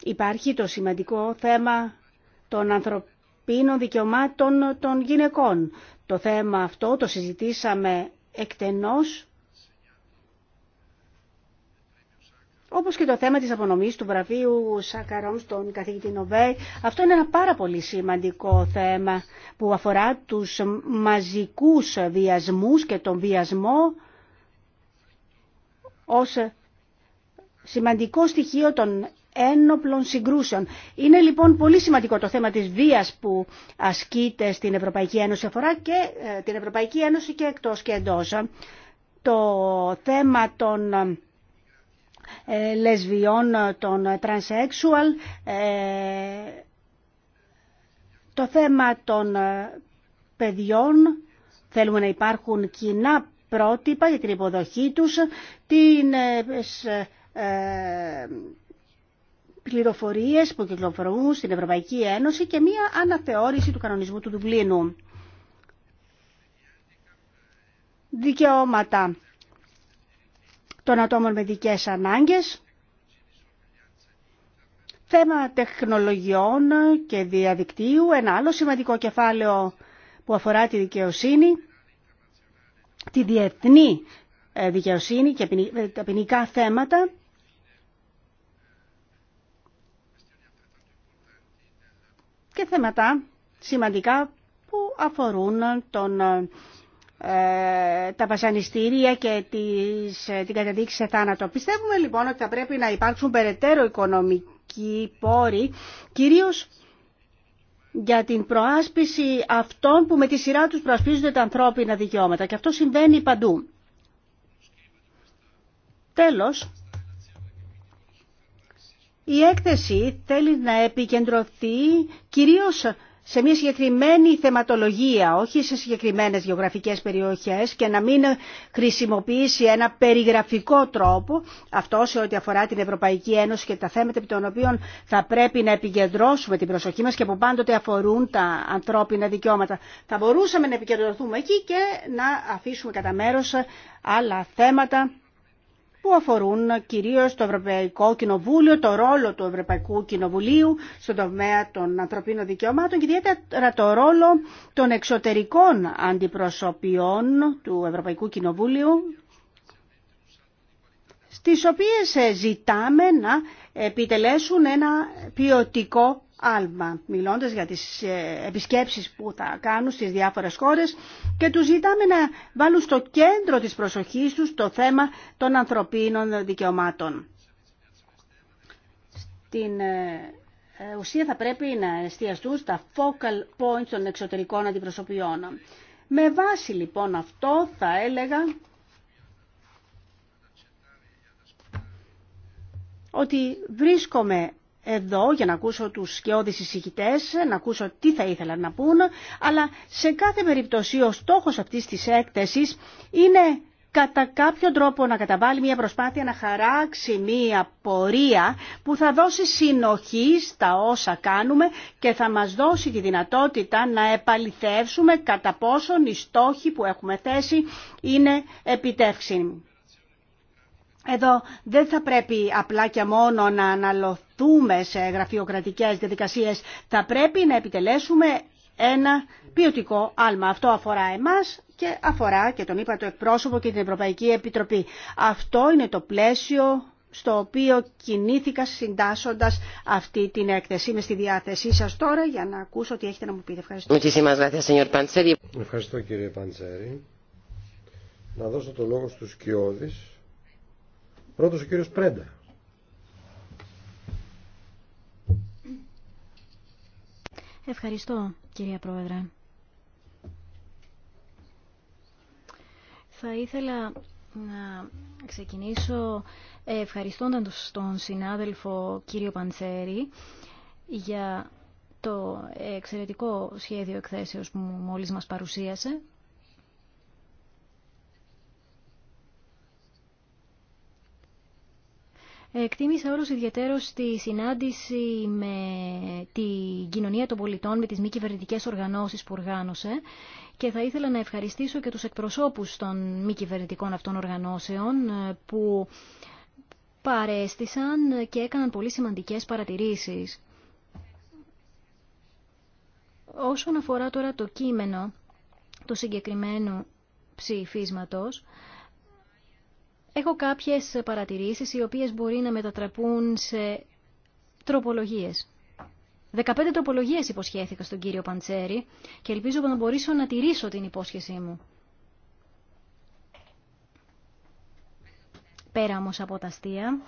Υπάρχει το σημαντικό θέμα των ανθρωπίνων δικαιωμάτων των γυναικών. Το θέμα αυτό το συζητήσαμε εκτενώς Όπως και το θέμα της απονομής του βραβείου Σάκαρον στον καθηγητή Νοβέ, αυτό είναι ένα πάρα πολύ σημαντικό θέμα που αφορά τους μαζικούς βιασμούς και τον βιασμό ως σημαντικό στοιχείο των ένοπλων συγκρούσεων. Είναι λοιπόν πολύ σημαντικό το θέμα της βίας που ασκείται στην Ευρωπαϊκή Ένωση, αφορά και ε, την Ευρωπαϊκή Ένωση και εκτός και εντός. Το θέμα των ε, λεσβιών, ε, των τρανσέξουαλ, ε, το θέμα των παιδιών, θέλουμε να υπάρχουν κοινά πρότυπα για την υποδοχή τους, την πληροφορίες που κυκλοφορούν στην Ευρωπαϊκή Ένωση και μία αναθεώρηση του κανονισμού του Δουβλίνου. Δικαιώματα των ατόμων με δικές ανάγκες, θέμα τεχνολογιών και διαδικτύου, ένα άλλο σημαντικό κεφάλαιο που αφορά τη δικαιοσύνη, τη διεθνή ε, δικαιοσύνη και ε, τα ποινικά θέματα, και θέματα σημαντικά που αφορούν τον ε, ε, τα βασανιστήρια και τις, ε, την καταδίκη σε θάνατο. Πιστεύουμε λοιπόν ότι θα πρέπει να υπάρξουν περαιτέρω οικονομικοί πόροι, κυρίως για την προάσπιση αυτών που με τη σειρά τους προασπίζονται τα ανθρώπινα δικαιώματα. Και αυτό συμβαίνει παντού. Τέλος, η έκθεση θέλει να επικεντρωθεί κυρίως σε μια συγκεκριμένη θεματολογία, όχι σε συγκεκριμένες γεωγραφικές περιοχές και να μην χρησιμοποιήσει ένα περιγραφικό τρόπο, αυτό σε ό,τι αφορά την Ευρωπαϊκή Ένωση και τα θέματα επί των οποίων θα πρέπει να επικεντρώσουμε την προσοχή μας και που πάντοτε αφορούν τα ανθρώπινα δικαιώματα. Θα μπορούσαμε να επικεντρωθούμε εκεί και να αφήσουμε κατά μέρο άλλα θέματα που αφορούν κυρίως το Ευρωπαϊκό Κοινοβούλιο, το ρόλο του Ευρωπαϊκού Κοινοβουλίου στον τομέα των ανθρωπίνων δικαιωμάτων και ιδιαίτερα το ρόλο των εξωτερικών αντιπροσωπιών του Ευρωπαϊκού Κοινοβούλιου στις οποίες ε, ζητάμε να επιτελέσουν ένα ποιοτικό Άλμα, μιλώντας για τις ε, επισκέψεις που θα κάνουν στις διάφορες χώρες και τους ζητάμε να βάλουν στο κέντρο της προσοχής τους το θέμα των ανθρωπίνων δικαιωμάτων. Στην ε, ε, ουσία θα πρέπει να εστιαστούν στα focal points των εξωτερικών αντιπροσωπιών. Με βάση λοιπόν αυτό θα έλεγα ότι βρίσκομαι εδώ για να ακούσω τους σκιώδεις εισηγητές, να ακούσω τι θα ήθελαν να πούν, αλλά σε κάθε περίπτωση ο στόχος αυτής της έκθεσης είναι κατά κάποιο τρόπο να καταβάλει μια προσπάθεια να χαράξει μια πορεία που θα δώσει συνοχή στα όσα κάνουμε και θα μας δώσει τη δυνατότητα να επαληθεύσουμε κατά πόσον οι στόχοι που έχουμε θέσει είναι επιτεύξιμοι. Εδώ δεν θα πρέπει απλά και μόνο να αναλωθούμε σε γραφειοκρατικές διαδικασίες. Θα πρέπει να επιτελέσουμε ένα ποιοτικό άλμα. Αυτό αφορά εμάς και αφορά και τον είπα το εκπρόσωπο και την Ευρωπαϊκή Επιτροπή. Αυτό είναι το πλαίσιο στο οποίο κινήθηκα συντάσσοντας αυτή την έκθεση. Είμαι στη διάθεσή σας τώρα για να ακούσω τι έχετε να μου πείτε. Ευχαριστώ. Ευχαριστώ κύριε Παντσέρη. Να δώσω το λόγο στους Κιώδης Πρώτος ο κύριος Πρέντα. Ευχαριστώ κυρία Πρόεδρε. Θα ήθελα να ξεκινήσω ευχαριστώντας τον συνάδελφο κύριο Παντσέρη για το εξαιρετικό σχέδιο εκθέσεως που μόλις μας παρουσίασε. Εκτίμησα όλος ιδιαίτερος τη συνάντηση με την κοινωνία των πολιτών, με τις μη κυβερνητικέ οργανώσεις που οργάνωσε και θα ήθελα να ευχαριστήσω και τους εκπροσώπους των μη κυβερνητικών αυτών οργανώσεων ε, που παρέστησαν και έκαναν πολύ σημαντικές παρατηρήσεις. Όσον αφορά τώρα το κείμενο του συγκεκριμένου ψηφίσματος, Έχω κάποιες παρατηρήσεις οι οποίες μπορεί να μετατραπούν σε τροπολογίες. 15 τροπολογίες υποσχέθηκα στον κύριο Παντσέρη και ελπίζω να μπορέσω να τηρήσω την υπόσχεσή μου. Πέρα όμως από τα αστεία,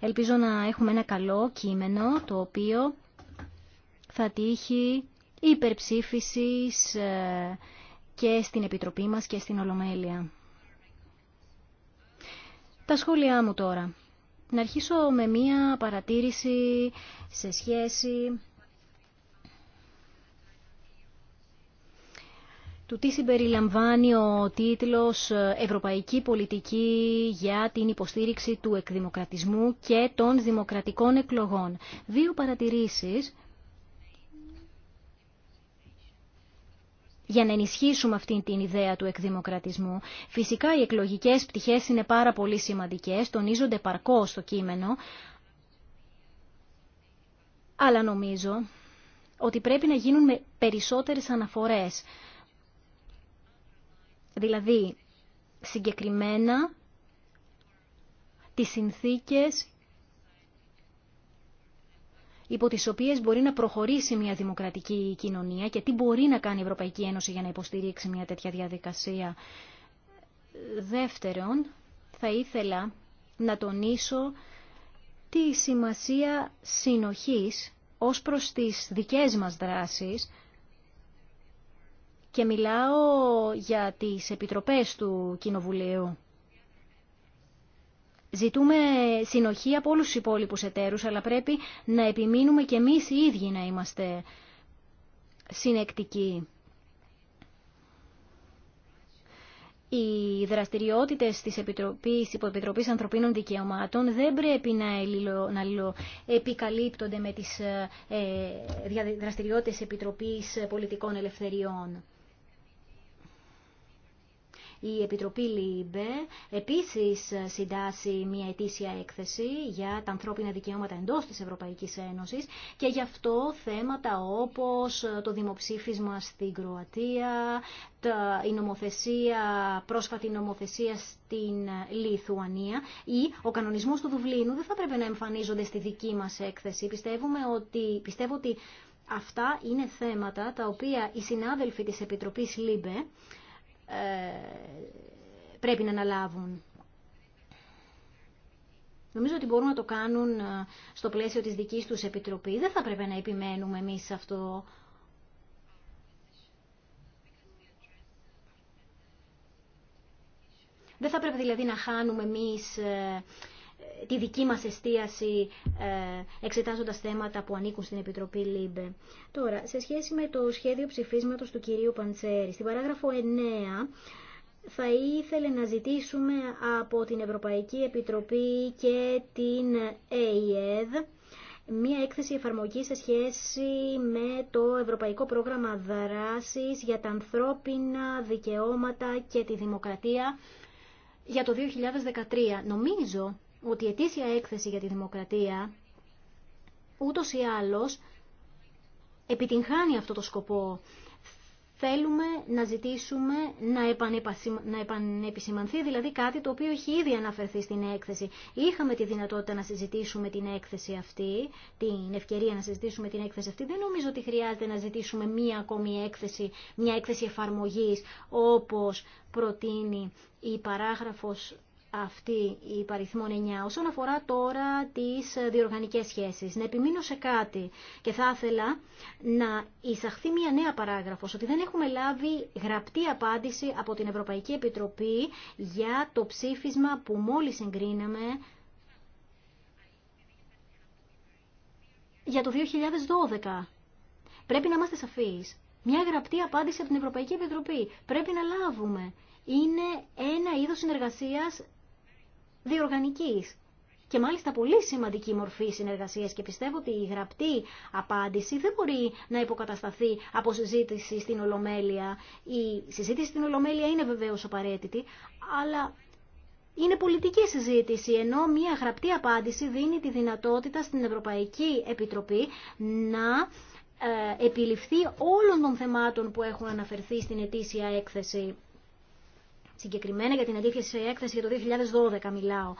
ελπίζω να έχουμε ένα καλό κείμενο το οποίο θα τύχει υπερψήφισης ε, και στην Επιτροπή μας και στην Ολομέλεια. Τα σχόλιά μου τώρα. Να αρχίσω με μία παρατήρηση σε σχέση του τι συμπεριλαμβάνει ο τίτλος «Ευρωπαϊκή πολιτική για την υποστήριξη του εκδημοκρατισμού και των δημοκρατικών εκλογών». Δύο παρατηρήσεις για να ενισχύσουμε αυτή την ιδέα του εκδημοκρατισμού. Φυσικά οι εκλογικές πτυχές είναι πάρα πολύ σημαντικές, τονίζονται παρκώ στο κείμενο, αλλά νομίζω ότι πρέπει να γίνουν με περισσότερες αναφορές. Δηλαδή, συγκεκριμένα τις συνθήκες υπό τις οποίες μπορεί να προχωρήσει μια δημοκρατική κοινωνία και τι μπορεί να κάνει η Ευρωπαϊκή Ένωση για να υποστηρίξει μια τέτοια διαδικασία. Δεύτερον, θα ήθελα να τονίσω τη σημασία συνοχής ως προς τις δικές μας δράσεις και μιλάω για τις επιτροπές του Κοινοβουλίου. Ζητούμε συνοχή από όλους τους υπόλοιπους εταίρους, αλλά πρέπει να επιμείνουμε και εμείς οι ίδιοι να είμαστε συνεκτικοί. Οι δραστηριότητες της Επιτροπής, Υποεπιτροπής Ανθρωπίνων Δικαιωμάτων δεν πρέπει να, να επικαλύπτονται με τις ε, δραστηριότητες Επιτροπής Πολιτικών Ελευθεριών. Η Επιτροπή ΛΥΜΠΕ επίσης συντάσσει μια ετήσια έκθεση για τα ανθρώπινα δικαιώματα εντός της Ευρωπαϊκής Ένωσης και γι' αυτό θέματα όπως το δημοψήφισμα στην Κροατία, η νομοθεσία, πρόσφατη νομοθεσία στην Λιθουανία ή ο κανονισμός του Δουβλίνου δεν θα πρέπει να εμφανίζονται στη δική μας έκθεση. Πιστεύουμε ότι, πιστεύω ότι αυτά είναι θέματα τα οποία οι συνάδελφοι της Επιτροπής ΛΥΜΠΕ ε, πρέπει να αναλάβουν. Νομίζω ότι μπορούν να το κάνουν ε, στο πλαίσιο της δικής τους επιτροπή. Δεν θα πρέπει να επιμένουμε εμείς σε αυτό. Δεν θα πρέπει δηλαδή να χάνουμε εμείς ε, τη δική μας εστίαση ε, εξετάζοντας θέματα που ανήκουν στην Επιτροπή ΛΥΜΠΕ. Τώρα, σε σχέση με το σχέδιο ψηφίσματος του κυρίου Παντσέρη, στην παράγραφο 9 θα ήθελε να ζητήσουμε από την Ευρωπαϊκή Επιτροπή και την ΕΙΕΔ μία έκθεση εφαρμογή σε σχέση με το Ευρωπαϊκό Πρόγραμμα Δράσης για τα ανθρώπινα δικαιώματα και τη δημοκρατία για το 2013. Νομίζω ότι η ετήσια έκθεση για τη δημοκρατία ούτως ή άλλως επιτυγχάνει αυτό το σκοπό. Θέλουμε να ζητήσουμε να επανεπισημανθεί δηλαδή κάτι το οποίο έχει ήδη αναφερθεί στην έκθεση. Είχαμε τη δυνατότητα να συζητήσουμε την έκθεση αυτή, την ευκαιρία να συζητήσουμε την έκθεση αυτή. Δεν νομίζω ότι χρειάζεται να ζητήσουμε μία ακόμη έκθεση, μία έκθεση εφαρμογής όπως προτείνει η παράγραφος αυτή η παριθμόν 9. Όσον αφορά τώρα τις διοργανικές σχέσεις, να επιμείνω σε κάτι και θα ήθελα να εισαχθεί μια νέα παράγραφος, ότι δεν έχουμε λάβει γραπτή απάντηση από την Ευρωπαϊκή Επιτροπή για το ψήφισμα που μόλις εγκρίναμε για το 2012. Πρέπει να είμαστε σαφείς. Μια γραπτή απάντηση από την Ευρωπαϊκή Επιτροπή. Πρέπει να λάβουμε. Είναι ένα είδος συνεργασίας διοργανικής και μάλιστα πολύ σημαντική μορφή συνεργασίας και πιστεύω ότι η γραπτή απάντηση δεν μπορεί να υποκατασταθεί από συζήτηση στην Ολομέλεια. Η συζήτηση στην Ολομέλεια είναι βεβαίως απαραίτητη, αλλά είναι πολιτική συζήτηση, ενώ μια γραπτή απάντηση δίνει τη δυνατότητα στην Ευρωπαϊκή Επιτροπή να ε, επιληφθεί όλων των θεμάτων που έχουν αναφερθεί στην ετήσια έκθεση. Συγκεκριμένα για την αντίθεση έκθεση για το 2012 μιλάω.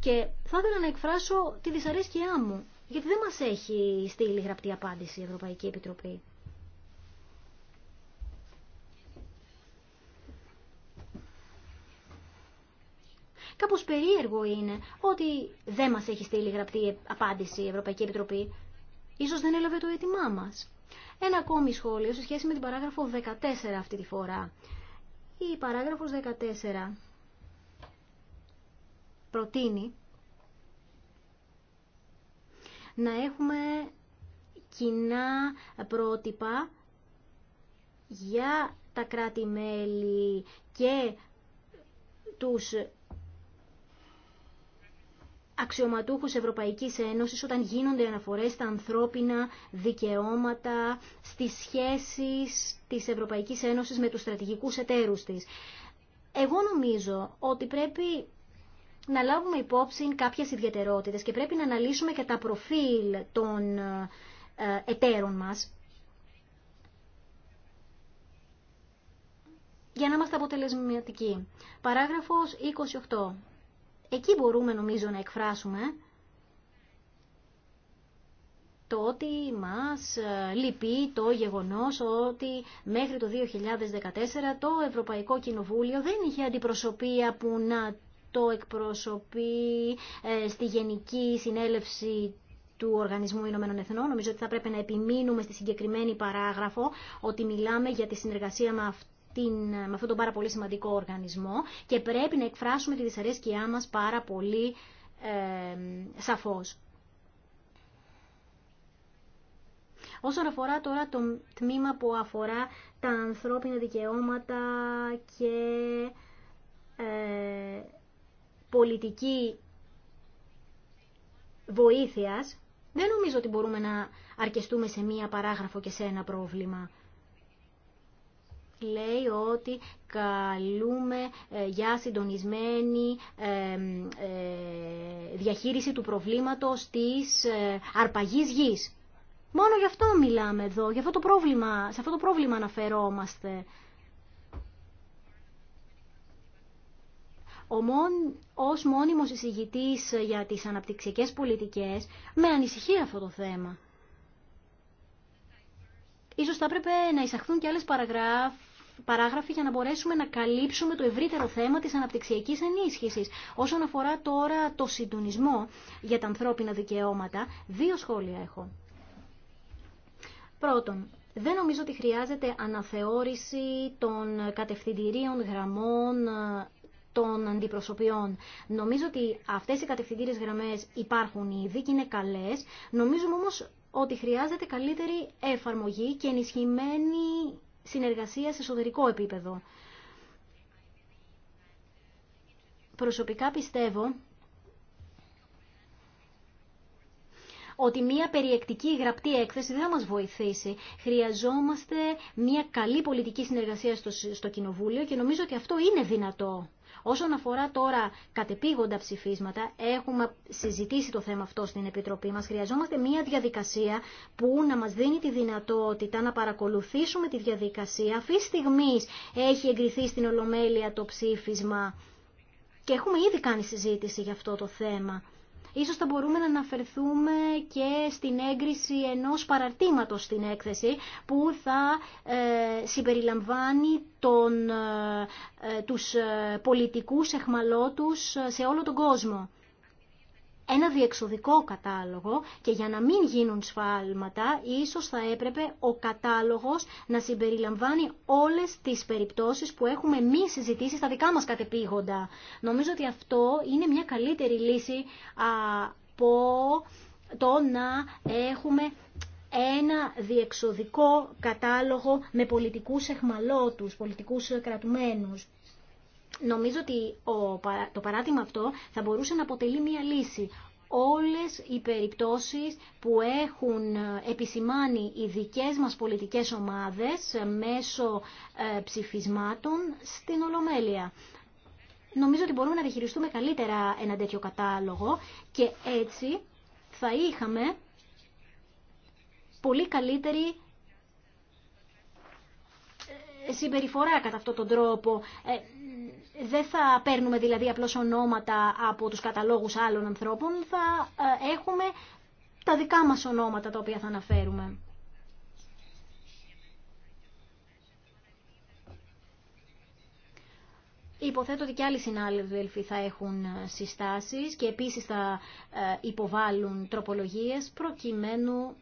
Και θα ήθελα να εκφράσω τη δυσαρέσκειά μου, γιατί δεν μας έχει στείλει γραπτή απάντηση η Ευρωπαϊκή Επιτροπή. Κάπως περίεργο είναι ότι δεν μας έχει στείλει γραπτή απάντηση η Ευρωπαϊκή Επιτροπή. Ίσως δεν έλαβε το αίτημά μας. Ένα ακόμη σχόλιο σε σχέση με την παράγραφο 14 αυτή τη φορά. Η παράγραφος 14 προτείνει να έχουμε κοινά πρότυπα για τα κράτη-μέλη και τους αξιωματούχους Ευρωπαϊκής Ένωσης όταν γίνονται αναφορές στα ανθρώπινα δικαιώματα, στις σχέσεις της Ευρωπαϊκής Ένωσης με τους στρατηγικούς εταίρους της. Εγώ νομίζω ότι πρέπει να λάβουμε υπόψη κάποιες ιδιαιτερότητες και πρέπει να αναλύσουμε και τα προφίλ των ε, εταίρων μας για να είμαστε αποτελεσματικοί. Παράγραφος 28. Εκεί μπορούμε νομίζω να εκφράσουμε το ότι μας ε, λυπεί το γεγονός ότι μέχρι το 2014 το Ευρωπαϊκό Κοινοβούλιο δεν είχε αντιπροσωπεία που να το εκπροσωπεί ε, στη Γενική Συνέλευση του Οργανισμού Ηνωμένων Εθνών. Νομίζω ότι θα πρέπει να επιμείνουμε στη συγκεκριμένη παράγραφο ότι μιλάμε για τη συνεργασία με αυτό με αυτόν τον πάρα πολύ σημαντικό οργανισμό και πρέπει να εκφράσουμε τη δυσαρέσκειά μας πάρα πολύ ε, σαφώς. Όσον αφορά τώρα το τμήμα που αφορά τα ανθρώπινα δικαιώματα και ε, πολιτική βοήθειας, δεν νομίζω ότι μπορούμε να αρκεστούμε σε μία παράγραφο και σε ένα πρόβλημα λέει ότι καλούμε ε, για συντονισμένη ε, ε, διαχείριση του προβλήματος της αρπαγής γης. Μόνο γι' αυτό μιλάμε εδώ, αυτό το πρόβλημα, σε αυτό το πρόβλημα αναφερόμαστε. Ο μόν, ως μόνιμος εισηγητής για τις αναπτυξιακές πολιτικές, με ανησυχεί αυτό το θέμα. Ίσως θα έπρεπε να εισαχθούν και άλλες παραγράφ, παράγραφοι για να μπορέσουμε να καλύψουμε το ευρύτερο θέμα της αναπτυξιακής ενίσχυσης. Όσον αφορά τώρα το συντονισμό για τα ανθρώπινα δικαιώματα, δύο σχόλια έχω. Πρώτον, δεν νομίζω ότι χρειάζεται αναθεώρηση των κατευθυντηρίων γραμμών ε, των αντιπροσωπιών. Νομίζω ότι αυτές οι κατευθυντήριες γραμμές υπάρχουν ήδη και είναι καλές. Νομίζουμε όμως ότι χρειάζεται καλύτερη εφαρμογή και ενισχυμένη συνεργασία σε εσωτερικό επίπεδο. Προσωπικά πιστεύω ότι μια περιεκτική γραπτή έκθεση δεν θα μας βοηθήσει. Χρειαζόμαστε μια καλή πολιτική συνεργασία στο, στο Κοινοβούλιο και νομίζω ότι αυτό είναι δυνατό. Όσον αφορά τώρα κατεπήγοντα ψηφίσματα, έχουμε συζητήσει το θέμα αυτό στην Επιτροπή μας. Χρειαζόμαστε μια διαδικασία που να μας δίνει τη δυνατότητα να παρακολουθήσουμε τη διαδικασία. Αυτή τη στιγμή έχει εγκριθεί στην Ολομέλεια το ψήφισμα και έχουμε ήδη κάνει συζήτηση για αυτό το θέμα. Ίσως θα μπορούμε να αναφερθούμε και στην έγκριση ενός παραρτήματος στην έκθεση που θα ε, συμπεριλαμβάνει τον, ε, ε, τους πολιτικούς εχμαλώτους σε όλο τον κόσμο ένα διεξοδικό κατάλογο και για να μην γίνουν σφάλματα, ίσως θα έπρεπε ο κατάλογος να συμπεριλαμβάνει όλες τις περιπτώσεις που έχουμε εμεί συζητήσει στα δικά μας κατεπήγοντα. Νομίζω ότι αυτό είναι μια καλύτερη λύση από το να έχουμε ένα διεξοδικό κατάλογο με πολιτικούς εχμαλώτους, πολιτικούς κρατουμένους. Νομίζω ότι το παράδειγμα αυτό θα μπορούσε να αποτελεί μία λύση. Όλες οι περιπτώσεις που έχουν ε, επισημάνει οι δικές μας πολιτικές ομάδες ε, μέσω ε, ψηφισμάτων στην Ολομέλεια. Νομίζω ότι μπορούμε να διχειριστούμε καλύτερα ένα τέτοιο κατάλογο και έτσι θα είχαμε πολύ καλύτερη συμπεριφορά κατά αυτόν τον τρόπο δεν θα παίρνουμε δηλαδή απλώς ονόματα από τους καταλόγους άλλων ανθρώπων, θα ε, έχουμε τα δικά μας ονόματα τα οποία θα αναφέρουμε. Υποθέτω ότι και άλλοι συνάδελφοι θα έχουν ε, συστάσεις και επίσης θα ε, υποβάλλουν τροπολογίες προκειμένου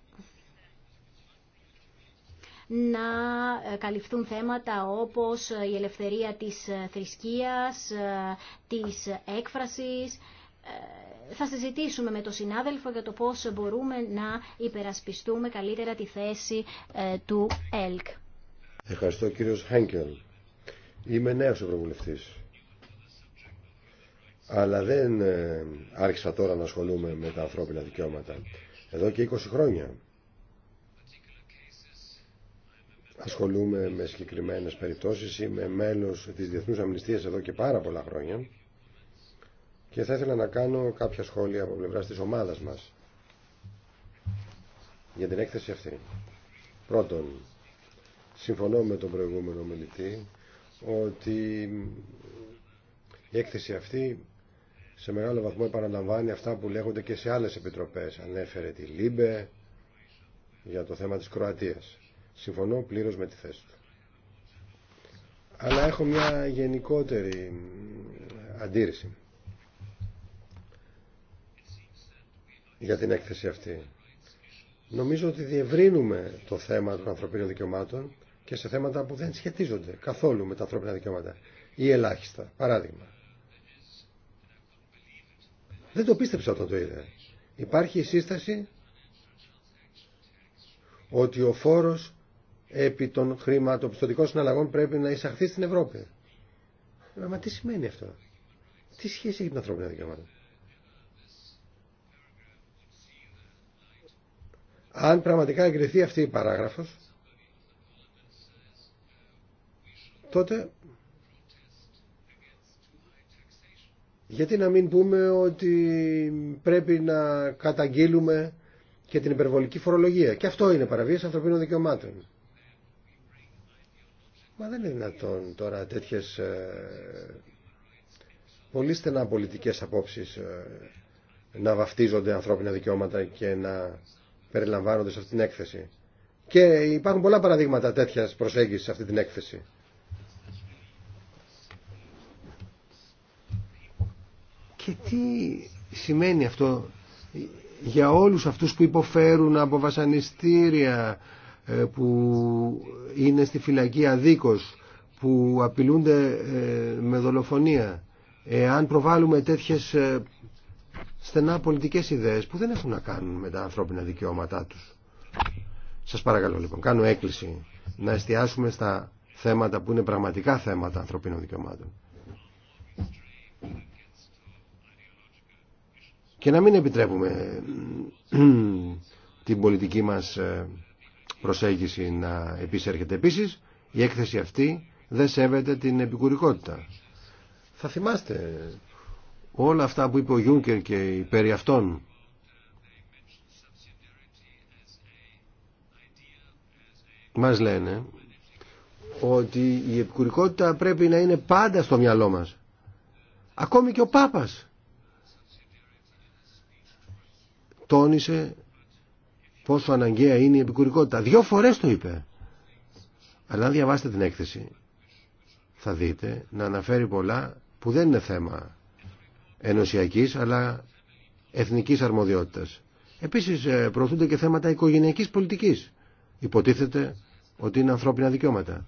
να καλυφθούν θέματα όπως η ελευθερία της θρησκείας, της έκφρασης. Θα συζητήσουμε με τον συνάδελφο για το πώς μπορούμε να υπερασπιστούμε καλύτερα τη θέση ε, του ΕΛΚ. Ευχαριστώ κύριος Χέγκελ. Είμαι νέος ευρωβουλευτής. Αλλά δεν ε, άρχισα τώρα να ασχολούμαι με τα ανθρώπινα δικαιώματα. Εδώ και 20 χρόνια ασχολούμαι με συγκεκριμένες περιπτώσεις. Είμαι μέλο τη διεθνού Αμνηστία εδώ και πάρα πολλά χρόνια και θα ήθελα να κάνω κάποια σχόλια από πλευρά τη ομάδα μα για την έκθεση αυτή. Πρώτον, συμφωνώ με τον προηγούμενο μιλητή ότι η έκθεση αυτή σε μεγάλο βαθμό επαναλαμβάνει αυτά που λέγονται και σε άλλες επιτροπές. Ανέφερε τη ΛΥΜΠΕ για το θέμα της Κροατίας. Συμφωνώ πλήρως με τη θέση του. Αλλά έχω μια γενικότερη αντίρρηση για την έκθεση αυτή. Νομίζω ότι διευρύνουμε το θέμα των ανθρωπίνων δικαιωμάτων και σε θέματα που δεν σχετίζονται καθόλου με τα ανθρώπινα δικαιώματα ή ελάχιστα. Παράδειγμα. Δεν το πίστεψα όταν το είδα. Υπάρχει η σύσταση ότι ο φόρος επί των χρηματοπιστωτικών συναλλαγών πρέπει να εισαχθεί στην Ευρώπη. Ε, μα τι σημαίνει αυτό. Τι σχέση έχει την ανθρώπινα δικαιώματα. Αν πραγματικά εγκριθεί αυτή η παράγραφος, τότε γιατί να μην πούμε ότι πρέπει να καταγγείλουμε και την υπερβολική φορολογία. Και αυτό είναι παραβίαση ανθρωπίνων δικαιωμάτων. Μα δεν είναι δυνατόν τώρα τέτοιες ε, πολύ στενά πολιτικές απόψεις ε, να βαφτίζονται ανθρώπινα δικαιώματα και να περιλαμβάνονται σε αυτή την έκθεση. Και υπάρχουν πολλά παραδείγματα τέτοια προσέγγισης σε αυτή την έκθεση. Και τι σημαίνει αυτό για όλους αυτούς που υποφέρουν από βασανιστήρια, ε, που είναι στη φυλακή αδίκως, που απειλούνται ε, με δολοφονία. Εάν προβάλλουμε τέτοιες ε, στενά πολιτικές ιδέες που δεν έχουν να κάνουν με τα ανθρώπινα δικαιώματά τους. Σας παρακαλώ λοιπόν, κάνω έκκληση να εστιάσουμε στα θέματα που είναι πραγματικά θέματα ανθρωπίνων δικαιωμάτων. Και να μην επιτρέπουμε την πολιτική μας προσέγγιση να επισέρχεται. Επίση, η έκθεση αυτή δεν σέβεται την επικουρικότητα. Θα θυμάστε όλα αυτά που είπε ο Γιούνκερ και οι περί αυτών. Μας λένε ότι η επικουρικότητα πρέπει να είναι πάντα στο μυαλό μας. Ακόμη και ο Πάπας τόνισε πόσο αναγκαία είναι η επικουρικότητα. Δυο φορές το είπε. Αλλά αν διαβάσετε την έκθεση θα δείτε να αναφέρει πολλά που δεν είναι θέμα ενωσιακής αλλά εθνικής αρμοδιότητας. Επίσης ε, προωθούνται και θέματα οικογενειακής πολιτικής. Υποτίθεται ότι είναι ανθρώπινα δικαιώματα.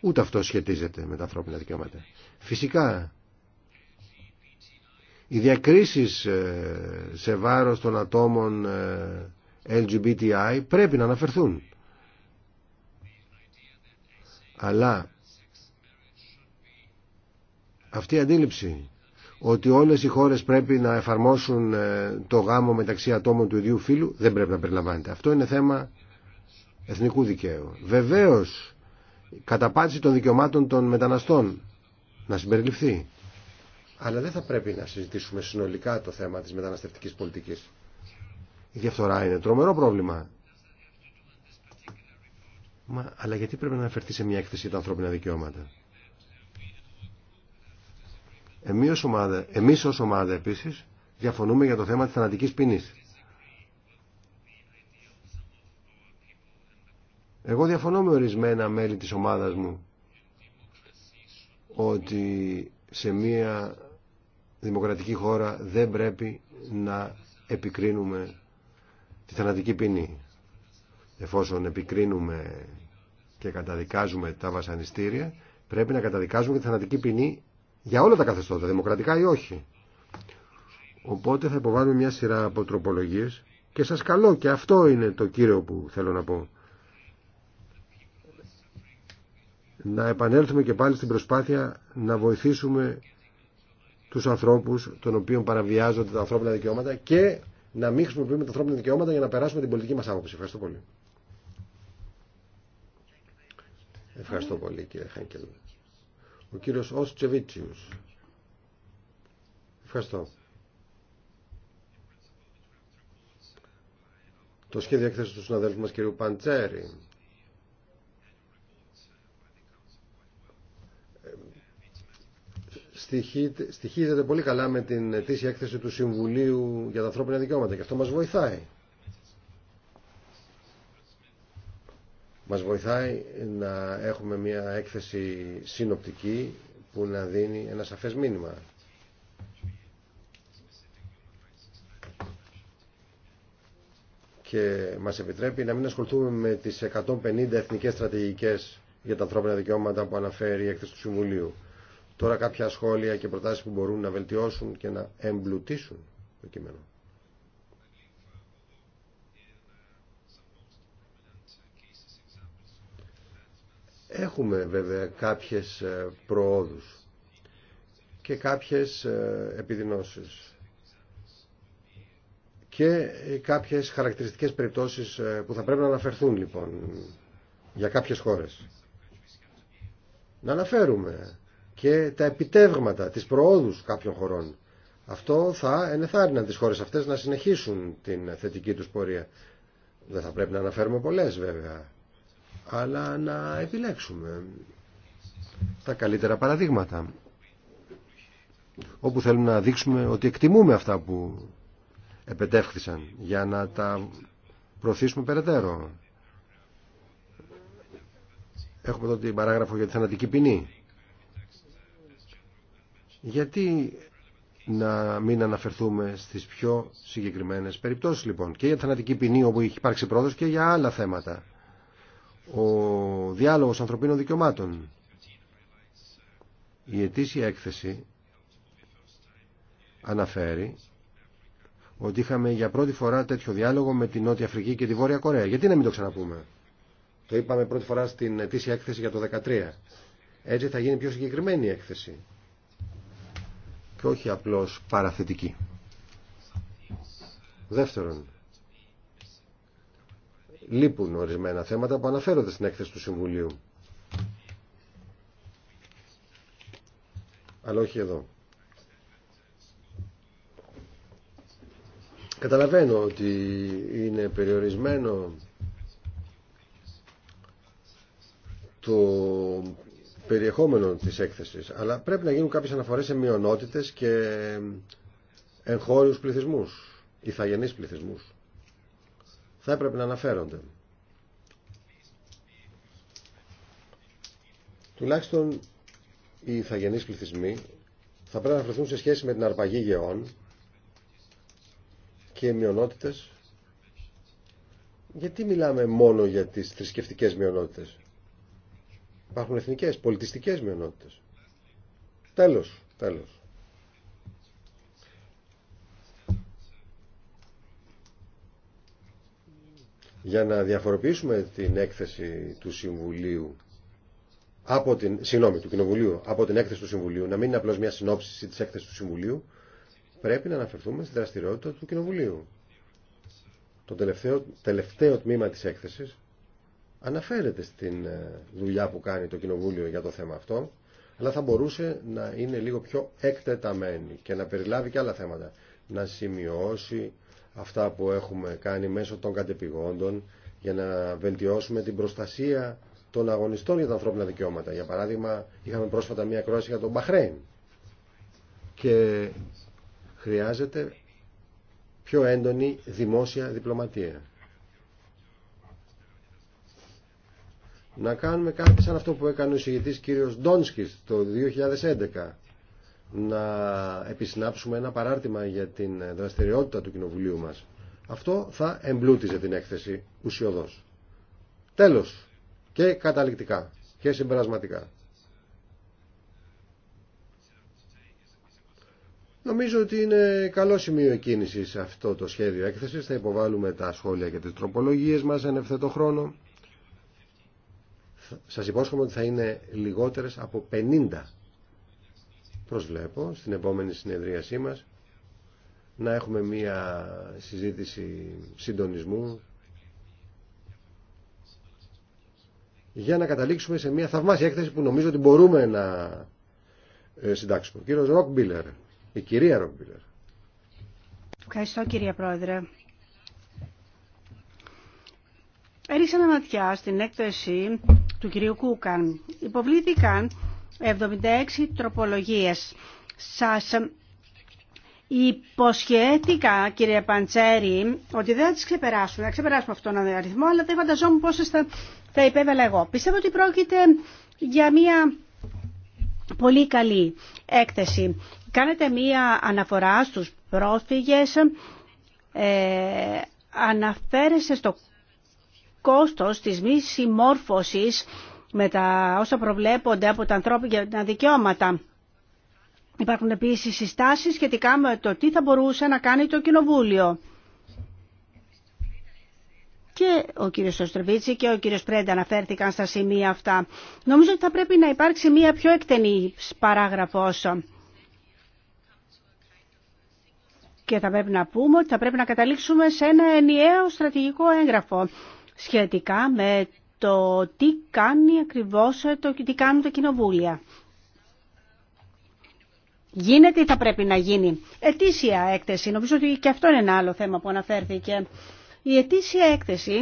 Ούτε αυτό σχετίζεται με τα ανθρώπινα δικαιώματα. Φυσικά, οι διακρίσεις ε, σε βάρος των ατόμων ε, LGBTI πρέπει να αναφερθούν. Αλλά αυτή η αντίληψη ότι όλες οι χώρες πρέπει να εφαρμόσουν ε, το γάμο μεταξύ ατόμων του ίδιου φύλου δεν πρέπει να περιλαμβάνεται. Αυτό είναι θέμα εθνικού δικαίου. Βεβαίως, καταπάτηση των δικαιωμάτων των μεταναστών να συμπεριληφθεί. Αλλά δεν θα πρέπει να συζητήσουμε συνολικά το θέμα της μεταναστευτικής πολιτικής. Η διαφθορά είναι τρομερό πρόβλημα. Μα, αλλά γιατί πρέπει να αναφερθεί σε μια έκθεση για τα ανθρώπινα δικαιώματα. Εμείς ως ομάδα, εμείς ως ομάδα επίσης διαφωνούμε για το θέμα της θανατικής ποινής. Εγώ διαφωνώ με ορισμένα μέλη της ομάδας μου ότι σε μια δημοκρατική χώρα δεν πρέπει να επικρίνουμε τη θανατική ποινή. Εφόσον επικρίνουμε και καταδικάζουμε τα βασανιστήρια, πρέπει να καταδικάζουμε και τη θανατική ποινή για όλα τα καθεστώτα, δημοκρατικά ή όχι. Οπότε θα υποβάλουμε μια σειρά από τροπολογίες και σας καλώ και αυτό είναι το κύριο που θέλω να πω. Να επανέλθουμε και πάλι στην προσπάθεια να βοηθήσουμε τους ανθρώπους των οποίων παραβιάζονται τα ανθρώπινα δικαιώματα και να μην χρησιμοποιούμε τα ανθρώπινα δικαιώματα για να περάσουμε την πολιτική μα άποψη. Ευχαριστώ πολύ. Ευχαριστώ πολύ κύριε Χάνκελ. Ο κύριος Οστσεβίτσιους. Ευχαριστώ. Το σχέδιο έκθεση του συναδέλφου μας Κύριο Παντσέρη στοιχίζεται πολύ καλά με την ετήσια έκθεση του Συμβουλίου για τα ανθρώπινα δικαιώματα και αυτό μας βοηθάει. Μας βοηθάει να έχουμε μια έκθεση συνοπτική που να δίνει ένα σαφές μήνυμα. Και μας επιτρέπει να μην ασχοληθούμε με τις 150 εθνικές στρατηγικές για τα ανθρώπινα δικαιώματα που αναφέρει η έκθεση του Συμβουλίου. Τώρα κάποια σχόλια και προτάσεις που μπορούν να βελτιώσουν και να εμπλουτίσουν το κείμενο. Έχουμε βέβαια κάποιες ε, προόδους και κάποιες ε, επιδεινώσεις και κάποιες χαρακτηριστικές περιπτώσεις ε, που θα πρέπει να αναφερθούν λοιπόν για κάποιες χώρες. Να αναφέρουμε και τα επιτεύγματα, της προόδους κάποιων χωρών. Αυτό θα ενεθάρρυναν τις χώρες αυτές να συνεχίσουν την θετική τους πορεία. Δεν θα πρέπει να αναφέρουμε πολλές βέβαια, αλλά να επιλέξουμε τα καλύτερα παραδείγματα όπου θέλουμε να δείξουμε ότι εκτιμούμε αυτά που επετεύχθησαν για να τα προωθήσουμε περαιτέρω. Έχουμε εδώ την παράγραφο για τη θανατική ποινή. Γιατί να μην αναφερθούμε στις πιο συγκεκριμένες περιπτώσεις λοιπόν και για θανατική ποινή όπου έχει υπάρξει πρόοδος και για άλλα θέματα. Ο διάλογος ανθρωπίνων δικαιωμάτων. Η ετήσια έκθεση αναφέρει ότι είχαμε για πρώτη φορά τέτοιο διάλογο με τη Νότια Αφρική και τη Βόρεια Κορέα. Γιατί να μην το ξαναπούμε. Το είπαμε πρώτη φορά στην ετήσια έκθεση για το 2013. Έτσι θα γίνει πιο συγκεκριμένη η έκθεση και όχι απλώς παραθετική. Δεύτερον, λείπουν ορισμένα θέματα που αναφέρονται στην έκθεση του Συμβουλίου. Αλλά όχι εδώ. Καταλαβαίνω ότι είναι περιορισμένο το περιεχόμενο της έκθεσης, αλλά πρέπει να γίνουν κάποιες αναφορές σε μειονότητες και εγχώριους πληθυσμούς, ηθαγενείς πληθυσμούς. Θα έπρεπε να αναφέρονται. Τουλάχιστον οι ηθαγενείς πληθυσμοί θα πρέπει να αναφερθούν σε σχέση με την αρπαγή γεών και οι μειονότητες. Γιατί μιλάμε μόνο για τις θρησκευτικέ μειονότητες. Υπάρχουν εθνικές, πολιτιστικές μειονότητες. Τέλος, τέλος. Για να διαφοροποιήσουμε την έκθεση του Συμβουλίου από την, συγγνώμη, του Κοινοβουλίου από την έκθεση του Συμβουλίου, να μην είναι απλώς μια συνόψηση της έκθεσης του Συμβουλίου, πρέπει να αναφερθούμε στη δραστηριότητα του Κοινοβουλίου. Το τελευταίο, τελευταίο τμήμα της έκθεσης αναφέρεται στην ε, δουλειά που κάνει το Κοινοβούλιο για το θέμα αυτό, αλλά θα μπορούσε να είναι λίγο πιο εκτεταμένη και να περιλάβει και άλλα θέματα. Να σημειώσει αυτά που έχουμε κάνει μέσω των κατεπηγόντων για να βελτιώσουμε την προστασία των αγωνιστών για τα ανθρώπινα δικαιώματα. Για παράδειγμα, είχαμε πρόσφατα μία κρόαση για τον Μπαχρέιν και χρειάζεται πιο έντονη δημόσια διπλωματία. να κάνουμε κάτι σαν αυτό που έκανε ο εισηγητής κύριος Ντόνσκης το 2011 να επισυνάψουμε ένα παράρτημα για την δραστηριότητα του Κοινοβουλίου μας. Αυτό θα εμπλούτιζε την έκθεση ουσιοδός. Τέλος και καταληκτικά και συμπερασματικά. Νομίζω ότι είναι καλό σημείο κίνησης αυτό το σχέδιο έκθεσης. Θα υποβάλουμε τα σχόλια και τις τροπολογίες μας εν ευθέτω χρόνο. Σας υπόσχομαι ότι θα είναι λιγότερες από 50. Προσβλέπω στην επόμενη συνεδρίασή μας να έχουμε μία συζήτηση συντονισμού για να καταλήξουμε σε μία θαυμάσια έκθεση που νομίζω ότι μπορούμε να ε, συντάξουμε. Ο κύριος Ροκμπίλερ, η κυρία Ροκμπίλερ. Ευχαριστώ κύριε Πρόεδρε. Έριξα ένα ματιά στην έκθεση του κυρίου Κούκαν. Υποβλήθηκαν 76 τροπολογίες. Σας υποσχέθηκα, κύριε Παντσέρη, ότι δεν θα τις ξεπεράσουμε. Θα ξεπεράσουμε αυτόν τον αριθμό, αλλά δεν φανταζόμουν πόσες θα, θα υπέβαλα εγώ. Πιστεύω ότι πρόκειται για μια πολύ καλή έκθεση. Κάνετε μία αναφορά στους πρόσφυγες, ε, αναφέρεστε στο κόστος της μη συμμόρφωσης με τα όσα προβλέπονται από τα ανθρώπινα δικαιώματα. Υπάρχουν επίσης συστάσεις σχετικά με το τι θα μπορούσε να κάνει το Κοινοβούλιο. Και ο κύριος Σοστρεβίτσι και ο κύριος Πρέντα αναφέρθηκαν στα σημεία αυτά. Νομίζω ότι θα πρέπει να υπάρξει μία πιο εκτενή παράγραφος. Και θα πρέπει να πούμε ότι θα πρέπει να καταλήξουμε σε ένα ενιαίο στρατηγικό έγγραφο σχετικά με το τι κάνει ακριβώς, το, τι κάνουν τα κοινοβούλια. Γίνεται ή θα πρέπει να γίνει. Ετήσια έκθεση. Νομίζω ότι και αυτό είναι ένα άλλο θέμα που αναφέρθηκε. Η ετήσια έκθεση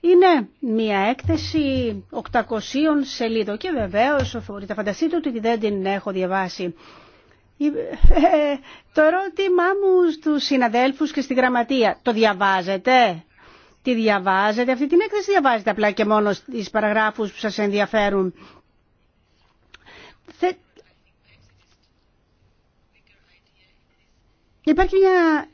είναι μια έκθεση 800 σελίδων και βεβαίως θα φανταστείτε ότι δεν την έχω διαβάσει. Ε, ε, το ερώτημά μου στους συναδέλφους και στη γραμματεία, το διαβάζετε τη διαβάζετε. Αυτή την έκθεση διαβάζετε απλά και μόνο στις παραγράφους που σας ενδιαφέρουν. Υπάρχει μια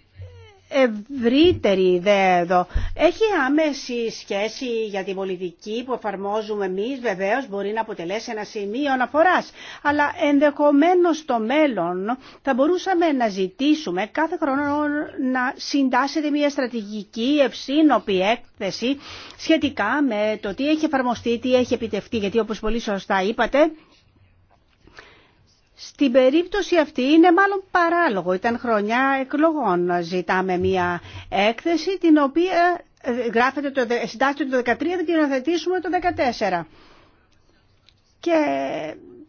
ευρύτερη ιδέα εδώ. Έχει άμεση σχέση για την πολιτική που εφαρμόζουμε εμείς, βεβαίως μπορεί να αποτελέσει ένα σημείο αναφοράς. Αλλά ενδεχομένως στο μέλλον θα μπορούσαμε να ζητήσουμε κάθε χρόνο να συντάσσεται μια στρατηγική ευσύνοπη έκθεση σχετικά με το τι έχει εφαρμοστεί, τι έχει επιτευχθεί, γιατί όπως πολύ σωστά είπατε, στην περίπτωση αυτή είναι μάλλον παράλογο. Ήταν χρονιά εκλογών. Ζητάμε μια έκθεση την οποία ε, γράφεται το, συντάσσεται το 2013 και την υιοθετήσουμε το 2014. Και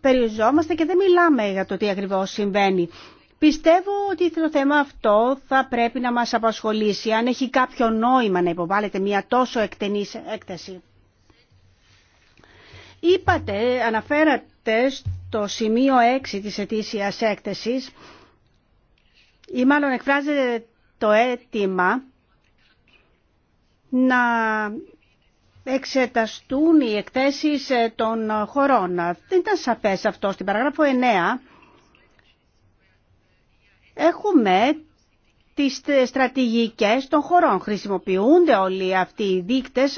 περιοριζόμαστε και δεν μιλάμε για το τι ακριβώς συμβαίνει. Πιστεύω ότι το θέμα αυτό θα πρέπει να μας απασχολήσει, αν έχει κάποιο νόημα να υποβάλλεται μια τόσο εκτενή έκθεση. Είπατε, αναφέρατε το σημείο 6 της ετήσιας έκθεσης ή μάλλον εκφράζεται το αίτημα να εξεταστούν οι εκθέσεις ε, των χωρών. Δεν ήταν σαφές αυτό. Στην παράγραφο 9 έχουμε τις στρατηγικές των χωρών. Χρησιμοποιούνται όλοι αυτοί οι δείκτες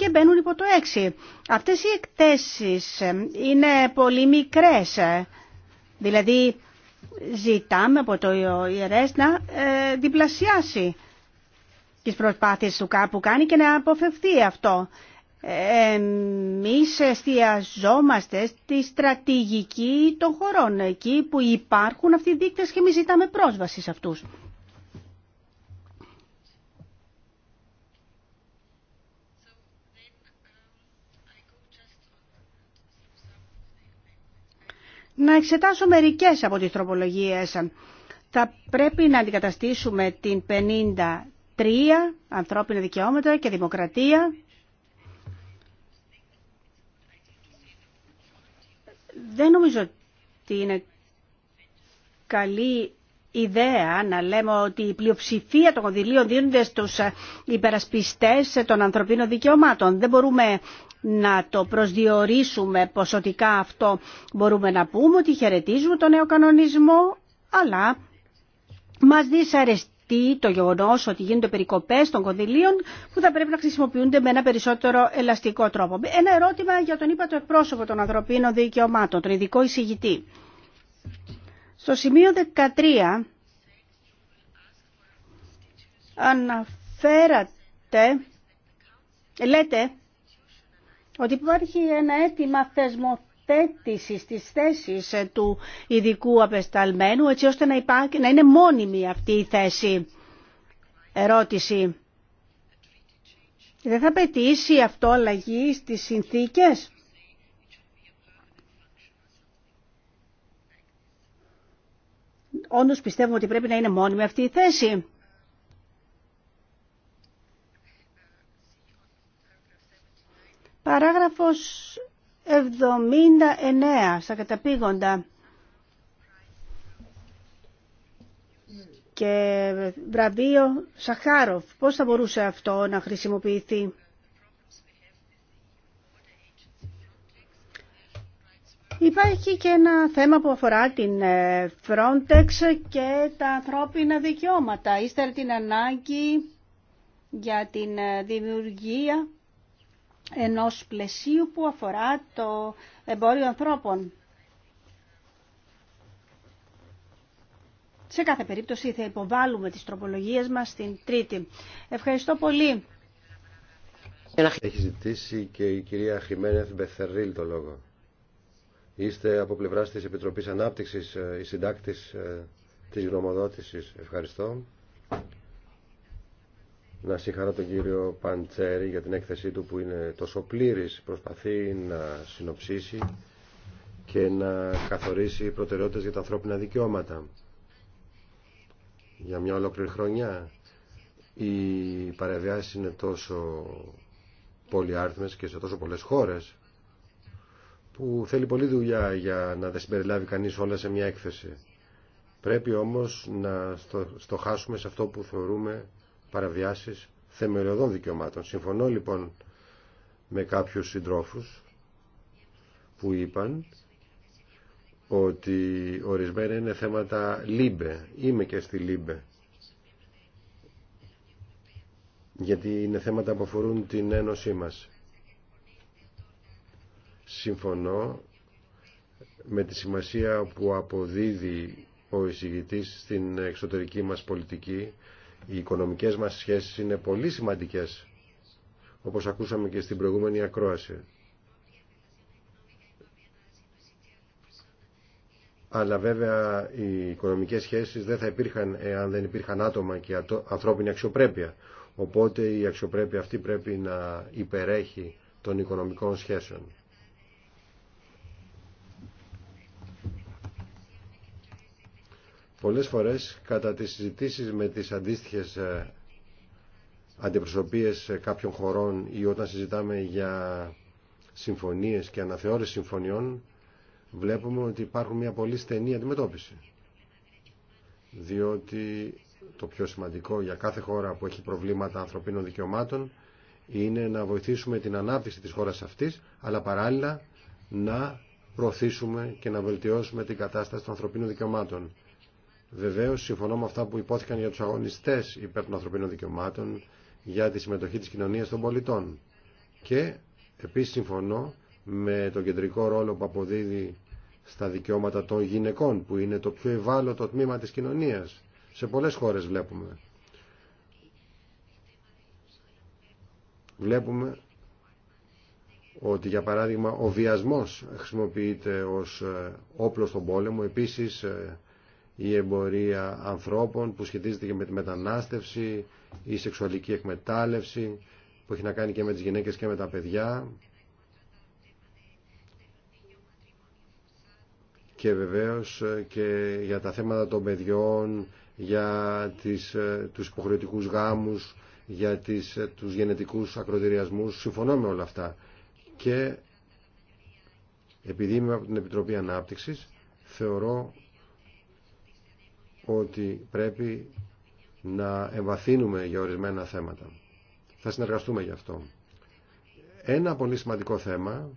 και μπαίνουν υπό το 6. Αυτές οι εκτέσεις ε, είναι πολύ μικρές. Ε, δηλαδή ζητάμε από το ιερές να ε, διπλασιάσει τις προσπάθειες του κάπου κάνει και να αποφευθεί αυτό. Εμείς εστιαζόμαστε στη στρατηγική των χωρών, εκεί που υπάρχουν αυτοί οι δείκτες και εμείς ζητάμε πρόσβαση σε αυτούς. να εξετάσω μερικές από τις τροπολογίες. Θα πρέπει να αντικαταστήσουμε την 53, ανθρώπινα δικαιώματα και δημοκρατία. Δεν νομίζω ότι είναι καλή ιδέα να λέμε ότι η πλειοψηφία των κονδυλίων δίνονται στους ε, υπερασπιστές των ανθρωπίνων δικαιωμάτων. Δεν μπορούμε να το προσδιορίσουμε ποσοτικά αυτό. Μπορούμε να πούμε ότι χαιρετίζουμε τον νέο κανονισμό, αλλά μας δυσαρεστεί το γεγονός ότι γίνονται περικοπές των κονδυλίων που θα πρέπει να χρησιμοποιούνται με ένα περισσότερο ελαστικό τρόπο. Ένα ερώτημα για τον είπα το εκπρόσωπο των ανθρωπίνων δικαιωμάτων, τον ειδικό εισηγητή. Στο σημείο 13 αναφέρατε, λέτε ότι υπάρχει ένα αίτημα θεσμοθέτηση της θέσης ε, του ειδικού απεσταλμένου έτσι ώστε να, να είναι μόνιμη αυτή η θέση. Ερώτηση. Δεν θα πετύσει αυτό αλλαγή στις συνθήκες. Όντως πιστεύουμε ότι πρέπει να είναι μόνιμη αυτή η θέση. Παράγραφος 79 στα καταπήγοντα και βραβείο Σαχάροφ. Πώς θα μπορούσε αυτό να χρησιμοποιηθεί. Υπάρχει και ένα θέμα που αφορά την ε, Frontex και τα ανθρώπινα δικαιώματα. Ύστερα την ανάγκη για την ε, δημιουργία ενός πλαισίου που αφορά το εμπόριο ανθρώπων. Σε κάθε περίπτωση θα υποβάλουμε τις τροπολογίες μας στην Τρίτη. Ευχαριστώ πολύ. Έχει ζητήσει και η κυρία Χιμένεθ Μπεθερίλ το λόγο. Είστε από πλευράς της Επιτροπής Ανάπτυξης, ε, η συντάκτης ε, της γνωμοδότησης. Ευχαριστώ. Να συγχαρώ τον κύριο Παντσέρη για την έκθεσή του που είναι τόσο πλήρης. Προσπαθεί να συνοψίσει και να καθορίσει προτεραιότητες για τα ανθρώπινα δικαιώματα. Για μια ολόκληρη χρονιά οι παρεμβιάσεις είναι τόσο πολυάρθμες και σε τόσο πολλές χώρες που θέλει πολλή δουλειά για να τα συμπεριλάβει κανείς όλα σε μια έκθεση. Πρέπει όμως να στοχάσουμε σε αυτό που θεωρούμε παραβιάσεις θεμελιωδών δικαιωμάτων. Συμφωνώ λοιπόν με κάποιους συντρόφους που είπαν ότι ορισμένα είναι θέματα λίμπε. Είμαι και στη λίμπε. Γιατί είναι θέματα που αφορούν την ένωσή μας. Συμφωνώ με τη σημασία που αποδίδει ο εισηγητής στην εξωτερική μας πολιτική οι οικονομικές μας σχέσεις είναι πολύ σημαντικές, όπως ακούσαμε και στην προηγούμενη ακρόαση. Αλλά βέβαια οι οικονομικές σχέσεις δεν θα υπήρχαν εάν δεν υπήρχαν άτομα και ανθρώπινη αξιοπρέπεια. Οπότε η αξιοπρέπεια αυτή πρέπει να υπερέχει των οικονομικών σχέσεων. Πολλές φορές κατά τις συζητήσεις με τις αντίστοιχες ε, αντιπροσωπείες ε, κάποιων χωρών ή όταν συζητάμε για συμφωνίες και αναθεώρηση συμφωνιών βλέπουμε ότι υπάρχουν μια πολύ στενή αντιμετώπιση. Διότι το πιο σημαντικό για κάθε χώρα που έχει προβλήματα ανθρωπίνων δικαιωμάτων είναι να βοηθήσουμε την ανάπτυξη της χώρας αυτής, αλλά παράλληλα να προωθήσουμε και να βελτιώσουμε την κατάσταση των ανθρωπίνων δικαιωμάτων. Βεβαίω, συμφωνώ με αυτά που υπόθηκαν για του αγωνιστέ υπέρ των ανθρωπίνων δικαιωμάτων, για τη συμμετοχή τη κοινωνία των πολιτών. Και επίση συμφωνώ με τον κεντρικό ρόλο που αποδίδει στα δικαιώματα των γυναικών, που είναι το πιο ευάλωτο τμήμα τη κοινωνία. Σε πολλέ χώρε βλέπουμε. Βλέπουμε ότι για παράδειγμα ο βιασμός χρησιμοποιείται ως όπλο στον πόλεμο, επίσης ε, η εμπορία ανθρώπων που σχετίζεται και με τη μετανάστευση, η σεξουαλική εκμετάλλευση που έχει να κάνει και με τις γυναίκες και με τα παιδιά και βεβαίως και για τα θέματα των παιδιών, για τις, τους υποχρεωτικούς γάμους, για τις, τους γενετικούς ακροτηριασμούς. Συμφωνώ με όλα αυτά. Και επειδή είμαι από την Επιτροπή Ανάπτυξης, θεωρώ ότι πρέπει να εμβαθύνουμε για ορισμένα θέματα. Θα συνεργαστούμε γι' αυτό. Ένα πολύ σημαντικό θέμα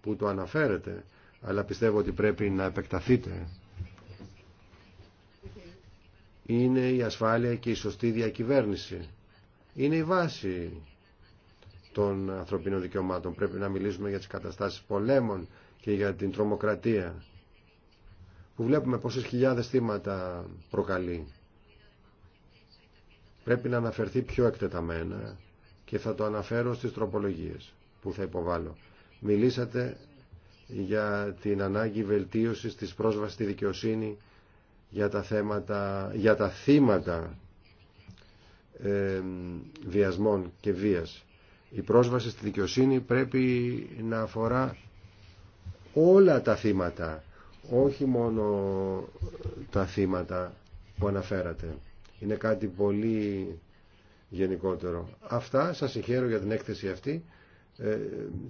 που το αναφέρετε, αλλά πιστεύω ότι πρέπει να επεκταθείτε, είναι η ασφάλεια και η σωστή διακυβέρνηση. Είναι η βάση των ανθρωπίνων δικαιωμάτων. Πρέπει να μιλήσουμε για τις καταστάσεις πολέμων και για την τρομοκρατία που βλέπουμε πόσες χιλιάδες θύματα προκαλεί. Πρέπει να αναφερθεί πιο εκτεταμένα και θα το αναφέρω στις τροπολογίες που θα υποβάλω. Μιλήσατε για την ανάγκη βελτίωσης της πρόσβασης στη δικαιοσύνη για τα, θέματα, για τα θύματα ε, βιασμών και βίας. Η πρόσβαση στη δικαιοσύνη πρέπει να αφορά όλα τα θύματα όχι μόνο τα θύματα που αναφέρατε. Είναι κάτι πολύ γενικότερο. Αυτά σας συγχαίρω για την έκθεση αυτή, ε,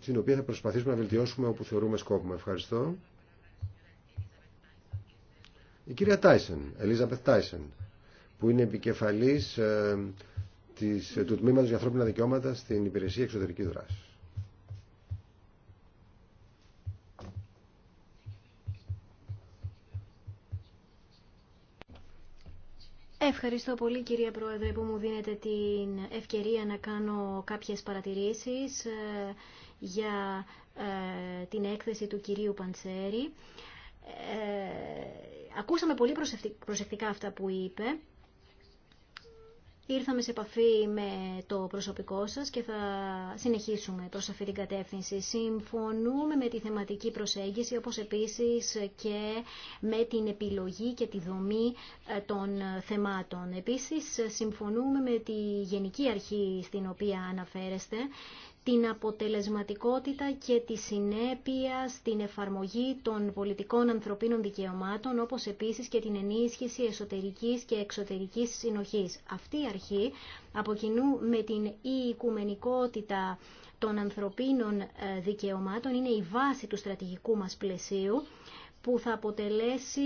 την οποία θα προσπαθήσουμε να βελτιώσουμε όπου θεωρούμε σκόπιμο. Ευχαριστώ. Η κυρία Τάισεν, Ελίζαπεθ Τάισεν, που είναι επικεφαλής ε, του Τμήματος για Ανθρώπινα Δικαιώματα στην Υπηρεσία Εξωτερικής Δράσης. Ευχαριστώ πολύ κυρία Πρόεδρε που μου δίνετε την ευκαιρία να κάνω κάποιες παρατηρήσεις ε, για ε, την έκθεση του κυρίου Παντσέρη. Ε, ακούσαμε πολύ προσεκτικά αυτά που είπε Ήρθαμε σε επαφή με το προσωπικό σας και θα συνεχίσουμε προς αυτή την κατεύθυνση. Συμφωνούμε με τη θεματική προσέγγιση, όπως επίσης και με την επιλογή και τη δομή ε, των θεμάτων. Επίσης, συμφωνούμε με τη γενική αρχή στην οποία αναφέρεστε την αποτελεσματικότητα και τη συνέπεια στην εφαρμογή των πολιτικών ανθρωπίνων δικαιωμάτων, όπως επίσης και την ενίσχυση εσωτερικής και εξωτερικής συνοχής. Αυτή η αρχή, από κοινού με την η οικουμενικότητα των ανθρωπίνων ε, δικαιωμάτων, είναι η βάση του στρατηγικού μας πλαισίου, που θα αποτελέσει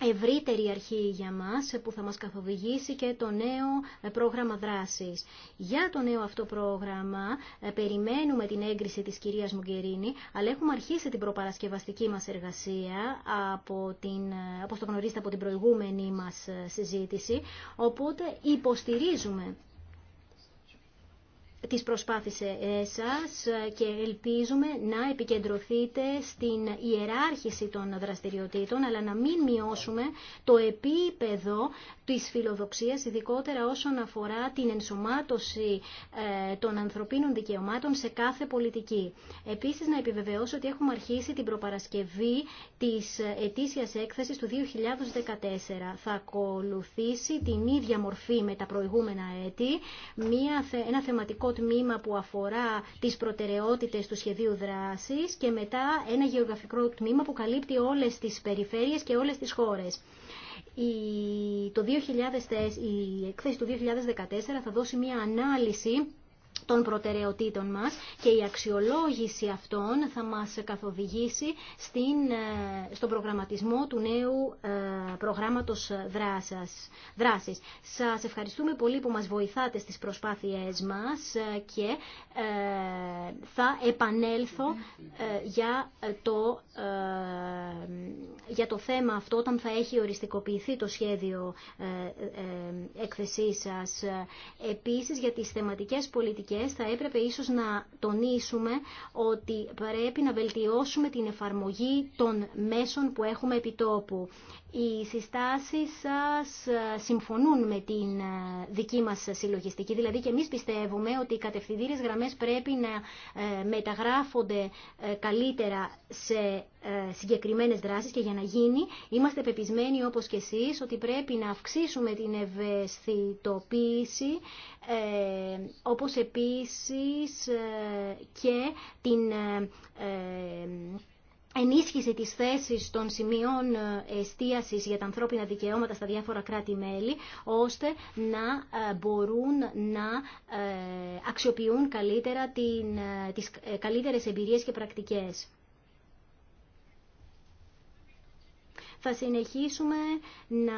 ευρύτερη αρχή για μας που θα μας καθοδηγήσει και το νέο ε, πρόγραμμα δράσης. Για το νέο αυτό πρόγραμμα ε, περιμένουμε την έγκριση της κυρίας Μουγκερίνη, αλλά έχουμε αρχίσει την προπαρασκευαστική μας εργασία, από την, ε, όπως το γνωρίζετε από την προηγούμενη μας συζήτηση, οπότε υποστηρίζουμε τις προσπάθησε σας και ελπίζουμε να επικεντρωθείτε στην ιεράρχηση των δραστηριοτήτων αλλά να μην μειώσουμε το επίπεδο της φιλοδοξίας ειδικότερα όσον αφορά την ενσωμάτωση ε, των ανθρωπίνων δικαιωμάτων σε κάθε πολιτική. Επίσης να επιβεβαιώσω ότι έχουμε αρχίσει την προπαρασκευή της ετήσιας έκθεσης του 2014. Θα ακολουθήσει την ίδια μορφή με τα προηγούμενα έτη, ένα θεματικό τμήμα που αφορά τις προτεραιότητες του σχεδίου δράσης και μετά ένα γεωγραφικό τμήμα που καλύπτει όλες τις περιφέρειες και όλες τις χώρες. Η, το 2000, η εκθέση του 2014 θα δώσει μια ανάλυση των προτεραιοτήτων μας και η αξιολόγηση αυτών θα μας καθοδηγήσει στην, ε, στον προγραμματισμό του νέου ε, προγράμματος δράσας, δράσης. Σας ευχαριστούμε πολύ που μας βοηθάτε στις προσπάθειές μας ε, και θα επανέλθω για το, για το θέμα αυτό όταν θα έχει οριστικοποιηθεί το σχέδιο εκθεσής σας. Επίσης για τις θεματικές πολιτικές θα έπρεπε ίσως να τονίσουμε ότι πρέπει να βελτιώσουμε την εφαρμογή των μέσων που έχουμε επιτόπου. Οι συστάσεις σας ε, συμφωνούν με την ε, δική μας συλλογιστική, δηλαδή και εμείς πιστεύουμε ότι οι κατευθυντήρες γραμμές πρέπει να ε, μεταγράφονται καλύτερα σε συγκεκριμένες δράσεις και για να γίνει είμαστε πεπισμένοι όπως και εσείς ότι πρέπει να αυξήσουμε την ευαισθητοποίηση όπως επίσης και την ενίσχυση της θέσης των σημείων ε, εστίασης για τα ανθρώπινα δικαιώματα στα διάφορα κράτη-μέλη, ώστε να ε, μπορούν να ε, αξιοποιούν καλύτερα την, τις καλύτερες εμπειρίες και πρακτικές. Θα συνεχίσουμε να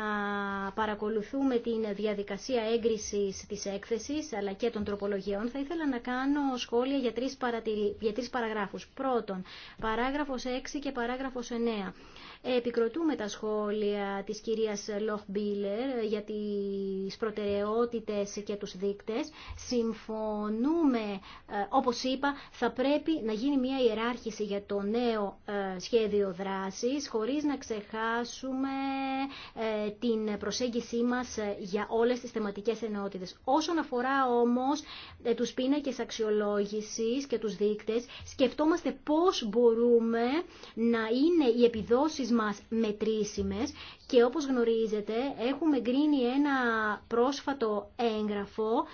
παρακολουθούμε την διαδικασία έγκρισης της έκθεσης αλλά και των τροπολογιών. Θα ήθελα να κάνω σχόλια για τρεις, παρατηρι... για παραγράφους. Πρώτον, παράγραφος 6 και παράγραφος 9. Επικροτούμε τα σχόλια της κυρίας Λοχ Μπίλερ για τις προτεραιότητες και τους δείκτες. Συμφωνούμε, ε, όπως είπα, θα πρέπει να γίνει μια ιεράρχηση για το νέο ε, σχέδιο δράσης, χωρίς να ξεχάσουμε εξετάσουμε ε, την προσέγγισή μας ε, για όλες τις θεματικές ενότητες. Όσον αφορά όμως ε, τους πίνακες αξιολόγησης και τους δείκτες, σκεφτόμαστε πώς μπορούμε να είναι οι επιδόσεις μας μετρήσιμες και όπως γνωρίζετε έχουμε γκρίνει ένα πρόσφατο έγγραφο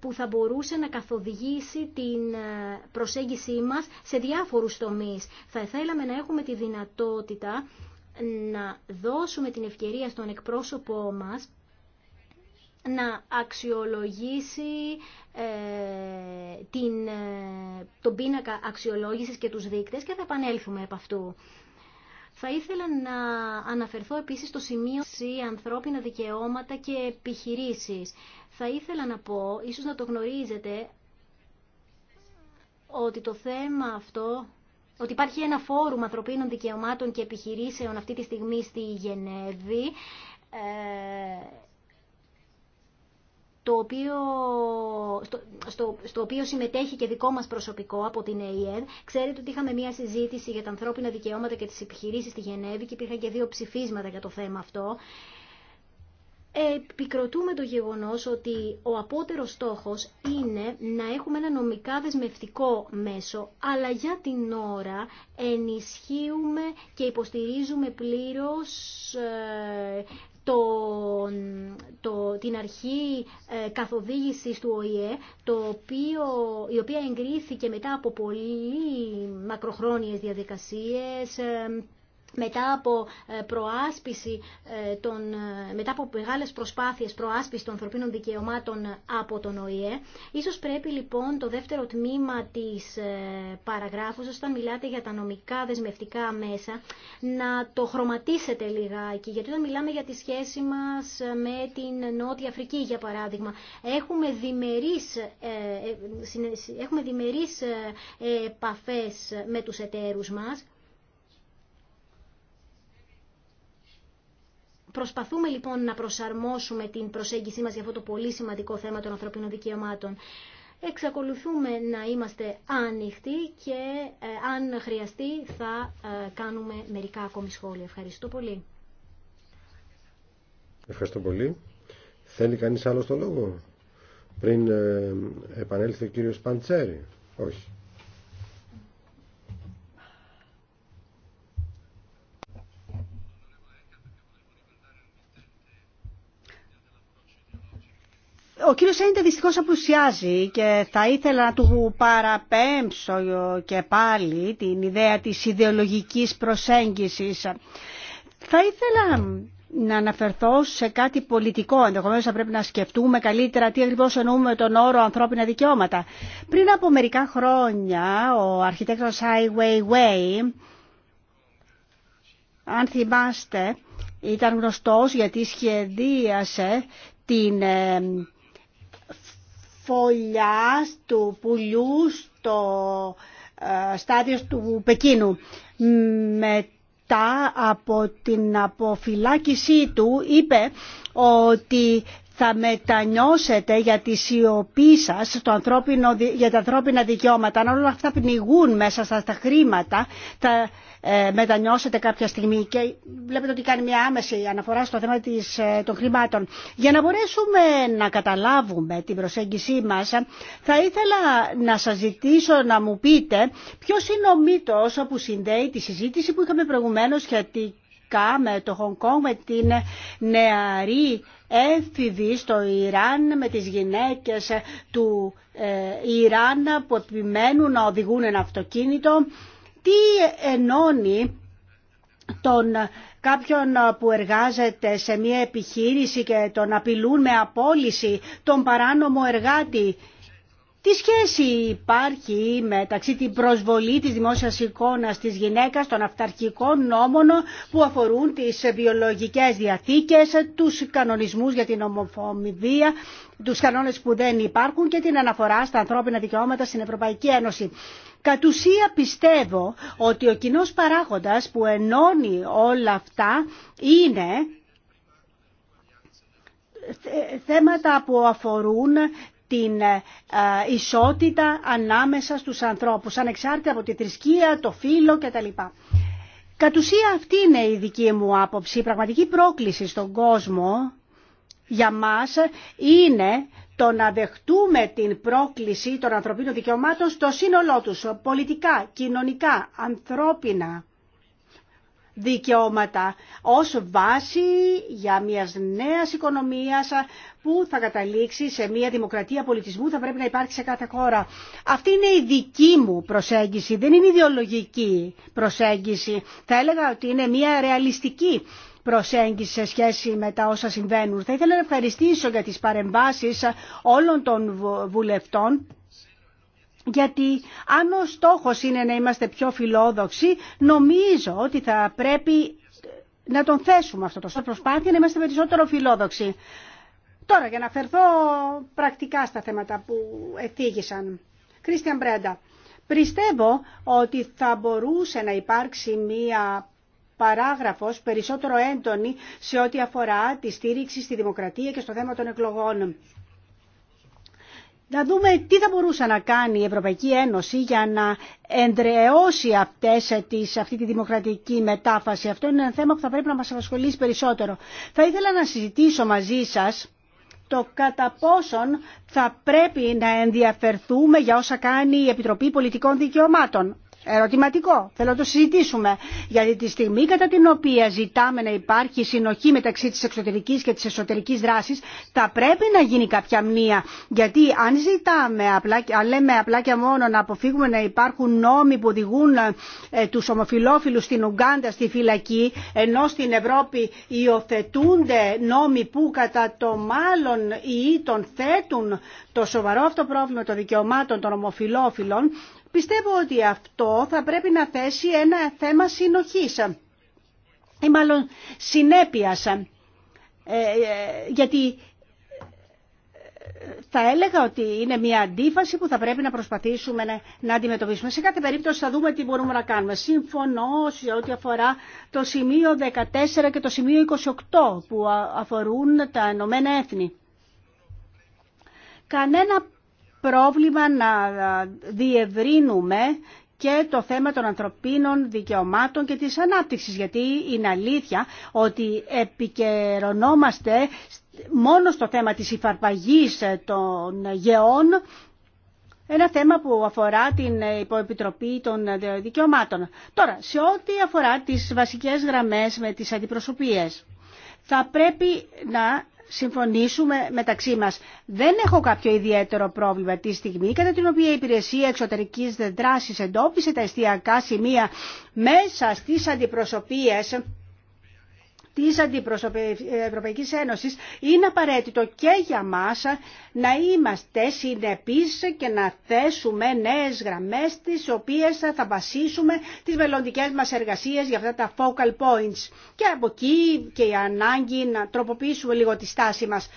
που θα μπορούσε να καθοδηγήσει την ε, προσέγγισή μας σε διάφορους τομείς. Θα θέλαμε να έχουμε τη δυνατότητα να δώσουμε την ευκαιρία στον εκπρόσωπό μας να αξιολογήσει ε, ε, τον πίνακα αξιολόγησης και τους δείκτες και θα επανέλθουμε από αυτού. Θα ήθελα να αναφερθώ επίσης στο σημείο ανθρώπινα δικαιώματα και επιχειρήσεις. Θα ήθελα να πω, ίσως να το γνωρίζετε, ότι το θέμα αυτό ότι υπάρχει ένα φόρουμ ανθρωπίνων δικαιωμάτων και επιχειρήσεων αυτή τη στιγμή στη Γενέβη ε, το οποίο, στο, στο, στο οποίο συμμετέχει και δικό μας προσωπικό από την ΕΕΔ. Ξέρετε ότι είχαμε μια συζήτηση για τα ανθρώπινα δικαιώματα και τις επιχειρήσεις στη Γενέβη και υπήρχαν και δύο ψηφίσματα για το θέμα αυτό. Επικροτούμε το γεγονός ότι ο απότερος στόχος είναι να έχουμε ένα νομικά δεσμευτικό μέσο, αλλά για την ώρα ενισχύουμε και υποστηρίζουμε πλήρως ε, το, το, την αρχή ε, καθοδήγησης του ΟΗΕ, το οποίο, η οποία εγκρίθηκε μετά από πολύ μακροχρόνιες διαδικασίες, ε, μετά από ε, προάσπιση ε, των, ε, μετά από μεγάλες προσπάθειες προάσπιση των ανθρωπίνων δικαιωμάτων από τον ΟΗΕ. Ίσως πρέπει λοιπόν το δεύτερο τμήμα της παραγράφου, όταν μιλάτε για τα νομικά δεσμευτικά μέσα, να το χρωματίσετε λιγάκι, γιατί όταν μιλάμε για τη σχέση μας με την Νότια Αφρική, για παράδειγμα, έχουμε διμερείς, έχουμε διμερείς επαφές με τους εταίρους μας, Προσπαθούμε λοιπόν να προσαρμόσουμε την προσέγγιση μας για αυτό το πολύ σημαντικό θέμα των ανθρωπίνων δικαιωμάτων. Εξακολουθούμε να είμαστε άνοιχτοι και ε, αν χρειαστεί θα ε, κάνουμε μερικά ακόμη σχόλια. Ευχαριστώ πολύ. Ευχαριστώ πολύ. Θέλει κανείς άλλο το λόγο πριν ε, επανέλθει ο κύριος Παντσέρη. Όχι. Ο κύριο Σέντε δυστυχώ απουσιάζει και θα ήθελα να του παραπέμψω και πάλι την ιδέα της ιδεολογικής προσέγγισης. Θα ήθελα να αναφερθώ σε κάτι πολιτικό. Ενδεχομένω θα πρέπει να σκεφτούμε καλύτερα τι ακριβώ εννοούμε τον όρο ανθρώπινα δικαιώματα. Πριν από μερικά χρόνια, ο αρχιτέκτονας Βέι Βέι αν θυμάστε, ήταν γνωστό γιατί σχεδίασε την ε, Φωλιά του πουλιού στο ε, στάδιο του Πεκίνου. Μετά από την αποφυλάκησή του είπε ότι θα μετανιώσετε για τη σιωπή σας για τα ανθρώπινα δικαιώματα. Αν όλα αυτά πνιγούν μέσα στα τα χρήματα, θα ε, μετανιώσετε κάποια στιγμή. Και βλέπετε ότι κάνει μια άμεση αναφορά στο θέμα της, ε, των χρημάτων. Για να μπορέσουμε να καταλάβουμε την προσέγγισή μας, θα ήθελα να σας ζητήσω να μου πείτε ποιος είναι ο μύτος που συνδέει τη συζήτηση που είχαμε προηγουμένως σχετικά με το Χονγκ Κόνγκ, με την νεαρή έφηβη στο Ιράν, με τις γυναίκες του ε, Ιράν που επιμένουν να οδηγούν ένα αυτοκίνητο. Τι ενώνει τον κάποιον που εργάζεται σε μια επιχείρηση και τον απειλούν με απόλυση τον παράνομο εργάτη τι σχέση υπάρχει μεταξύ την προσβολή της δημόσιας εικόνας της γυναίκας των αυταρχικών νόμων που αφορούν τις βιολογικές διαθήκες, τους κανονισμούς για την ομοφομιδία, τους κανόνες που δεν υπάρχουν και την αναφορά στα ανθρώπινα δικαιώματα στην Ευρωπαϊκή Ένωση. Κατ' ουσία πιστεύω ότι ο κοινό παράγοντας που ενώνει όλα αυτά είναι θέματα που αφορούν την ε, ε, ισότητα ανάμεσα στους ανθρώπους, ανεξάρτητα από τη θρησκεία, το φύλλο κτλ. Κατ' ουσία αυτή είναι η δική μου άποψη. Η πραγματική πρόκληση στον κόσμο για μας είναι το να δεχτούμε την πρόκληση των ανθρωπίνων δικαιωμάτων στο σύνολό τους, πολιτικά, κοινωνικά, ανθρώπινα δικαιώματα ως βάση για μια νέα οικονομία που θα καταλήξει σε μια δημοκρατία πολιτισμού θα πρέπει να υπάρχει σε κάθε χώρα. Αυτή είναι η δική μου προσέγγιση, δεν είναι ιδεολογική προσέγγιση. Θα έλεγα ότι είναι μια ρεαλιστική προσέγγιση σε σχέση με τα όσα συμβαίνουν. Θα ήθελα να ευχαριστήσω για τις παρεμβάσεις όλων των βουλευτών γιατί αν ο στόχος είναι να είμαστε πιο φιλόδοξοι, νομίζω ότι θα πρέπει να τον θέσουμε αυτό το στόχο προσπάθεια να είμαστε περισσότερο φιλόδοξοι. Τώρα για να φερθώ πρακτικά στα θέματα που εφήγησαν. Κρίστιαν Μπρέντα, πιστεύω ότι θα μπορούσε να υπάρξει μία παράγραφος περισσότερο έντονη σε ό,τι αφορά τη στήριξη στη δημοκρατία και στο θέμα των εκλογών να δούμε τι θα μπορούσε να κάνει η Ευρωπαϊκή Ένωση για να εντρεώσει αυτές τις, αυτή τη δημοκρατική μετάφαση. Αυτό είναι ένα θέμα που θα πρέπει να μας απασχολήσει περισσότερο. Θα ήθελα να συζητήσω μαζί σας το κατά πόσον θα πρέπει να ενδιαφερθούμε για όσα κάνει η Επιτροπή Πολιτικών Δικαιωμάτων. Ερωτηματικό. Θέλω να το συζητήσουμε. Γιατί τη στιγμή κατά την οποία ζητάμε να υπάρχει συνοχή μεταξύ τη εξωτερική και τη εσωτερική δράση, θα πρέπει να γίνει κάποια μνήμα. Γιατί αν ζητάμε, απλά, αν λέμε απλά και μόνο να αποφύγουμε να υπάρχουν νόμοι που οδηγούν ε, του ομοφυλόφιλου στην Ουγγάντα στη φυλακή, ενώ στην Ευρώπη υιοθετούνται νόμοι που κατά το μάλλον ή τον θέτουν το σοβαρό αυτό πρόβλημα των δικαιωμάτων των ομοφυλόφιλων, Πιστεύω ότι αυτό θα πρέπει να θέσει ένα θέμα συνοχής ή μάλλον συνέπειας. Ε, ε, γιατί ε, θα έλεγα ότι είναι μια αντίφαση που θα πρέπει να προσπαθήσουμε να, αντιμετωπίσουμε. Σε κάθε περίπτωση θα δούμε τι μπορούμε να κάνουμε. Συμφωνώ σε ό,τι αφορά το σημείο 14 και το σημείο 28 που αφορούν τα Ηνωμένα Έθνη. Κανένα πρόβλημα να διευρύνουμε και το θέμα των ανθρωπίνων δικαιωμάτων και της ανάπτυξης. Γιατί είναι αλήθεια ότι επικαιρωνόμαστε μόνο στο θέμα της υφαρπαγής των γεών ένα θέμα που αφορά την υποεπιτροπή των δικαιωμάτων. Τώρα, σε ό,τι αφορά τις βασικές γραμμές με τις αντιπροσωπίες, θα πρέπει να συμφωνήσουμε μεταξύ μας. Δεν έχω κάποιο ιδιαίτερο πρόβλημα τη στιγμή κατά την οποία η υπηρεσία εξωτερικής δράσης εντόπισε τα εστιακά σημεία μέσα στις αντιπροσωπείες της Ευρωπαϊκής Ένωσης είναι απαραίτητο και για μας να είμαστε συνεπείς και να θέσουμε νέες γραμμές τις οποίες θα βασίσουμε τις μελλοντικέ μας εργασίες για αυτά τα focal points και από εκεί και η ανάγκη να τροποποιήσουμε λίγο τη στάση μας.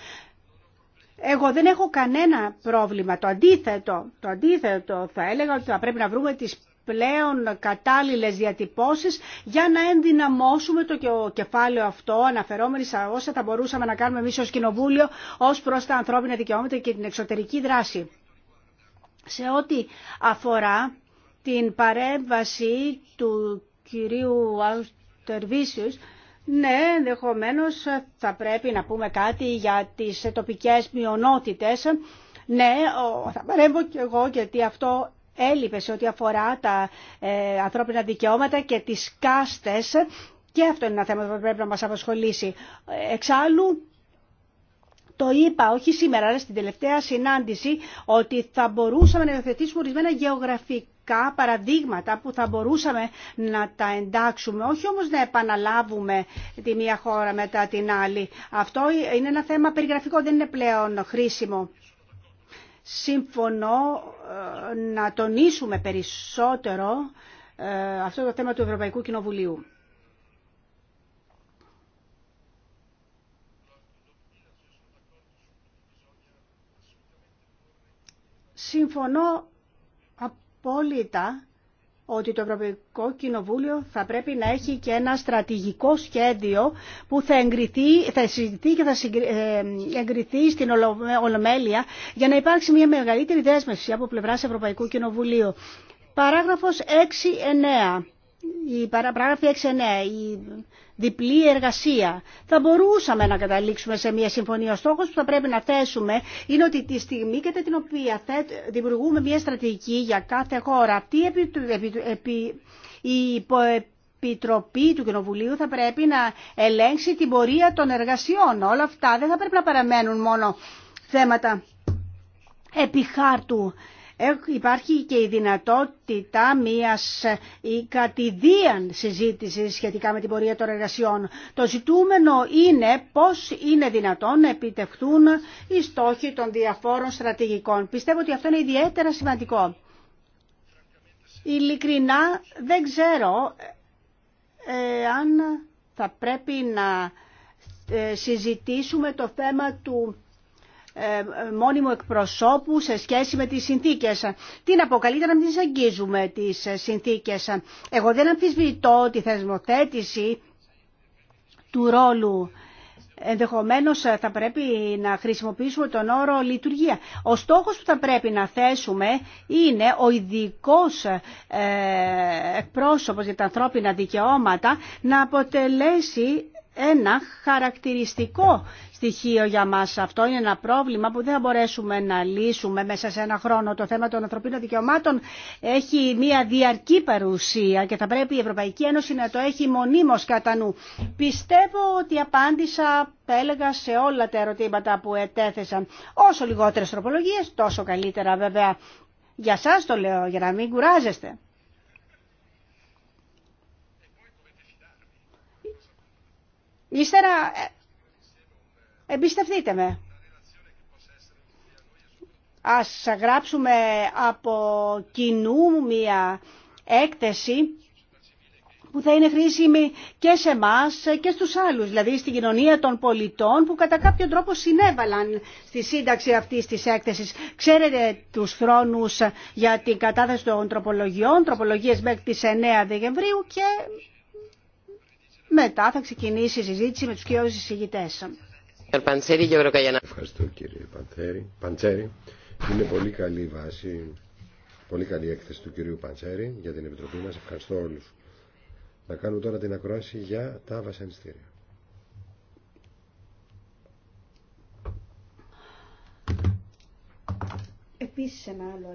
Εγώ δεν έχω κανένα πρόβλημα. Το αντίθετο, το αντίθετο θα έλεγα ότι θα πρέπει να βρούμε τις πλέον κατάλληλες διατυπώσεις για να ενδυναμώσουμε το κεφάλαιο αυτό αναφερόμενοι σε όσα θα μπορούσαμε να κάνουμε εμείς ως Κοινοβούλιο ως προς τα ανθρώπινα δικαιώματα και την εξωτερική δράση. Σε ό,τι αφορά την παρέμβαση του κυρίου Αντερβίσιους, ναι, ενδεχομένω θα πρέπει να πούμε κάτι για τις τοπικές μειονότητες. Ναι, θα παρέμβω και εγώ γιατί αυτό σε ό,τι αφορά τα ε, ανθρώπινα δικαιώματα και τις κάστες και αυτό είναι ένα θέμα που πρέπει να μας απασχολήσει. Εξάλλου, το είπα όχι σήμερα, αλλά στην τελευταία συνάντηση, ότι θα μπορούσαμε να υιοθετήσουμε ορισμένα γεωγραφικά παραδείγματα που θα μπορούσαμε να τα εντάξουμε, όχι όμως να επαναλάβουμε τη μία χώρα μετά την άλλη. Αυτό είναι ένα θέμα περιγραφικό, δεν είναι πλέον χρήσιμο. Συμφωνώ ε, να τονίσουμε περισσότερο ε, αυτό το θέμα του Ευρωπαϊκού Κοινοβουλίου. Συμφωνώ απόλυτα ότι το Ευρωπαϊκό Κοινοβούλιο θα πρέπει να έχει και ένα στρατηγικό σχέδιο που θα, εγκριθεί, θα συζητηθεί και θα ε, εγκριθεί στην Ολομέλεια για να υπάρξει μια μεγαλύτερη δέσμευση από πλευράς Ευρωπαϊκού Κοινοβουλίου. Παράγραφος 6-9 η παραπράγραφη 6-9, η διπλή εργασία. Θα μπορούσαμε να καταλήξουμε σε μια συμφωνία. Ο στόχος που θα πρέπει να θέσουμε είναι ότι τη στιγμή κατά την οποία δημιουργούμε μια στρατηγική για κάθε χώρα, αυτή επί, επί, η Επιτροπή του Κοινοβουλίου θα πρέπει να ελέγξει την πορεία των εργασιών. Όλα αυτά δεν θα πρέπει να παραμένουν μόνο θέματα επιχάρτου. Υπάρχει και η δυνατότητα μιας κατηδίαν συζήτησης σχετικά με την πορεία των εργασιών. Το ζητούμενο είναι πώς είναι δυνατόν να επιτευχθούν οι στόχοι των διαφόρων στρατηγικών. Πιστεύω ότι αυτό είναι ιδιαίτερα σημαντικό. Ειλικρινά δεν ξέρω ε, αν θα πρέπει να ε, συζητήσουμε το θέμα του ε, μόνιμου εκπροσώπου σε σχέση με τις συνθήκες. Τι να πω, καλύτερα να μην τις αγγίζουμε τις συνθήκες. Εγώ δεν αμφισβητώ τη θεσμοθέτηση του ρόλου ενδεχομένως ε, θα πρέπει να χρησιμοποιήσουμε τον όρο λειτουργία. Ο στόχος που θα πρέπει να θέσουμε είναι ο ειδικό ε, εκπρόσωπος για τα ανθρώπινα δικαιώματα να αποτελέσει ένα χαρακτηριστικό στοιχείο για μας. Αυτό είναι ένα πρόβλημα που δεν θα μπορέσουμε να λύσουμε μέσα σε ένα χρόνο. Το θέμα των ανθρωπίνων δικαιωμάτων έχει μια διαρκή παρουσία και θα πρέπει η Ευρωπαϊκή Ένωση να το έχει μονίμως κατά νου. Πιστεύω ότι απάντησα, θα έλεγα, σε όλα τα ερωτήματα που ετέθεσαν. Όσο λιγότερες τροπολογίες, τόσο καλύτερα βέβαια. Για σας το λέω, για να μην κουράζεστε. Ύστερα ε, Εμπιστευτείτε με. Ας γράψουμε από κοινού μια έκθεση που θα είναι χρήσιμη και σε εμά και στους άλλους, δηλαδή στην κοινωνία των πολιτών που κατά κάποιο τρόπο συνέβαλαν στη σύνταξη αυτής της έκθεσης. Ξέρετε τους χρόνους για την κατάθεση των τροπολογιών, τροπολογίες μέχρι τις 9 Δεκεμβρίου και μετά θα ξεκινήσει η συζήτηση με τους κοιόζους εισηγητές. Ευχαριστώ κύριε Παντσέρη. Παντσέρη. Είναι πολύ καλή βάση, πολύ καλή έκθεση του κυρίου Παντσέρη για την Επιτροπή μας. Ευχαριστώ όλους. Να κάνω τώρα την ακρόαση για τα βασανιστήρια. Επίσης ένα άλλο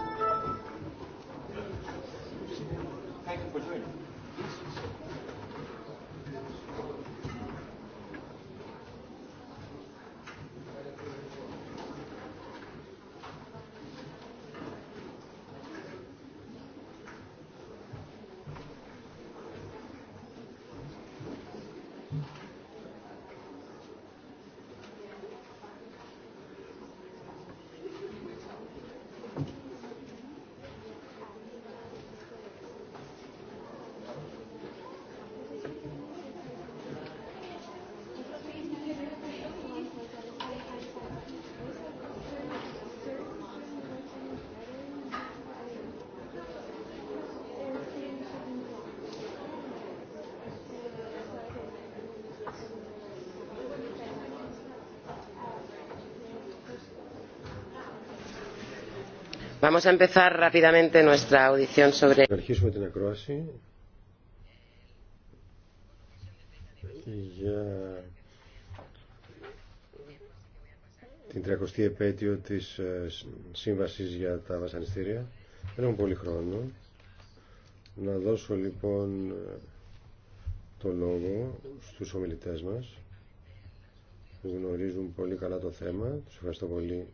Vamos a empezar rápidamente nuestra audición sobre... Θα αρχίσουμε την ακρόαση για την 30η επέτειο της ε, Σύμβασης για τα Βασανιστήρια. Δεν έχουμε πολύ χρόνο. Να δώσω λοιπόν το λόγο στους ομιλητές μας που γνωρίζουν πολύ καλά το θέμα. Τους ευχαριστώ πολύ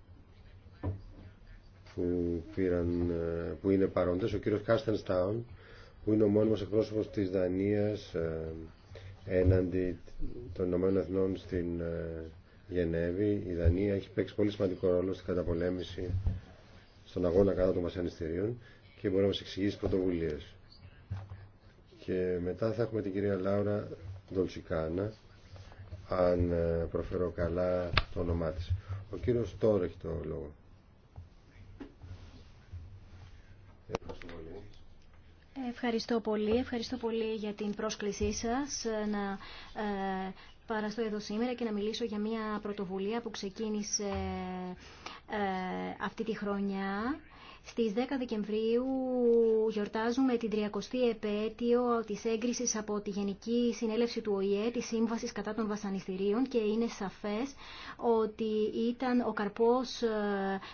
που, πήραν, ε, που είναι παρόντες. Ο κύριος Κάστεν Στάουν, που είναι ο μόνιμος εκπρόσωπος της Δανίας ε, έναντι των Ηνωμένων Εθνών στην ε, Γενέβη. Η Δανία έχει παίξει πολύ σημαντικό ρόλο στην καταπολέμηση στον αγώνα κατά των βασανιστήριων και μπορεί να μας εξηγήσει πρωτοβουλίες. Και μετά θα έχουμε την κυρία Λάουρα Δολτσικάνα αν προφέρω καλά το όνομά της. Ο κύριος τώρα έχει το λόγο. Ευχαριστώ πολύ. Ευχαριστώ πολύ για την πρόσκλησή σας να ε, παραστώ εδώ σήμερα και να μιλήσω για μια πρωτοβουλία που ξεκίνησε ε, αυτή τη χρονιά. Στις 10 Δεκεμβρίου γιορτάζουμε την 30η επέτειο της έγκρισης από τη Γενική Συνέλευση του ΟΗΕ της Σύμβασης κατά των βασανιστήριων και είναι σαφές ότι ήταν ο καρπός ε,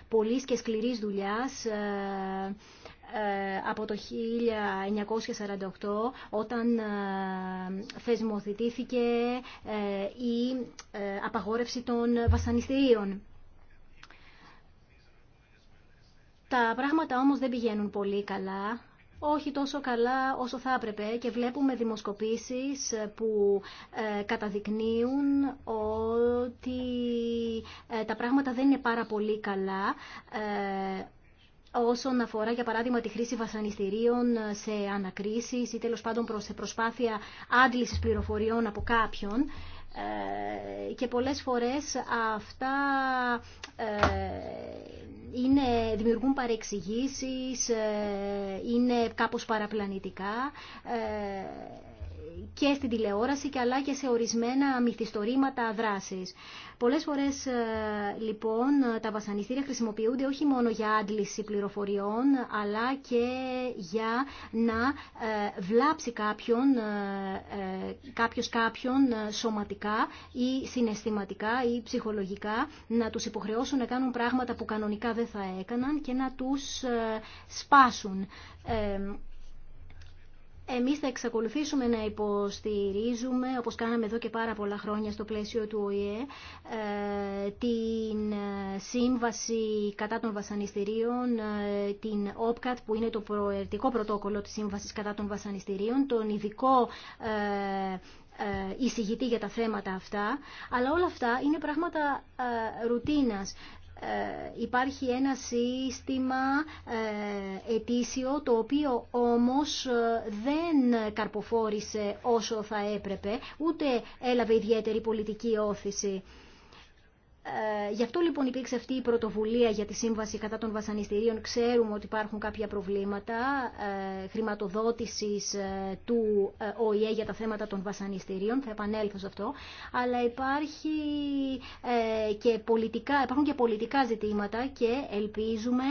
πολλής και σκληρής δουλειάς ε, από το 1948 όταν ε, θεσμοθετήθηκε ε, η απαγόρευση των βασανιστήριων. Τα πράγματα όμως δεν πηγαίνουν πολύ καλά όχι τόσο καλά όσο θα έπρεπε και βλέπουμε δημοσκοπήσεις που καταδεικνύουν ότι τα πράγματα δεν είναι πάρα πολύ καλά όσον αφορά για παράδειγμα τη χρήση βασανιστήριων ε, σε ανακρίσεις ή τέλος πάντων σε προσπάθεια άντλησης πληροφοριών από κάποιον ε, και πολλές φορές αυτά ε, είναι, δημιουργούν παρεξηγήσεις, είναι κάπως παραπλανητικά και στην τηλεόραση και αλλά και σε ορισμένα μυθιστορήματα δράσης. Πολλές φορές ε, λοιπόν τα βασανιστήρια χρησιμοποιούνται όχι μόνο για άντληση πληροφοριών αλλά και για να ε, βλάψει κάποιον, ε, κάποιος κάποιον σωματικά ή συναισθηματικά ή ψυχολογικά να τους υποχρεώσουν να κάνουν πράγματα που κανονικά δεν θα έκαναν και να τους σπάσουν. Εμείς θα εξακολουθήσουμε να υποστηρίζουμε, όπως κάναμε εδώ και πάρα πολλά χρόνια στο πλαίσιο του ΟΗΕ, ε, την ε, Σύμβαση κατά των βασανιστήριων, ε, την ΟΠΚΑΤ που είναι το προαιρετικό πρωτόκολλο της Σύμβασης κατά των βασανιστήριων, τον ειδικό εισηγητή για τα θέματα αυτά, αλλά όλα αυτά είναι πράγματα ρουτίνας. Ε, υπάρχει ένα σύστημα ε, ετήσιο το οποίο όμως ε, δεν καρποφόρησε όσο θα έπρεπε ούτε έλαβε ιδιαίτερη πολιτική όθηση. Ε, γι' αυτό λοιπόν υπήρξε αυτή η πρωτοβουλία για τη σύμβαση κατά των βασανιστήριων. Ξέρουμε ότι υπάρχουν κάποια προβλήματα ε, χρηματοδότησης ε, του ε, ΟΗΕ για τα θέματα των βασανιστήριων. Θα επανέλθω σε αυτό. Αλλά υπάρχει, και πολιτικά, υπάρχουν και πολιτικά ζητήματα και ελπίζουμε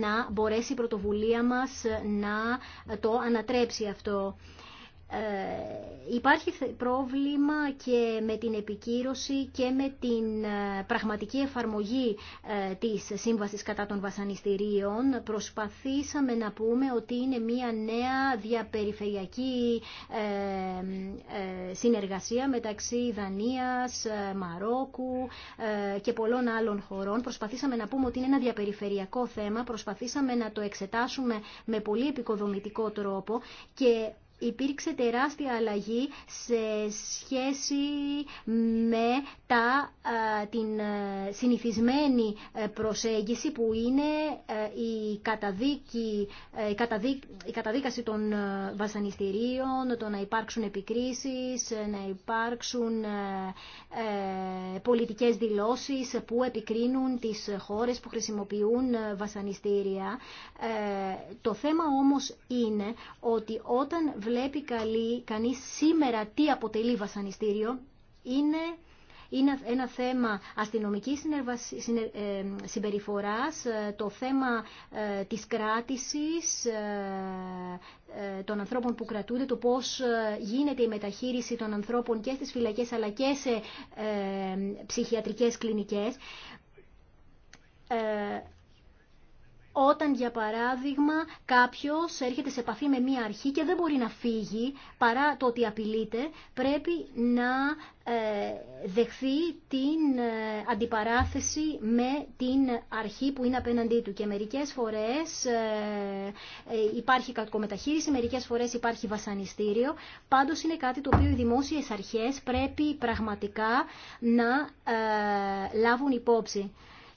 να μπορέσει η πρωτοβουλία μας να το ανατρέψει αυτό. Ε, υπάρχει πρόβλημα και με την επικύρωση και με την ε, πραγματική εφαρμογή ε, της Σύμβασης κατά των βασανιστήριων. Προσπαθήσαμε να πούμε ότι είναι μια νέα διαπεριφερειακή συνεργασία μεταξύ Δανίας, Μαρόκου και πολλών άλλων χωρών. Προσπαθήσαμε να πούμε ότι είναι ένα διαπεριφερειακό θέμα. Προσπαθήσαμε να το εξετάσουμε με πολύ επικοδομητικό τρόπο και υπήρξε τεράστια αλλαγή σε σχέση με τα, την συνηθισμένη ε, προσέγγιση που είναι ε, η, καταδίκη, ε, η, η καταδίκαση των βασανιστήριων, το να υπάρξουν επικρίσεις, να υπάρξουν πολιτικές δηλώσεις που επικρίνουν τις χώρες που χρησιμοποιούν βασανιστήρια. Το θέμα όμως είναι ότι όταν βλέπει καλή, κανείς σήμερα τι αποτελεί βασανιστήριο είναι, είναι ένα θέμα αστυνομικής ε, συμπεριφοράς, ε, το θέμα ε, της κράτησης των ανθρώπων που κρατούνται, το πώς γίνεται η μεταχείριση των ανθρώπων και στις φυλακές αλλά και σε ψυχιατρικές κλινικές όταν για παράδειγμα κάποιος έρχεται σε επαφή με μία αρχή και δεν μπορεί να φύγει παρά το ότι απειλείται, πρέπει να ε, δεχθεί την ε, αντιπαράθεση με την αρχή που είναι απέναντί του. Και μερικές φορές ε, υπάρχει κακομεταχείριση, μερικές φορές υπάρχει βασανιστήριο. Πάντως είναι κάτι το οποίο οι δημόσιες αρχές πρέπει πραγματικά να λάβουν υπόψη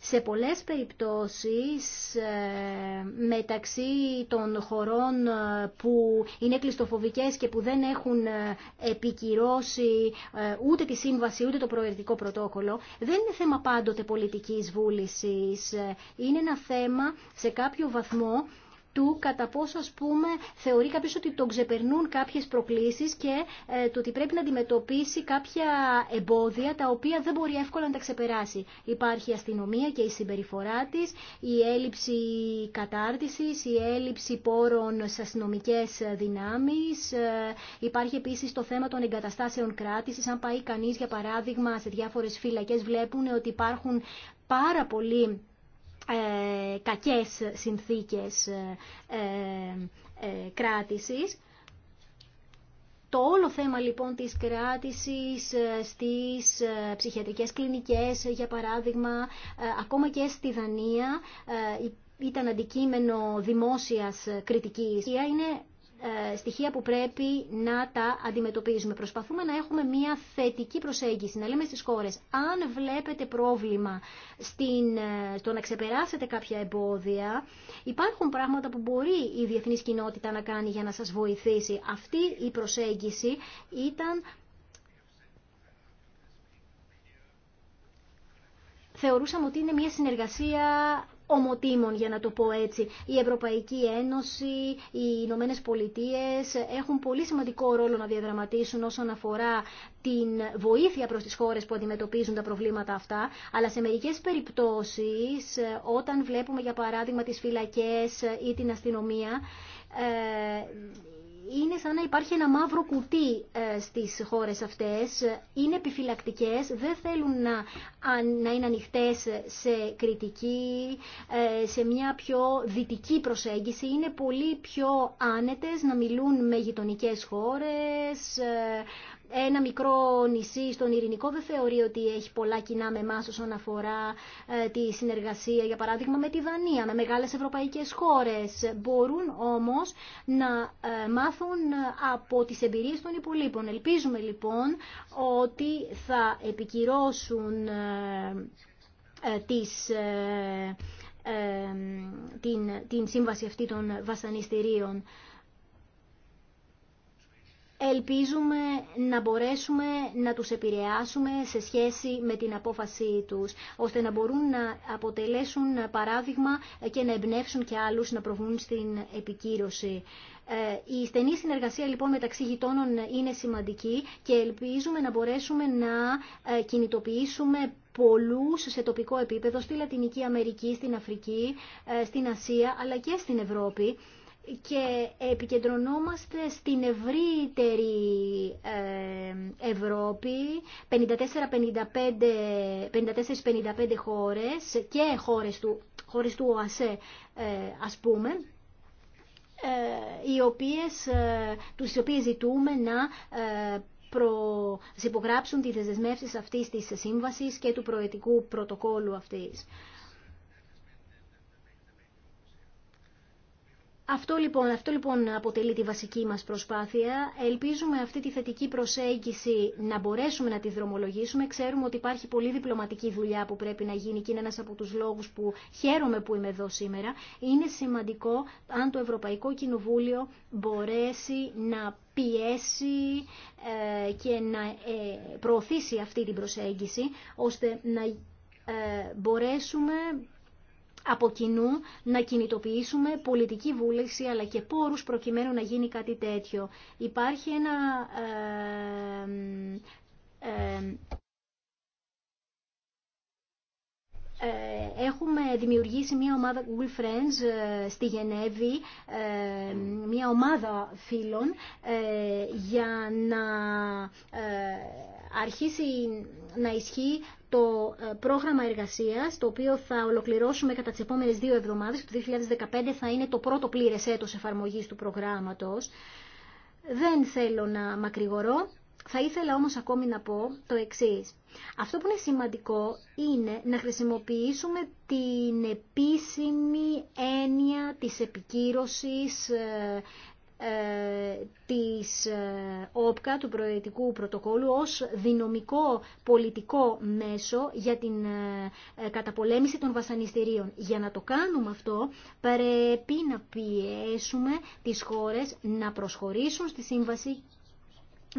σε πολλές περιπτώσεις ε, μεταξύ των χωρών ε, που είναι κλειστοφοβικές και που δεν έχουν ε, επικυρώσει ούτε τη σύμβαση ούτε το προαιρετικό πρωτόκολλο δεν είναι θέμα πάντοτε πολιτικής βούλησης. Είναι ένα θέμα σε κάποιο βαθμό του κατά πόσο ας πούμε θεωρεί κάποιος ότι τον ξεπερνούν κάποιες προκλήσεις και ε, το ότι πρέπει να αντιμετωπίσει κάποια εμπόδια τα οποία δεν μπορεί εύκολα να τα ξεπεράσει. Υπάρχει η αστυνομία και η συμπεριφορά της, η έλλειψη κατάρτισης, η έλλειψη πόρων σε αστυνομικέ δυνάμεις, ε, υπάρχει επίσης το θέμα των εγκαταστάσεων κράτησης. Αν πάει κανείς για παράδειγμα σε διάφορες φυλακές βλέπουν ότι υπάρχουν πάρα πολλοί ε, κακές συνθήκες ε, ε, κράτησης. Το όλο θέμα λοιπόν της κράτησης στις ψυχιατρικές κλινικές, για παράδειγμα, ακόμα και στη Δανία, ήταν αντικείμενο δημόσιας κριτικής. Είναι ε, στοιχεία που πρέπει να τα αντιμετωπίζουμε. Προσπαθούμε να έχουμε μια θετική προσέγγιση, να λέμε στις χώρες, αν βλέπετε πρόβλημα στην, ε, στο να ξεπεράσετε κάποια εμπόδια, υπάρχουν πράγματα που μπορεί η διεθνής κοινότητα να κάνει για να σας βοηθήσει. Αυτή η προσέγγιση ήταν θεωρούσαμε ότι είναι μια συνεργασία ομοτήμων για να το πω έτσι. Η Ευρωπαϊκή Ένωση, οι Ηνωμένε Πολιτείε έχουν πολύ σημαντικό ρόλο να διαδραματίσουν όσον αφορά την βοήθεια προς τις χώρες που αντιμετωπίζουν τα προβλήματα αυτά, αλλά σε μερικές περιπτώσεις όταν βλέπουμε για παράδειγμα τις φυλακές ή την αστυνομία, ε, είναι σαν να υπάρχει ένα μαύρο κουτί ε, στις χώρες αυτές. Είναι επιφυλακτικές, δεν θέλουν να, να είναι ανοιχτές σε κριτική, ε, σε μια πιο δυτική προσέγγιση. Είναι πολύ πιο άνετες να μιλούν με γειτονικέ χώρες, ε, ένα μικρό νησί στον Ειρηνικό δεν θεωρεί ότι έχει πολλά κοινά με εμά όσον αφορά ε, τη συνεργασία, για παράδειγμα, με τη Δανία, με μεγάλες ευρωπαϊκές χώρες. Μπορούν όμως να ε, μάθουν ε, από τι εμπειρίε των υπολείπων. Ελπίζουμε λοιπόν ότι θα επικυρώσουν τις την, την σύμβαση αυτή των βασανιστήριων. Ελπίζουμε να μπορέσουμε να τους επηρεάσουμε σε σχέση με την απόφασή τους, ώστε να μπορούν να αποτελέσουν παράδειγμα και να εμπνεύσουν και άλλους να προβούν στην επικύρωση. Ε, η στενή συνεργασία λοιπόν μεταξύ γειτόνων είναι σημαντική και ελπίζουμε να μπορέσουμε να ε, κινητοποιήσουμε πολλούς σε τοπικό επίπεδο στη Λατινική Αμερική, στην Αφρική, ε, στην Ασία αλλά και στην Ευρώπη και επικεντρωνόμαστε στην ευρύτερη ε, Ευρώπη, 54-55 χώρες και χώρες του, χώρες του ΟΑΣΕ ε, ας πούμε, ε, οι οποίες, τους οποίες ζητούμε να προ... υπογράψουν τις δεσμεύσεις αυτής της σύμβασης και του προετικού πρωτοκόλου αυτής. Αυτό λοιπόν, αυτό λοιπόν αποτελεί τη βασική μας προσπάθεια. Ελπίζουμε αυτή τη θετική προσέγγιση να μπορέσουμε να τη δρομολογήσουμε. Ξέρουμε ότι υπάρχει πολύ διπλωματική δουλειά που πρέπει να γίνει και είναι ένας από τους λόγους που χαίρομαι που είμαι εδώ σήμερα. Είναι σημαντικό αν το Ευρωπαϊκό Κοινοβούλιο μπορέσει να πιέσει ε, και να ε, προωθήσει αυτή την προσέγγιση ώστε να ε, μπορέσουμε από κοινού να κινητοποιήσουμε πολιτική βούληση αλλά και πόρους προκειμένου να γίνει κάτι τέτοιο. Υπάρχει ένα... Ε, ε, ε, έχουμε δημιουργήσει μια ομάδα Google Friends στη Γενέβη, μια ομάδα φίλων για να αρχίσει να ισχύει το ε, πρόγραμμα εργασίας, το οποίο θα ολοκληρώσουμε κατά τις επόμενες δύο εβδομάδες, το 2015 θα είναι το πρώτο πλήρες έτος εφαρμογής του προγράμματος. Δεν θέλω να μακρηγορώ, θα ήθελα όμως ακόμη να πω το εξής. Αυτό που είναι σημαντικό είναι να χρησιμοποιήσουμε την επίσημη έννοια της επικύρωσης ε, ε, της ΟΠΚΑ, ε, του Προεδρικού Πρωτοκόλου, ως δυνομικό πολιτικό μέσο για την ε, καταπολέμηση των βασανιστήριων. Για να το κάνουμε αυτό, πρέπει να πιέσουμε τις χώρες να προσχωρήσουν στη σύμβαση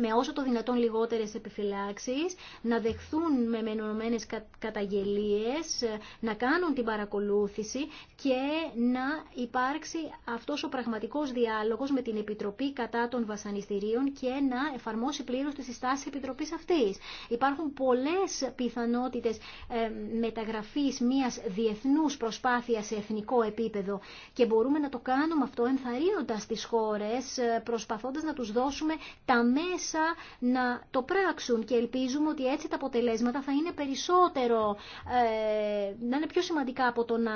με όσο το δυνατόν λιγότερες επιφυλάξεις, να δεχθούν με μενωμένες καταγγελίες, ε, να κάνουν την παρακολούθηση και να υπάρξει αυτός ο πραγματικός διάλογος με την Επιτροπή κατά των βασανιστήριων και να εφαρμόσει πλήρως τις συστάσεις Επιτροπής αυτής. Υπάρχουν πολλές πιθανότητες ε, μεταγραφής μιας διεθνούς προσπάθειας σε εθνικό επίπεδο και μπορούμε να το κάνουμε αυτό ενθαρρύνοντας τις χώρες, ε, προσπαθώντας να τους δώσουμε τα μέσα μέσα να το πράξουν και ελπίζουμε ότι έτσι τα αποτελέσματα θα είναι περισσότερο, ε, να είναι πιο σημαντικά από το να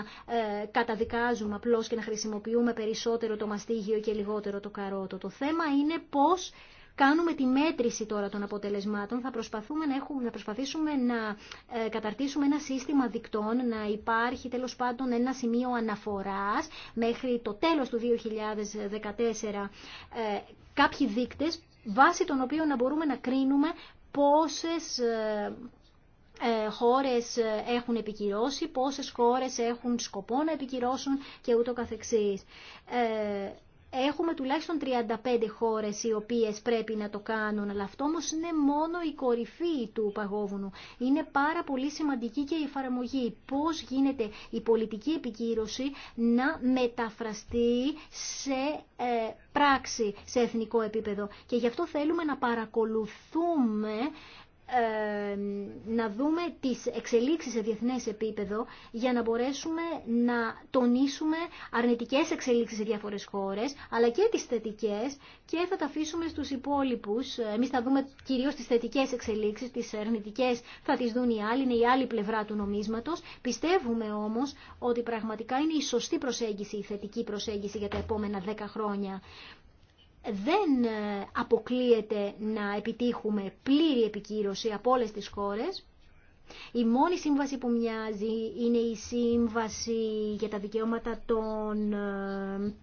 ε, καταδικάζουμε απλώς και να χρησιμοποιούμε περισσότερο το μαστίγιο και λιγότερο το καρότο. Το θέμα είναι πώς Κάνουμε τη μέτρηση τώρα των αποτελεσμάτων. Θα, προσπαθούμε να έχουμε, να προσπαθήσουμε να ε, καταρτήσουμε ένα σύστημα δικτών, να υπάρχει τέλος πάντων ένα σημείο αναφοράς μέχρι το τέλος του 2014 ε, κάποιοι δείκτες βάσει των οποίων να μπορούμε να κρίνουμε πόσες ε, ε, χώρες ε, έχουν επικυρώσει, πόσες χώρες έχουν σκοπό να επικυρώσουν και ούτω καθεξής. Έχουμε τουλάχιστον 35 χώρες οι οποίες πρέπει να το κάνουν, αλλά αυτό όμως είναι μόνο η κορυφή του παγόβουνου. Είναι πάρα πολύ σημαντική και η εφαρμογή. Πώς γίνεται η πολιτική επικύρωση να μεταφραστεί σε ε, πράξη σε εθνικό επίπεδο. Και γι' αυτό θέλουμε να παρακολουθούμε να δούμε τις εξελίξεις σε διεθνές επίπεδο για να μπορέσουμε να τονίσουμε αρνητικές εξελίξεις σε διάφορες χώρες αλλά και τις θετικές και θα τα αφήσουμε στους υπόλοιπους. Εμείς θα δούμε κυρίως τις θετικές εξελίξεις, τις αρνητικές θα τις δουν οι άλλοι, είναι η άλλη πλευρά του νομίσματος. Πιστεύουμε όμως ότι πραγματικά είναι η σωστή προσέγγιση, η θετική προσέγγιση για τα επόμενα δέκα χρόνια δεν ε, αποκλείεται να επιτύχουμε πλήρη επικύρωση από όλες τις χώρες. Η μόνη σύμβαση που μοιάζει είναι η σύμβαση για τα δικαιώματα των ε,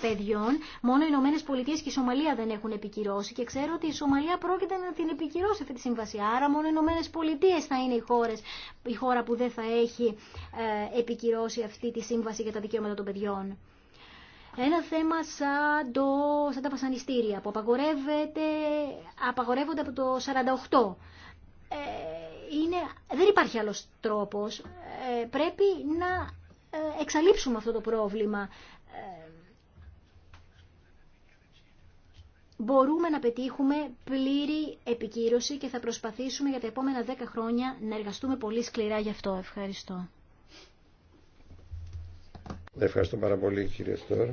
παιδιών. Μόνο οι Ηνωμένε Πολιτείε και η Σομαλία δεν έχουν επικυρώσει και ξέρω ότι η Σομαλία πρόκειται να την επικυρώσει αυτή τη σύμβαση. Άρα μόνο οι Ηνωμένε Πολιτείε θα είναι οι χώρες, η χώρα που δεν θα έχει ε, επικυρώσει αυτή τη σύμβαση για τα δικαιώματα των παιδιών. Ένα θέμα σαν, το, τα πασανιστήρια που απαγορεύονται από το 48. Ε, είναι, δεν υπάρχει άλλος τρόπος. Ε, πρέπει να ε, εξαλείψουμε αυτό το πρόβλημα. μπορούμε να πετύχουμε πλήρη επικύρωση και θα προσπαθήσουμε για τα επόμενα 10 χρόνια να εργαστούμε πολύ σκληρά γι' αυτό. Ευχαριστώ. Ευχαριστώ πάρα πολύ κύριε Στόρ.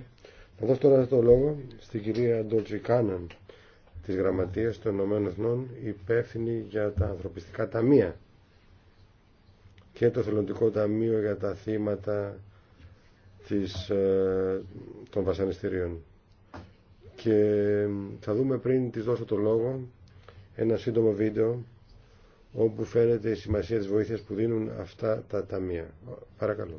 Θα δώσω τώρα το λόγο στην κυρία Ντότζι Κάναν της Γραμματείας των Ηνωμένων Εθνών υπεύθυνη για τα ανθρωπιστικά ταμεία και το Θελοντικό Ταμείο για τα θύματα της, ε, των βασανιστήριων. Και θα δούμε πριν της δώσω το λόγο ένα σύντομο βίντεο όπου φαίνεται η σημασία της βοήθειας που δίνουν αυτά τα ταμεία. Παρακαλώ.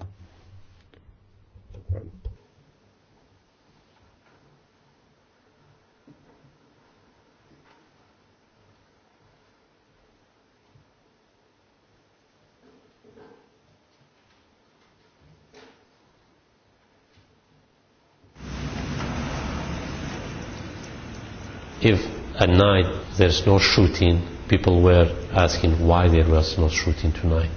if at night there's no shooting, people were asking why there was no shooting tonight.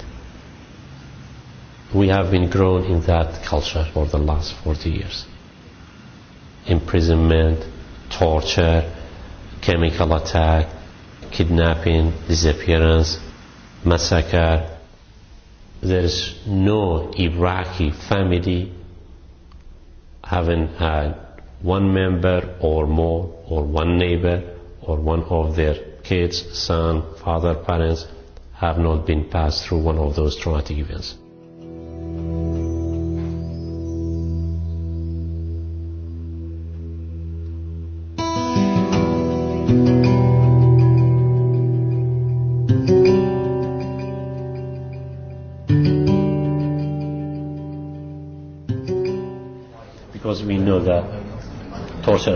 We have been grown in that culture for the last 40 years. Imprisonment, torture, chemical attack, kidnapping, disappearance, massacre. There is no Iraqi family having had one member or more or one neighbor or one of their kids, son, father, parents have not been passed through one of those traumatic events.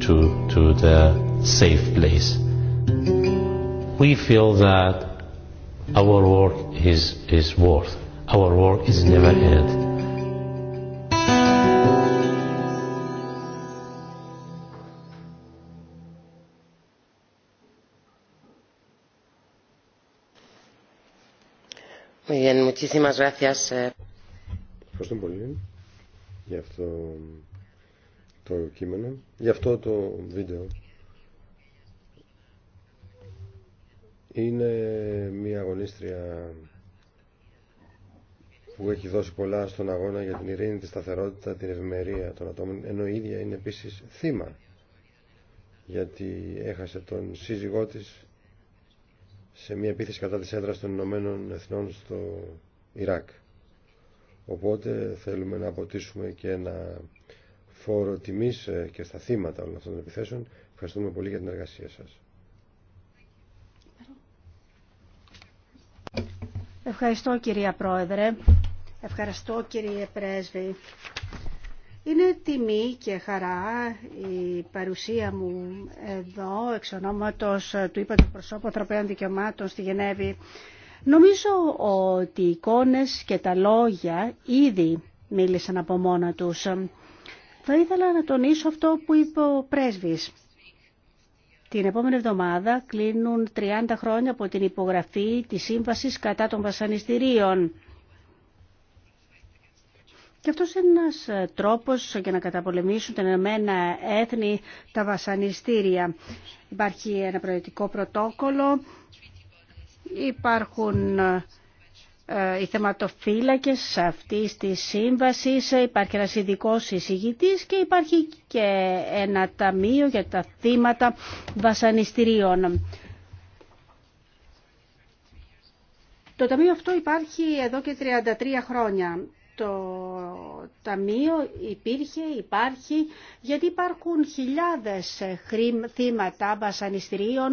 to, to the safe place. We feel that our work is, is worth. Our work is never end. Muy bien, muchísimas gracias. Ευχαριστώ πολύ για αυτό το για αυτό το βίντεο. Είναι μια αγωνίστρια που έχει δώσει πολλά στον αγώνα για την ειρήνη, τη σταθερότητα, την ευημερία των ατόμων, ενώ η ίδια είναι επίσης θύμα, γιατί έχασε τον σύζυγό της σε μια επίθεση κατά της έδρας των Ηνωμένων Εθνών στο Ιράκ. Οπότε θέλουμε να αποτίσουμε και ένα φόρο τιμή ε, και στα θύματα όλων αυτών των επιθέσεων. Ευχαριστούμε πολύ για την εργασία σας. Ευχαριστώ κυρία Πρόεδρε. Ευχαριστώ κύριε Πρέσβη. Είναι τιμή και χαρά η παρουσία μου εδώ εξ ονόματος ε, του είπα προσώπου Ανθρωπέων δικαιωμάτων στη Γενέβη. Νομίζω ότι οι εικόνες και τα λόγια ήδη μίλησαν από μόνα τους. Θα ήθελα να τονίσω αυτό που είπε ο πρέσβης. Την επόμενη εβδομάδα κλείνουν 30 χρόνια από την υπογραφή της Σύμβασης κατά των βασανιστήριων. Και αυτός είναι ένας τρόπος για να καταπολεμήσουν τα ενωμένα Έθνη τα βασανιστήρια. Υπάρχει ένα προεδρικό πρωτόκολλο, υπάρχουν ε, οι θεματοφύλακες αυτής της σύμβασης. Ε, υπάρχει ένας ειδικό συζητητή και υπάρχει και ένα ταμείο για τα θύματα βασανιστήριων. Το ταμείο αυτό υπάρχει εδώ και 33 χρόνια. Το ταμείο υπήρχε, υπάρχει, γιατί υπάρχουν χιλιάδες θύματα βασανιστήριων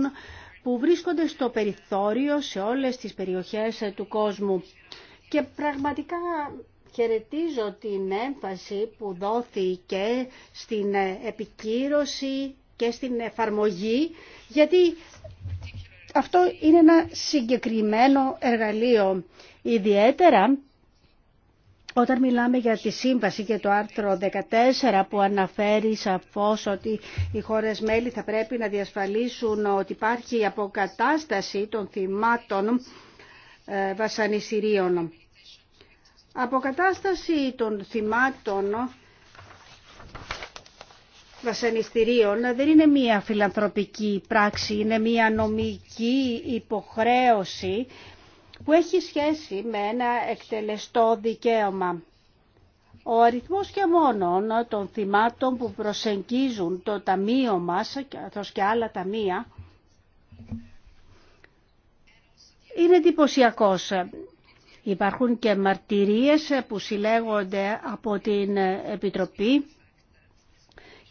που βρίσκονται στο περιθώριο σε όλες τις περιοχές του κόσμου. Και πραγματικά χαιρετίζω την έμφαση που δόθηκε στην επικύρωση και στην εφαρμογή, γιατί αυτό είναι ένα συγκεκριμένο εργαλείο. Ιδιαίτερα όταν μιλάμε για τη σύμβαση και το άρθρο 14 που αναφέρει σαφώς ότι οι χώρες μέλη θα πρέπει να διασφαλίσουν ότι υπάρχει αποκατάσταση των θυμάτων ε, βασανιστήριων. Αποκατάσταση των θυμάτων βασανιστήριων δεν είναι μία φιλανθρωπική πράξη, είναι μία νομική υποχρέωση που έχει σχέση με ένα εκτελεστό δικαίωμα. Ο αριθμός και μόνον των θυμάτων που προσεγγίζουν το ταμείο μας, καθώς και άλλα ταμεία, είναι εντυπωσιακό. Υπάρχουν και μαρτυρίες που συλλέγονται από την Επιτροπή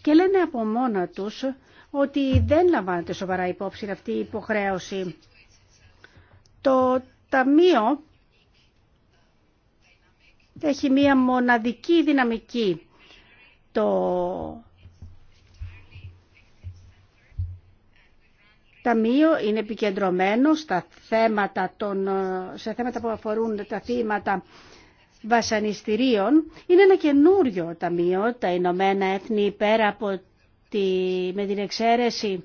και λένε από μόνα τους ότι δεν λαμβάνεται σοβαρά υπόψη αυτή η υποχρέωση. Το ταμείο έχει μία μοναδική δυναμική. Το ταμείο είναι επικεντρωμένο στα θέματα των, σε θέματα που αφορούν τα θύματα βασανιστήριων. Είναι ένα καινούριο ταμείο, τα Ηνωμένα Έθνη πέρα από τη, με την εξαίρεση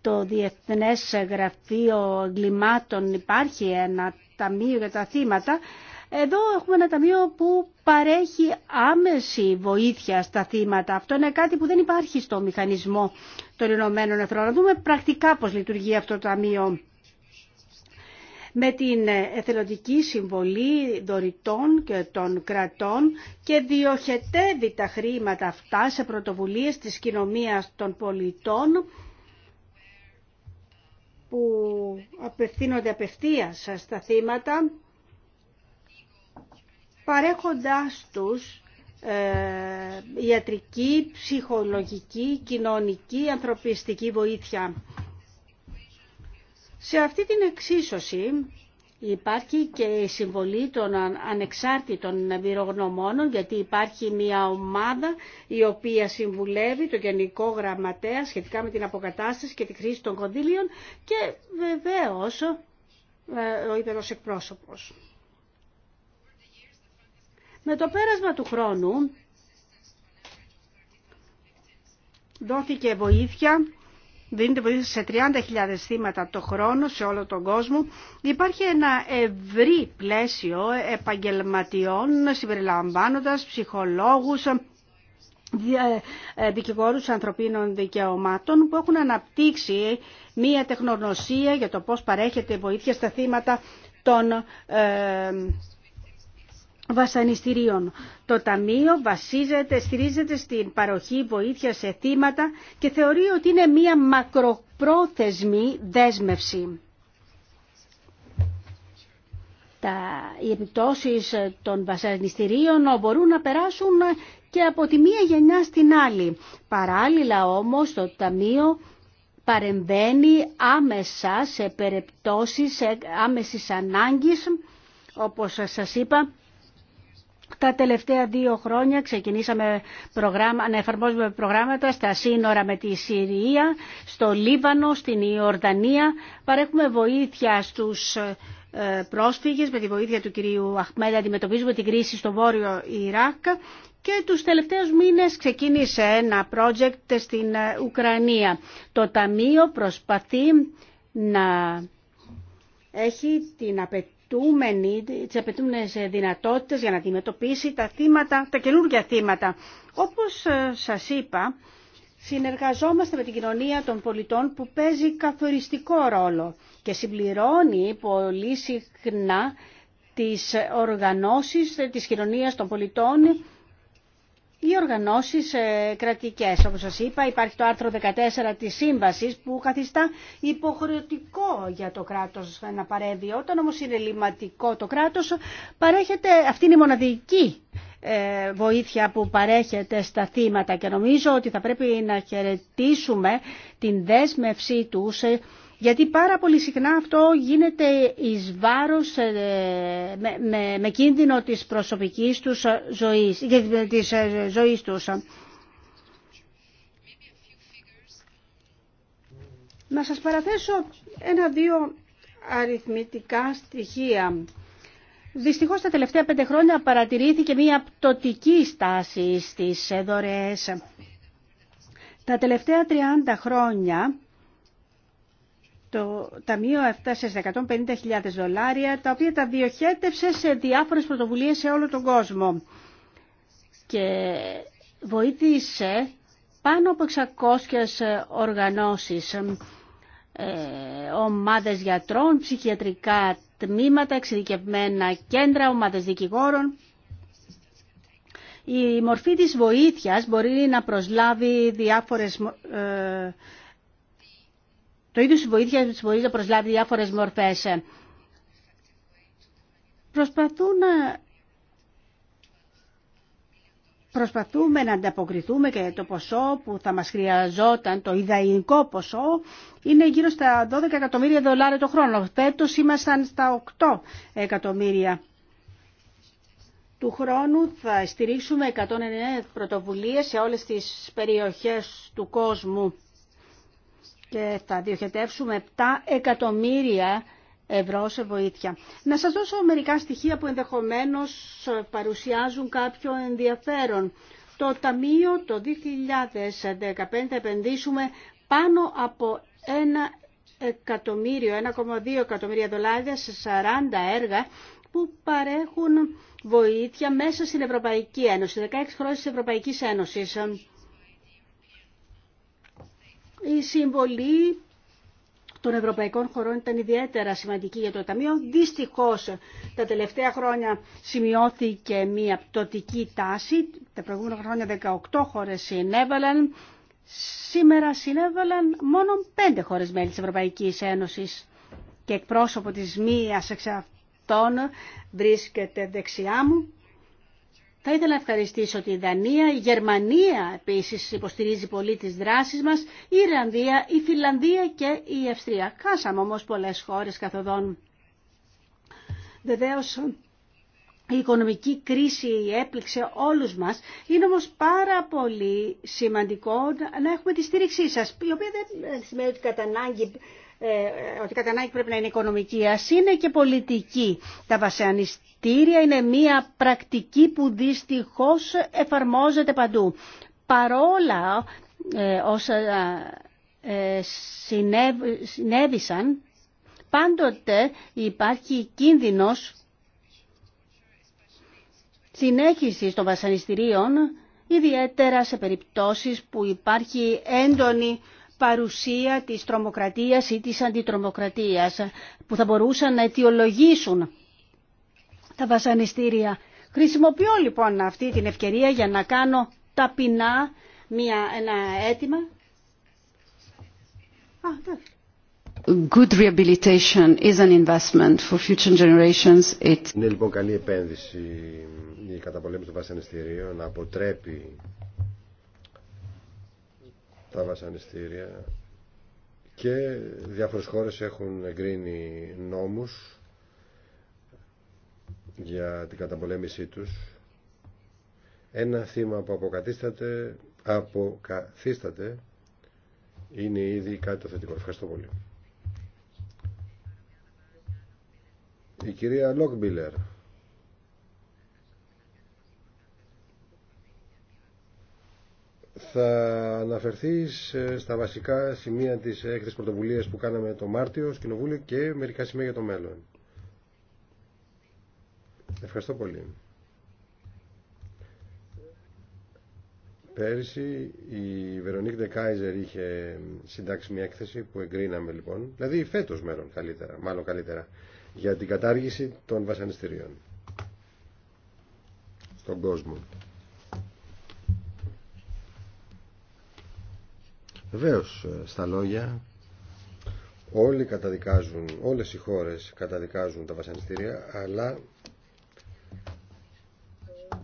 το Διεθνές Γραφείο Εγκλημάτων υπάρχει ένα ταμείο για τα θύματα. Εδώ έχουμε ένα ταμείο που παρέχει άμεση βοήθεια στα θύματα. Αυτό είναι κάτι που δεν υπάρχει στο μηχανισμό των Ηνωμένων Εθνών. Να δούμε πρακτικά πώς λειτουργεί αυτό το ταμείο. Με την εθελοντική συμβολή δωρητών και των κρατών και διοχετεύει τα χρήματα αυτά σε πρωτοβουλίες της κοινωνίας των πολιτών που απευθύνονται απευθείας στα θύματα παρέχοντάς τους ε, ιατρική, ψυχολογική, κοινωνική, ανθρωπιστική βοήθεια. Σε αυτή την εξίσωση Υπάρχει και η συμβολή των ανεξάρτητων εμπειρογνωμόνων γιατί υπάρχει μια ομάδα η οποία συμβουλεύει το Γενικό Γραμματέα σχετικά με την αποκατάσταση και τη χρήση των κονδύλιων και βεβαίως ε, ο υπερός εκπρόσωπος. Με το πέρασμα του χρόνου δόθηκε βοήθεια δίνεται βοήθεια σε 30.000 θύματα το χρόνο σε όλο τον κόσμο. Υπάρχει ένα ευρύ πλαίσιο επαγγελματιών συμπεριλαμβάνοντας ψυχολόγους, ε, δικηγόρους ανθρωπίνων δικαιωμάτων που έχουν αναπτύξει μία τεχνογνωσία για το πώς παρέχεται βοήθεια στα θύματα των ε, βασανιστήριων. Το Ταμείο βασίζεται, στηρίζεται στην παροχή βοήθεια σε θύματα και θεωρεί ότι είναι μία μακροπρόθεσμη δέσμευση. Τα, οι των βασανιστήριων μπορούν να περάσουν και από τη μία γενιά στην άλλη. Παράλληλα όμως το Ταμείο παρεμβαίνει άμεσα σε περιπτώσεις άμεσης ανάγκης, όπως σας είπα, τα τελευταία δύο χρόνια ξεκινήσαμε προγράμμα, να εφαρμόζουμε προγράμματα στα σύνορα με τη Συρία, στο Λίβανο, στην Ιορδανία. Παρέχουμε βοήθεια στους ε, πρόσφυγες με τη βοήθεια του κυρίου Αχμέντα αντιμετωπίζουμε την κρίση στο βόρειο Ιράκ και τους τελευταίους μήνες ξεκίνησε ένα project στην ε, Ουκρανία. Το Ταμείο προσπαθεί να έχει την απαιτή τις απαιτούμενες δυνατότητες για να αντιμετωπίσει τα θύματα, τα καινούργια θύματα. Όπως ε, σας είπα, συνεργαζόμαστε με την κοινωνία των πολιτών που παίζει καθοριστικό ρόλο και συμπληρώνει πολύ συχνά τις οργανώσεις της κοινωνίας των πολιτών οι οργανώσεις ε, κρατικές. Όπως σας είπα υπάρχει το άρθρο 14 της Σύμβασης που καθιστά υποχρεωτικό για το κράτος να παρέμβει. Όταν όμως είναι λιματικό το κράτος παρέχεται, αυτή είναι η μοναδική ε, βοήθεια που παρέχεται στα θύματα και νομίζω ότι θα πρέπει να χαιρετήσουμε την δέσμευσή τους ε, γιατί πάρα πολύ συχνά αυτό γίνεται εις βάρος ε, με, κίνδυνο της προσωπικής τους ε, ζωής, ε, της ζωής τους. Να σας παραθέσω ένα-δύο αριθμητικά στοιχεία. Δυστυχώς τα τελευταία πέντε χρόνια παρατηρήθηκε μία πτωτική στάση στις δωρεές. Τα τελευταία 30 χρόνια το ταμείο έφτασε σε 150.000 δολάρια, τα οποία τα διοχέτευσε σε διάφορες πρωτοβουλίες σε όλο τον κόσμο. Και βοήθησε πάνω από 600 οργανώσεις, ε, ομάδες γιατρών, ψυχιατρικά τμήματα, εξειδικευμένα κέντρα, ομάδες δικηγόρων. Η μορφή της βοήθειας μπορεί να προσλάβει διάφορες ε, το ίδιο βοήθεια βοήθεια μπορεί να προσλάβει διάφορες μορφές. Προσπαθούν να προσπαθούμε να ανταποκριθούμε και το ποσό που θα μας χρειαζόταν, το ιδανικό ποσό, είναι γύρω στα 12 εκατομμύρια δολάρια το χρόνο. Φέτος ήμασταν στα 8 εκατομμύρια. Του χρόνου θα στηρίξουμε 109 πρωτοβουλίες σε όλες τις περιοχές του κόσμου και θα διοχετεύσουμε 7 εκατομμύρια ευρώ σε βοήθεια. Να σας δώσω μερικά στοιχεία που ενδεχομένως παρουσιάζουν κάποιο ενδιαφέρον. Το Ταμείο το 2015 επενδύσουμε πάνω από ένα εκατομμύριο, 1,2 εκατομμύρια δολάρια σε 40 έργα που παρέχουν βοήθεια μέσα στην Ευρωπαϊκή Ένωση, 16 χρόνια της Ευρωπαϊκής Ένωσης η συμβολή των ευρωπαϊκών χωρών ήταν ιδιαίτερα σημαντική για το Ταμείο. Δυστυχώ, τα τελευταία χρόνια σημειώθηκε μια πτωτική τάση. Τα προηγούμενα χρόνια 18 χώρες συνέβαλαν. Σήμερα συνέβαλαν μόνο 5 χώρες μέλη της Ευρωπαϊκής Ένωσης και εκπρόσωπο της μία εξ αυτών βρίσκεται δεξιά μου θα ήθελα να ευχαριστήσω τη Δανία, η Γερμανία επίσης υποστηρίζει πολύ τις δράσεις μας, η Ιρλανδία, η Φιλανδία και η Αυστρία. Χάσαμε όμως πολλές χώρες καθοδόν. Βεβαίως η οικονομική κρίση έπληξε όλους μας. Είναι όμως πάρα πολύ σημαντικό να έχουμε τη στήριξή σας, η οποία δεν σημαίνει ότι κατά ε, ότι κατά ανάγκη πρέπει να είναι οικονομική, α είναι και πολιτική. Τα βασανιστήρια είναι μία πρακτική που δυστυχώ εφαρμόζεται παντού. Παρόλα ε, όσα ε, συνέβησαν, πάντοτε υπάρχει κίνδυνος συνέχισης των βασανιστήριων, ιδιαίτερα σε περιπτώσεις που υπάρχει έντονη παρουσία της τρομοκρατίας ή της αντιτρομοκρατίας που θα μπορούσαν να αιτιολογήσουν τα βασανιστήρια. Χρησιμοποιώ λοιπόν αυτή την ευκαιρία για να κάνω ταπεινά μια, ένα αίτημα. Good rehabilitation is an investment for future generations. Είναι λοιπόν καλή επένδυση η καταπολέμηση των βασανιστήριων να αποτρέπει τα βασανιστήρια και διάφορες χώρες έχουν εγκρίνει νόμους για την καταπολέμησή τους. Ένα θύμα που αποκαθίσταται, αποκαθίσταται είναι ήδη κάτι το θετικό. Ευχαριστώ πολύ. Η κυρία Λόγμπιλερ. θα αναφερθεί στα βασικά σημεία της έκθεσης πρωτοβουλίας που κάναμε το Μάρτιο στο Κοινοβούλιο και μερικά σημεία για το μέλλον. Ευχαριστώ πολύ. Πέρυσι η Βερονίκ Ντεκάιζερ είχε συντάξει μια έκθεση που εγκρίναμε λοιπόν, δηλαδή φέτος μέλλον καλύτερα, μάλλον καλύτερα, για την κατάργηση των βασανιστήριων στον κόσμο. Βεβαίω ε, στα λόγια όλοι καταδικάζουν, όλες οι χώρες καταδικάζουν τα βασανιστήρια, αλλά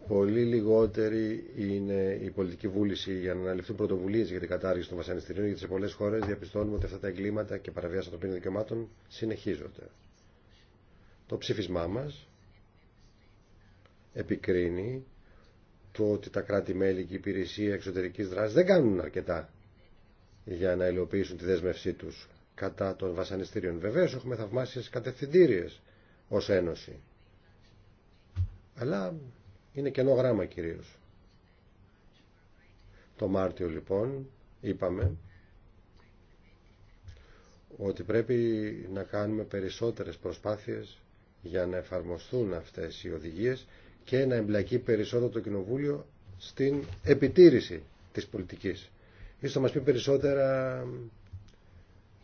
πολύ λιγότερη είναι η πολιτική βούληση για να αναλυφθούν πρωτοβουλίες για την κατάργηση των βασανιστήριων, γιατί σε πολλές χώρες διαπιστώνουμε ότι αυτά τα εγκλήματα και παραβίαση των δικαιωμάτων συνεχίζονται. Το ψήφισμά μας επικρίνει το ότι τα κράτη-μέλη και η υπηρεσία εξωτερικής δράσης δεν κάνουν αρκετά για να υλοποιήσουν τη δέσμευσή του κατά των βασανιστήριων. βεβαίω έχουμε θαυμάσιες κατευθυντήριε ως Ένωση. Αλλά είναι κενό γράμμα κυρίω. Το Μάρτιο λοιπόν είπαμε ότι πρέπει να κάνουμε περισσότερες προσπάθειες για να εφαρμοστούν αυτές οι οδηγίες και να εμπλακεί περισσότερο το Κοινοβούλιο στην επιτήρηση της πολιτικής. Ίσως θα μας πει περισσότερα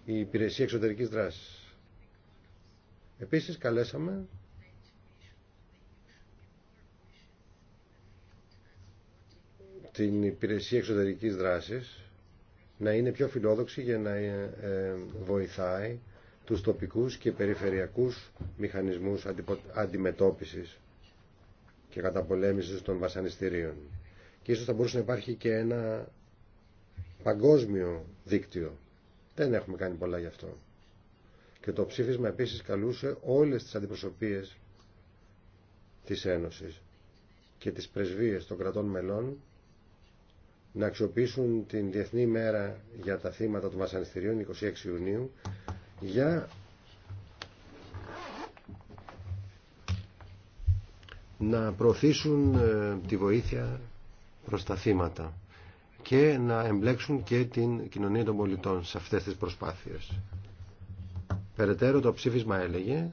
η Υπηρεσία Εξωτερικής Δράσης. Επίσης καλέσαμε την Υπηρεσία Εξωτερικής Δράσης να είναι πιο φιλόδοξη για να ε, ε, βοηθάει τους τοπικούς και περιφερειακούς μηχανισμούς αντιμετώπισης και καταπολέμησης των βασανιστήριων. Και ίσως θα μπορούσε να υπάρχει και ένα παγκόσμιο δίκτυο. Δεν έχουμε κάνει πολλά γι' αυτό. Και το ψήφισμα επίσης καλούσε όλες τις αντιπροσωπείες της Ένωσης και τις πρεσβείες των κρατών μελών να αξιοποιήσουν την Διεθνή Μέρα για τα θύματα των βασανιστήριων 26 Ιουνίου για να προωθήσουν ε, τη βοήθεια προς τα θύματα και να εμπλέξουν και την κοινωνία των πολιτών σε αυτές τις προσπάθειες. Περαιτέρω το ψήφισμα έλεγε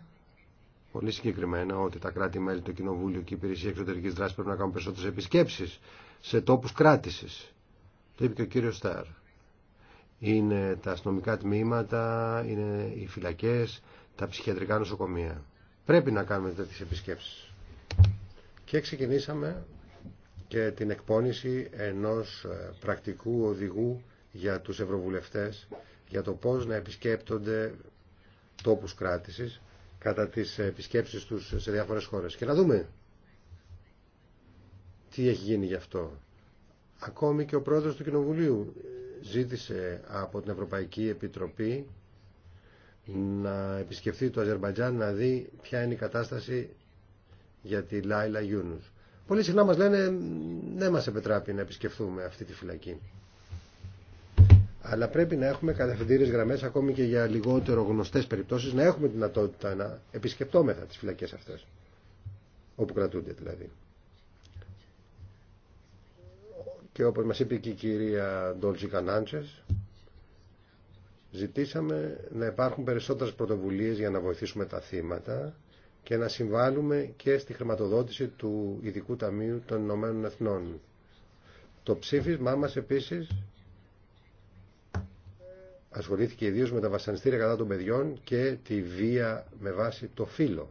πολύ συγκεκριμένα ότι τα κράτη-μέλη, του Κοινοβούλιο και η Υπηρεσία Εξωτερικής Δράσης πρέπει να κάνουν περισσότερες επισκέψεις σε τόπους κράτησης. Το είπε και ο κύριος Στάρ. Είναι τα αστυνομικά τμήματα, είναι οι φυλακές, τα ψυχιατρικά νοσοκομεία. Πρέπει να κάνουμε τέτοιες επισκέψεις. Και ξεκινήσαμε και την εκπόνηση ενός ε, πρακτικού οδηγού για τους ευρωβουλευτές για το πώς να επισκέπτονται τόπους κράτησης κατά τις επισκέψεις τους σε διάφορες χώρες. Και να δούμε τι έχει γίνει γι' αυτό. Ακόμη και ο πρόεδρος του Κοινοβουλίου ζήτησε από την Ευρωπαϊκή Επιτροπή να επισκεφθεί το Αζερμπαϊτζάν να δει ποια είναι η κατάσταση για τη Λάιλα Γιούνους. Πολύ συχνά μας λένε δεν «Ναι, μας επιτράπει να επισκεφθούμε αυτή τη φυλακή. Αλλά πρέπει να έχουμε καταφυντήριες γραμμές ακόμη και για λιγότερο γνωστές περιπτώσεις να έχουμε δυνατότητα να επισκεπτόμεθα τις φυλακές αυτές. Όπου κρατούνται δηλαδή. Και όπως μας είπε και η κυρία Ντόλτζη Κανάντσες, ζητήσαμε να υπάρχουν περισσότερες πρωτοβουλίες για να βοηθήσουμε τα θύματα και να συμβάλλουμε και στη χρηματοδότηση του Ειδικού Ταμείου των Ηνωμένων Εθνών. Το ψήφισμά μας επίσης ασχολήθηκε ιδίω με τα βασανιστήρια κατά των παιδιών και τη βία με βάση το φύλλο.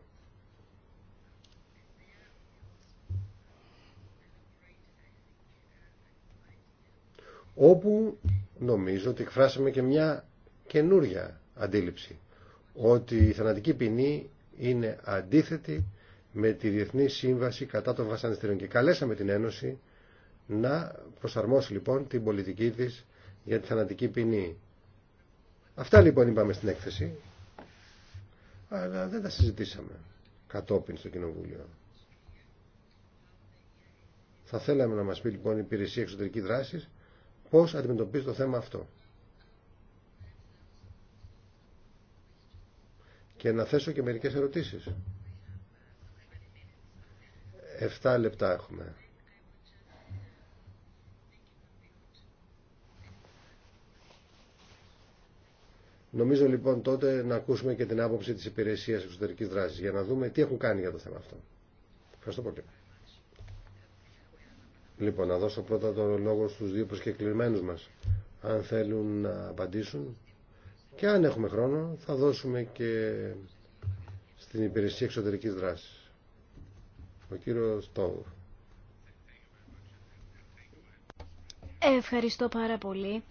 Όπου νομίζω ότι εκφράσαμε και μια καινούρια αντίληψη ότι η θανατική ποινή είναι αντίθετη με τη Διεθνή Σύμβαση κατά των Βασανιστήριο. Και καλέσαμε την Ένωση να προσαρμόσει λοιπόν την πολιτική της για τη θανατική ποινή. Αυτά λοιπόν είπαμε στην έκθεση, αλλά δεν τα συζητήσαμε κατόπιν στο Κοινοβούλιο. Θα θέλαμε να μας πει λοιπόν η υπηρεσία εξωτερική δράση πώς αντιμετωπίζει το θέμα αυτό. και να θέσω και μερικές ερωτήσεις. Εφτά λεπτά έχουμε. Νομίζω λοιπόν τότε να ακούσουμε και την άποψη της υπηρεσίας εξωτερικής δράσης για να δούμε τι έχουν κάνει για το θέμα αυτό. Ευχαριστώ πολύ. Λοιπόν, να δώσω πρώτα τον λόγο στους δύο προσκεκλημένους μας, αν θέλουν να απαντήσουν. Και αν έχουμε χρόνο θα δώσουμε και στην υπηρεσία εξωτερικής δράσης. Ο κύριος Τόου. Ευχαριστώ πάρα πολύ.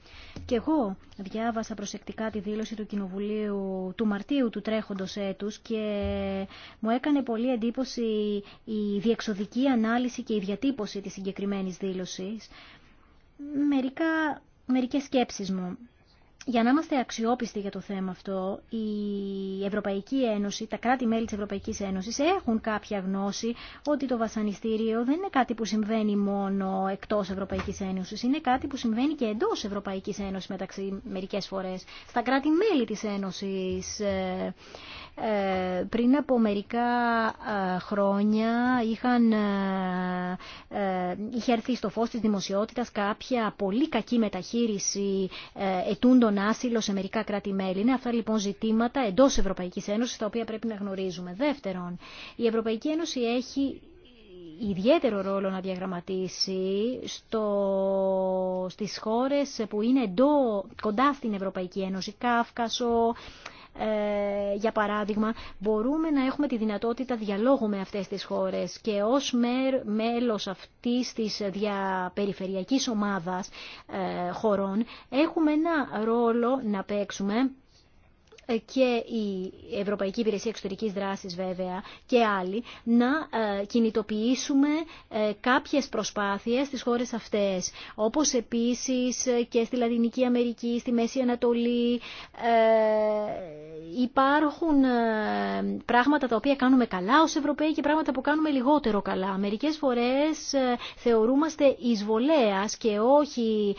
Και εγώ διάβασα προσεκτικά τη δήλωση του Κοινοβουλίου του Μαρτίου του τρέχοντος έτους και μου έκανε πολύ εντύπωση η διεξοδική ανάλυση και η διατύπωση της συγκεκριμένης δήλωσης. Μερικά, μερικές σκέψεις μου για να είμαστε αξιόπιστοι για το θέμα αυτό, η Ευρωπαϊκή Ένωση, τα κράτη-μέλη της Ευρωπαϊκής Ένωσης έχουν κάποια γνώση ότι το βασανιστήριο δεν είναι κάτι που συμβαίνει μόνο εκτός Ευρωπαϊκής Ένωσης, είναι κάτι που συμβαίνει και εντός Ευρωπαϊκής Ένωσης μεταξύ μερικές φορές. Στα κράτη-μέλη της Ένωσης ε, ε, πριν από μερικά ε, χρόνια είχαν, είχε έρθει στο φως της δημοσιότητας κάποια πολύ κακή μεταχείριση ετούντων άσυλο σε μερικά κράτη-μέλη. Είναι αυτά λοιπόν ζητήματα εντό Ευρωπαϊκή Ένωση τα οποία πρέπει να γνωρίζουμε. Δεύτερον, η Ευρωπαϊκή Ένωση έχει ιδιαίτερο ρόλο να διαγραμματίσει στο, στις χώρες που είναι εντό, κοντά στην Ευρωπαϊκή Ένωση, Κάφκασο, ε, για παράδειγμα, μπορούμε να έχουμε τη δυνατότητα διαλόγου με αυτές τις χώρες και ως μέλος αυτής της διαπεριφερειακής ομάδας ε, χωρών έχουμε ένα ρόλο να παίξουμε και η Ευρωπαϊκή Υπηρεσία Εξωτερικής Δράσης βέβαια και άλλοι να ε, κινητοποιήσουμε ε, κάποιες προσπάθειες στις χώρες αυτές. Όπως επίσης ε, και στη Λατινική Αμερική, στη Μέση Ανατολή υπάρχουν πράγματα τα οποία κάνουμε καλά ως Ευρωπαίοι και πράγματα που κάνουμε λιγότερο καλά. Μερικές φορές θεωρούμαστε εισβολέας και όχι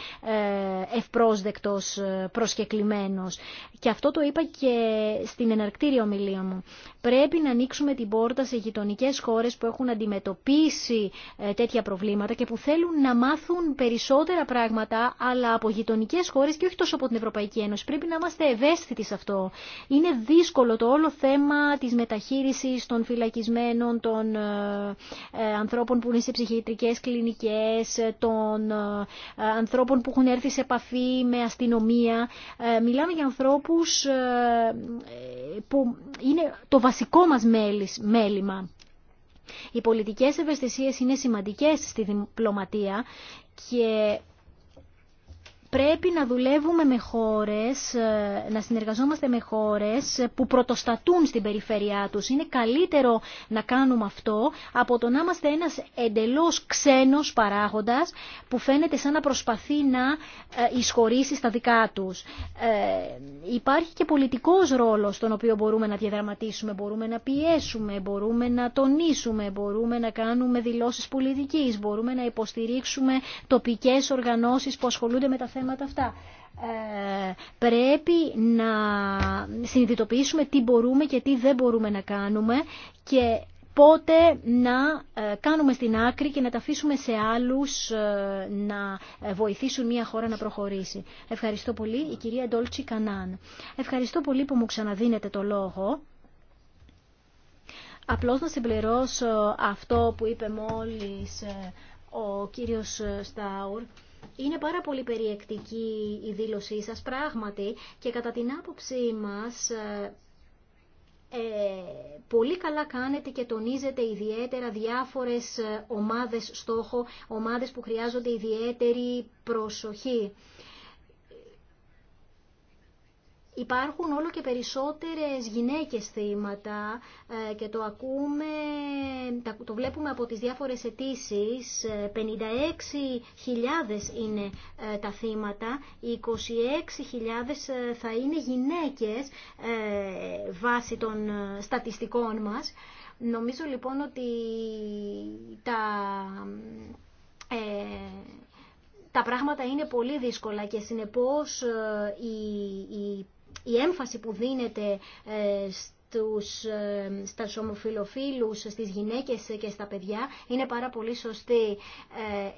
ευπρόσδεκτος προσκεκλημένος. Και αυτό το είπα και στην εναρκτήρια ομιλία μου. Πρέπει να ανοίξουμε την πόρτα σε γειτονικέ χώρε που έχουν αντιμετωπίσει ε, τέτοια προβλήματα και που θέλουν να μάθουν περισσότερα πράγματα, αλλά από γειτονικέ χώρε και όχι τόσο από την Ευρωπαϊκή Ένωση. Πρέπει να είμαστε ευαίσθητοι σε αυτό. Είναι δύσκολο το όλο θέμα τη μεταχείρισης των φυλακισμένων, των ε, ε, ανθρώπων που είναι σε ψυχιατρικέ κλινικέ, των ανθρώπων που έχουν έρθει σε επαφή με αστυνομία. Μιλάμε για ανθρώπους ε, που είναι το βασικό μας μέλημα. Οι πολιτικές ευαισθησίες είναι σημαντικές στη διπλωματία και πρέπει να δουλεύουμε με χώρες, ε, να συνεργαζόμαστε με χώρες που πρωτοστατούν στην περιφέρειά τους. Είναι καλύτερο να κάνουμε αυτό από το να είμαστε ένας εντελώς ξένος παράγοντας που φαίνεται σαν να προσπαθεί να ε, εισχωρήσει στα δικά τους. Ε, υπάρχει και πολιτικός ρόλος τον οποίο μπορούμε να διαδραματίσουμε, μπορούμε να πιέσουμε, μπορούμε να τονίσουμε, μπορούμε να κάνουμε δηλώσεις πολιτικής, μπορούμε να υποστηρίξουμε τοπικές οργανώσεις που ασχολούνται με τα θέματα θέματα αυτά. Ε, πρέπει να συνειδητοποιήσουμε τι μπορούμε και τι δεν μπορούμε να κάνουμε και πότε να ε, κάνουμε στην άκρη και να τα αφήσουμε σε άλλους ε, να βοηθήσουν μια χώρα να προχωρήσει. Ευχαριστώ πολύ η κυρία Ντόλτσι Κανάν. Ευχαριστώ πολύ που μου ξαναδίνετε το λόγο. Απλώς να συμπληρώσω αυτό που είπε μόλις ο κύριος Στάουρ είναι πάρα πολύ περιεκτική η δήλωσή σας πράγματι και κατά την άποψή μας ε, ε, πολύ καλά κάνετε και τονίζετε ιδιαίτερα διάφορες ε, ομάδες στόχο, ομάδες που χρειάζονται ιδιαίτερη προσοχή. Υπάρχουν όλο και περισσότερες γυναίκες θύματα ε, και το ακούμε, το βλέπουμε από τις διάφορες αιτήσει. 56.000 ε, είναι ε, τα θύματα, 26.000 θα είναι γυναίκες βάσει των στατιστικών μας. Νομίζω λοιπόν ότι τα... Τα πράγματα είναι πολύ δύσκολα και συνεπώς η, η η έμφαση που δίνεται ε, στους, ε, στα ομοφιλοφίλους, στις γυναίκες και στα παιδιά είναι πάρα πολύ σωστή.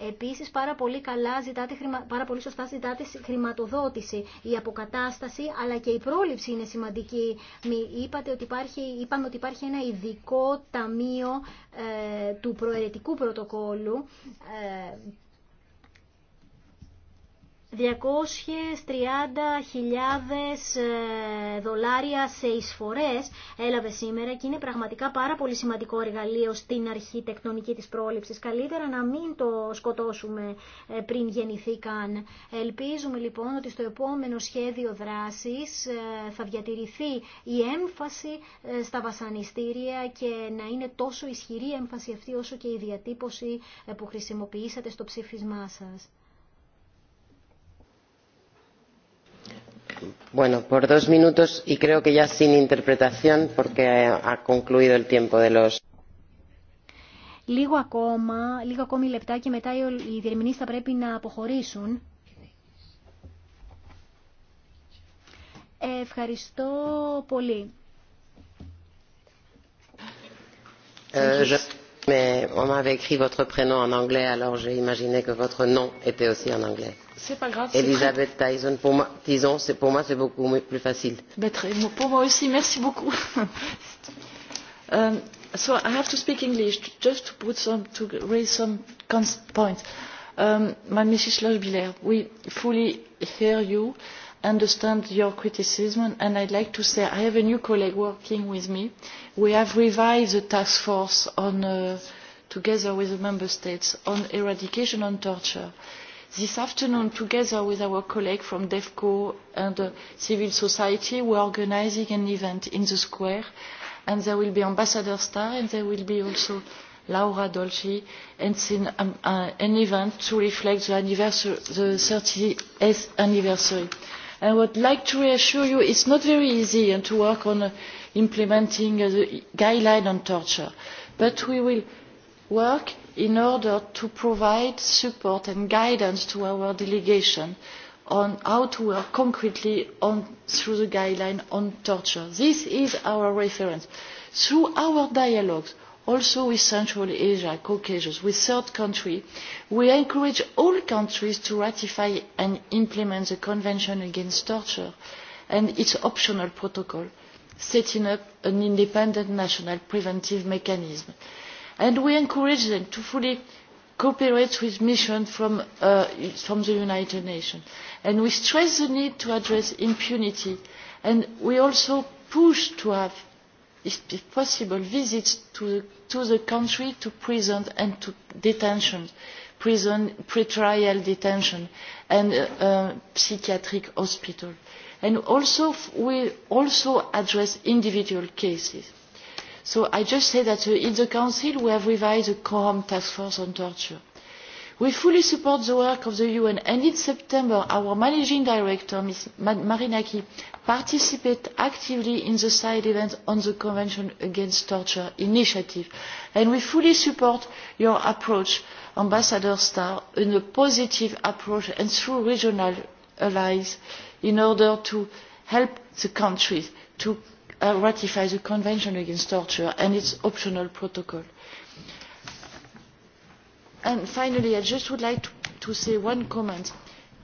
Ε, επίσης πάρα πολύ, καλά ζητάτε, πάρα πολύ σωστά ζητάτε χρηματοδότηση, η αποκατάσταση αλλά και η πρόληψη είναι σημαντική. Μη, είπατε ότι υπάρχει, είπαμε ότι υπάρχει ένα ειδικό ταμείο ε, του προαιρετικού πρωτοκόλου 230.000 ε, δολάρια σε εισφορές έλαβε σήμερα και είναι πραγματικά πάρα πολύ σημαντικό εργαλείο στην αρχιτεκτονική της πρόληψης. Καλύτερα να μην το σκοτώσουμε ε, πριν γεννηθεί καν. Ελπίζουμε λοιπόν ότι στο επόμενο σχέδιο δράσης ε, θα διατηρηθεί η έμφαση στα βασανιστήρια και να είναι τόσο ισχυρή έμφαση αυτή όσο και η διατύπωση που χρησιμοποιήσατε στο ψήφισμά σας. Bueno, por dos minutos y creo que ya sin interpretación porque ha concluido el tiempo de los. Λίγο ακόμα, λίγο ακόμη λεπτά και μετά οι διερμηνείς θα πρέπει να αποχωρήσουν. Ευχαριστώ πολύ. Ε, mais on m'avait écrit votre prénom en anglais, alors j'ai imaginé que votre nom était aussi en anglais. C'est pas grave. Elisabeth Tyson, pour moi, c'est pour moi, c'est beaucoup plus facile. Pour moi aussi, merci beaucoup. so I have to speak English just to put some, to raise some points. Um, Mrs. Lochbiller, we fully hear you, understand your criticism, and I'd like to say I have a new colleague working with me. We have revised the task force on, together with the member states, on eradication on torture This afternoon, together with our colleague from DEFCO and civil society, we are organising an event in the square, and there will be Ambassador star and there will be also Laura Dolci, and an event to reflect the 30th anniversary. I would like to reassure you, is not very easy to work on implementing the guideline on torture, but we will work in order to provide support and guidance to our delegation on how to work concretely through the guideline on torture. This is our reference. Through our dialogues, also with Central Asia, Caucasus, with third countries, we encourage all countries to ratify and implement the Convention Against Torture and its optional protocol, setting up an independent national preventive mechanism and we encourage them to fully cooperate with missions from the United Nations. And we stress the need to address impunity and we also push to have, if possible, visits to the country to prisons and to detention, prison, pretrial detention and psychiatric hospitals. And we also address individual cases So I just say that in the Council we have revised the Quorum Task Force on Torture. We fully support the work of the UN and in September our Managing Director, Ms. Marinaki, participated actively in the side event on the Convention Against Torture initiative. And we fully support your approach, Ambassador Starr, in a positive approach and through regional allies in order to help the countries to ratify the Convention Against Torture and its optional protocol. finally, I just would like to say one comment.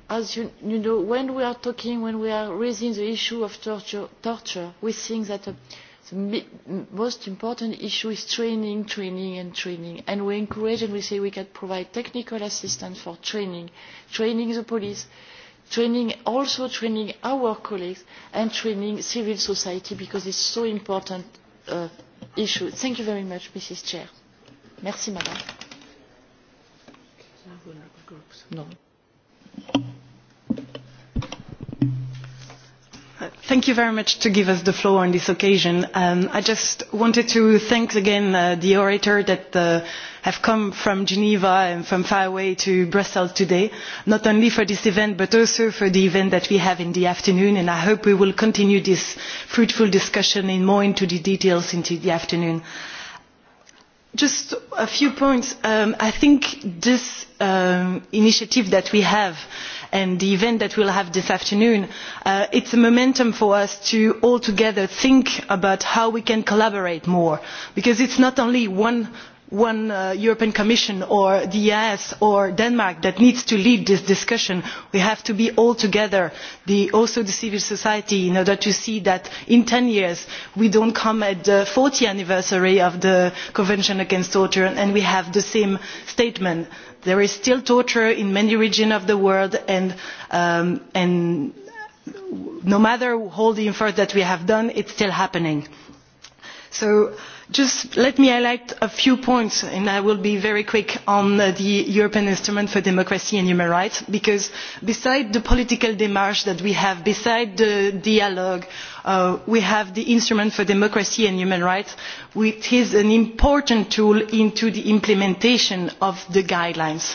As you know, when we are talking, when we are raising the issue of torture, we think that the most important issue is training, training and training. And we encourage and we say we can provide technical assistance for training, training the police training also training our colleagues and training civil society because it's so important issue. Thank you very much, Mrs. Chair. Merci, Madame. Thank you very much to give us the floor on this occasion. I just wanted to thank again the orator that have come from Geneva and from far away to Brussels today, not only for this event but also for the event that we have in the afternoon. And I hope we will continue this fruitful discussion in more into the details into the afternoon. Just a few points. I think this initiative that we have and the event that we will have this afternoon it's is a momentum for us to all together think about how we can collaborate more because it is not only one european commission or the eeas or denmark that needs to lead this discussion we have to be all together also the civil society in order to see that in 10 years we do not come at the 40th anniversary of the convention against torture and we have the same statement. There is still torture in many regions of the world and no matter all the efforts that we have done, it's still happening. So Just let me highlight a few points, and I will be very quick on the European Instrument for Democracy and Human Rights, because beside the political démarche that we have, beside the dialogue, we have the Instrument for Democracy and Human Rights, which is an important tool into the implementation of the guidelines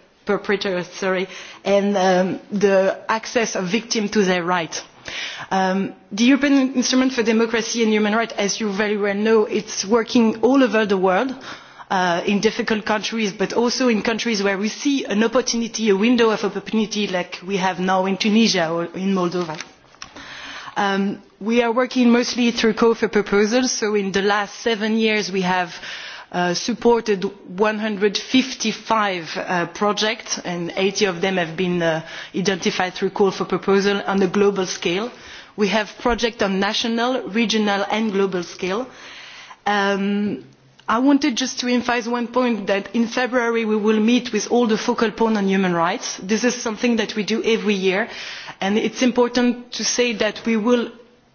perpetrators and the access of victims to their rights. The European Instrument for Democracy and Human Rights, as you very well know, is working all over the world, in difficult countries, but also in countries where we see an opportunity, a window of opportunity like we have now in Tunisia or in Moldova. We are working mostly through call for proposals, so in the last seven years we have supported one hundred and fifty five projects and eighty of them have been identified through call for proposal on a global scale. we have projects on national regional and global scale. i wanted just to emphasise one point that in february we will meet with all the focal points on human rights. this is something that we do every year and it is important to say that we will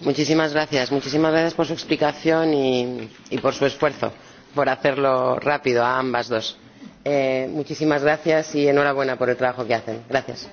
Muchísimas gracias. Muchísimas gracias por su explicación y, por su esfuerzo por hacerlo rápido a ambas dos. muchísimas gracias y enhorabuena por el trabajo que hacen. Gracias.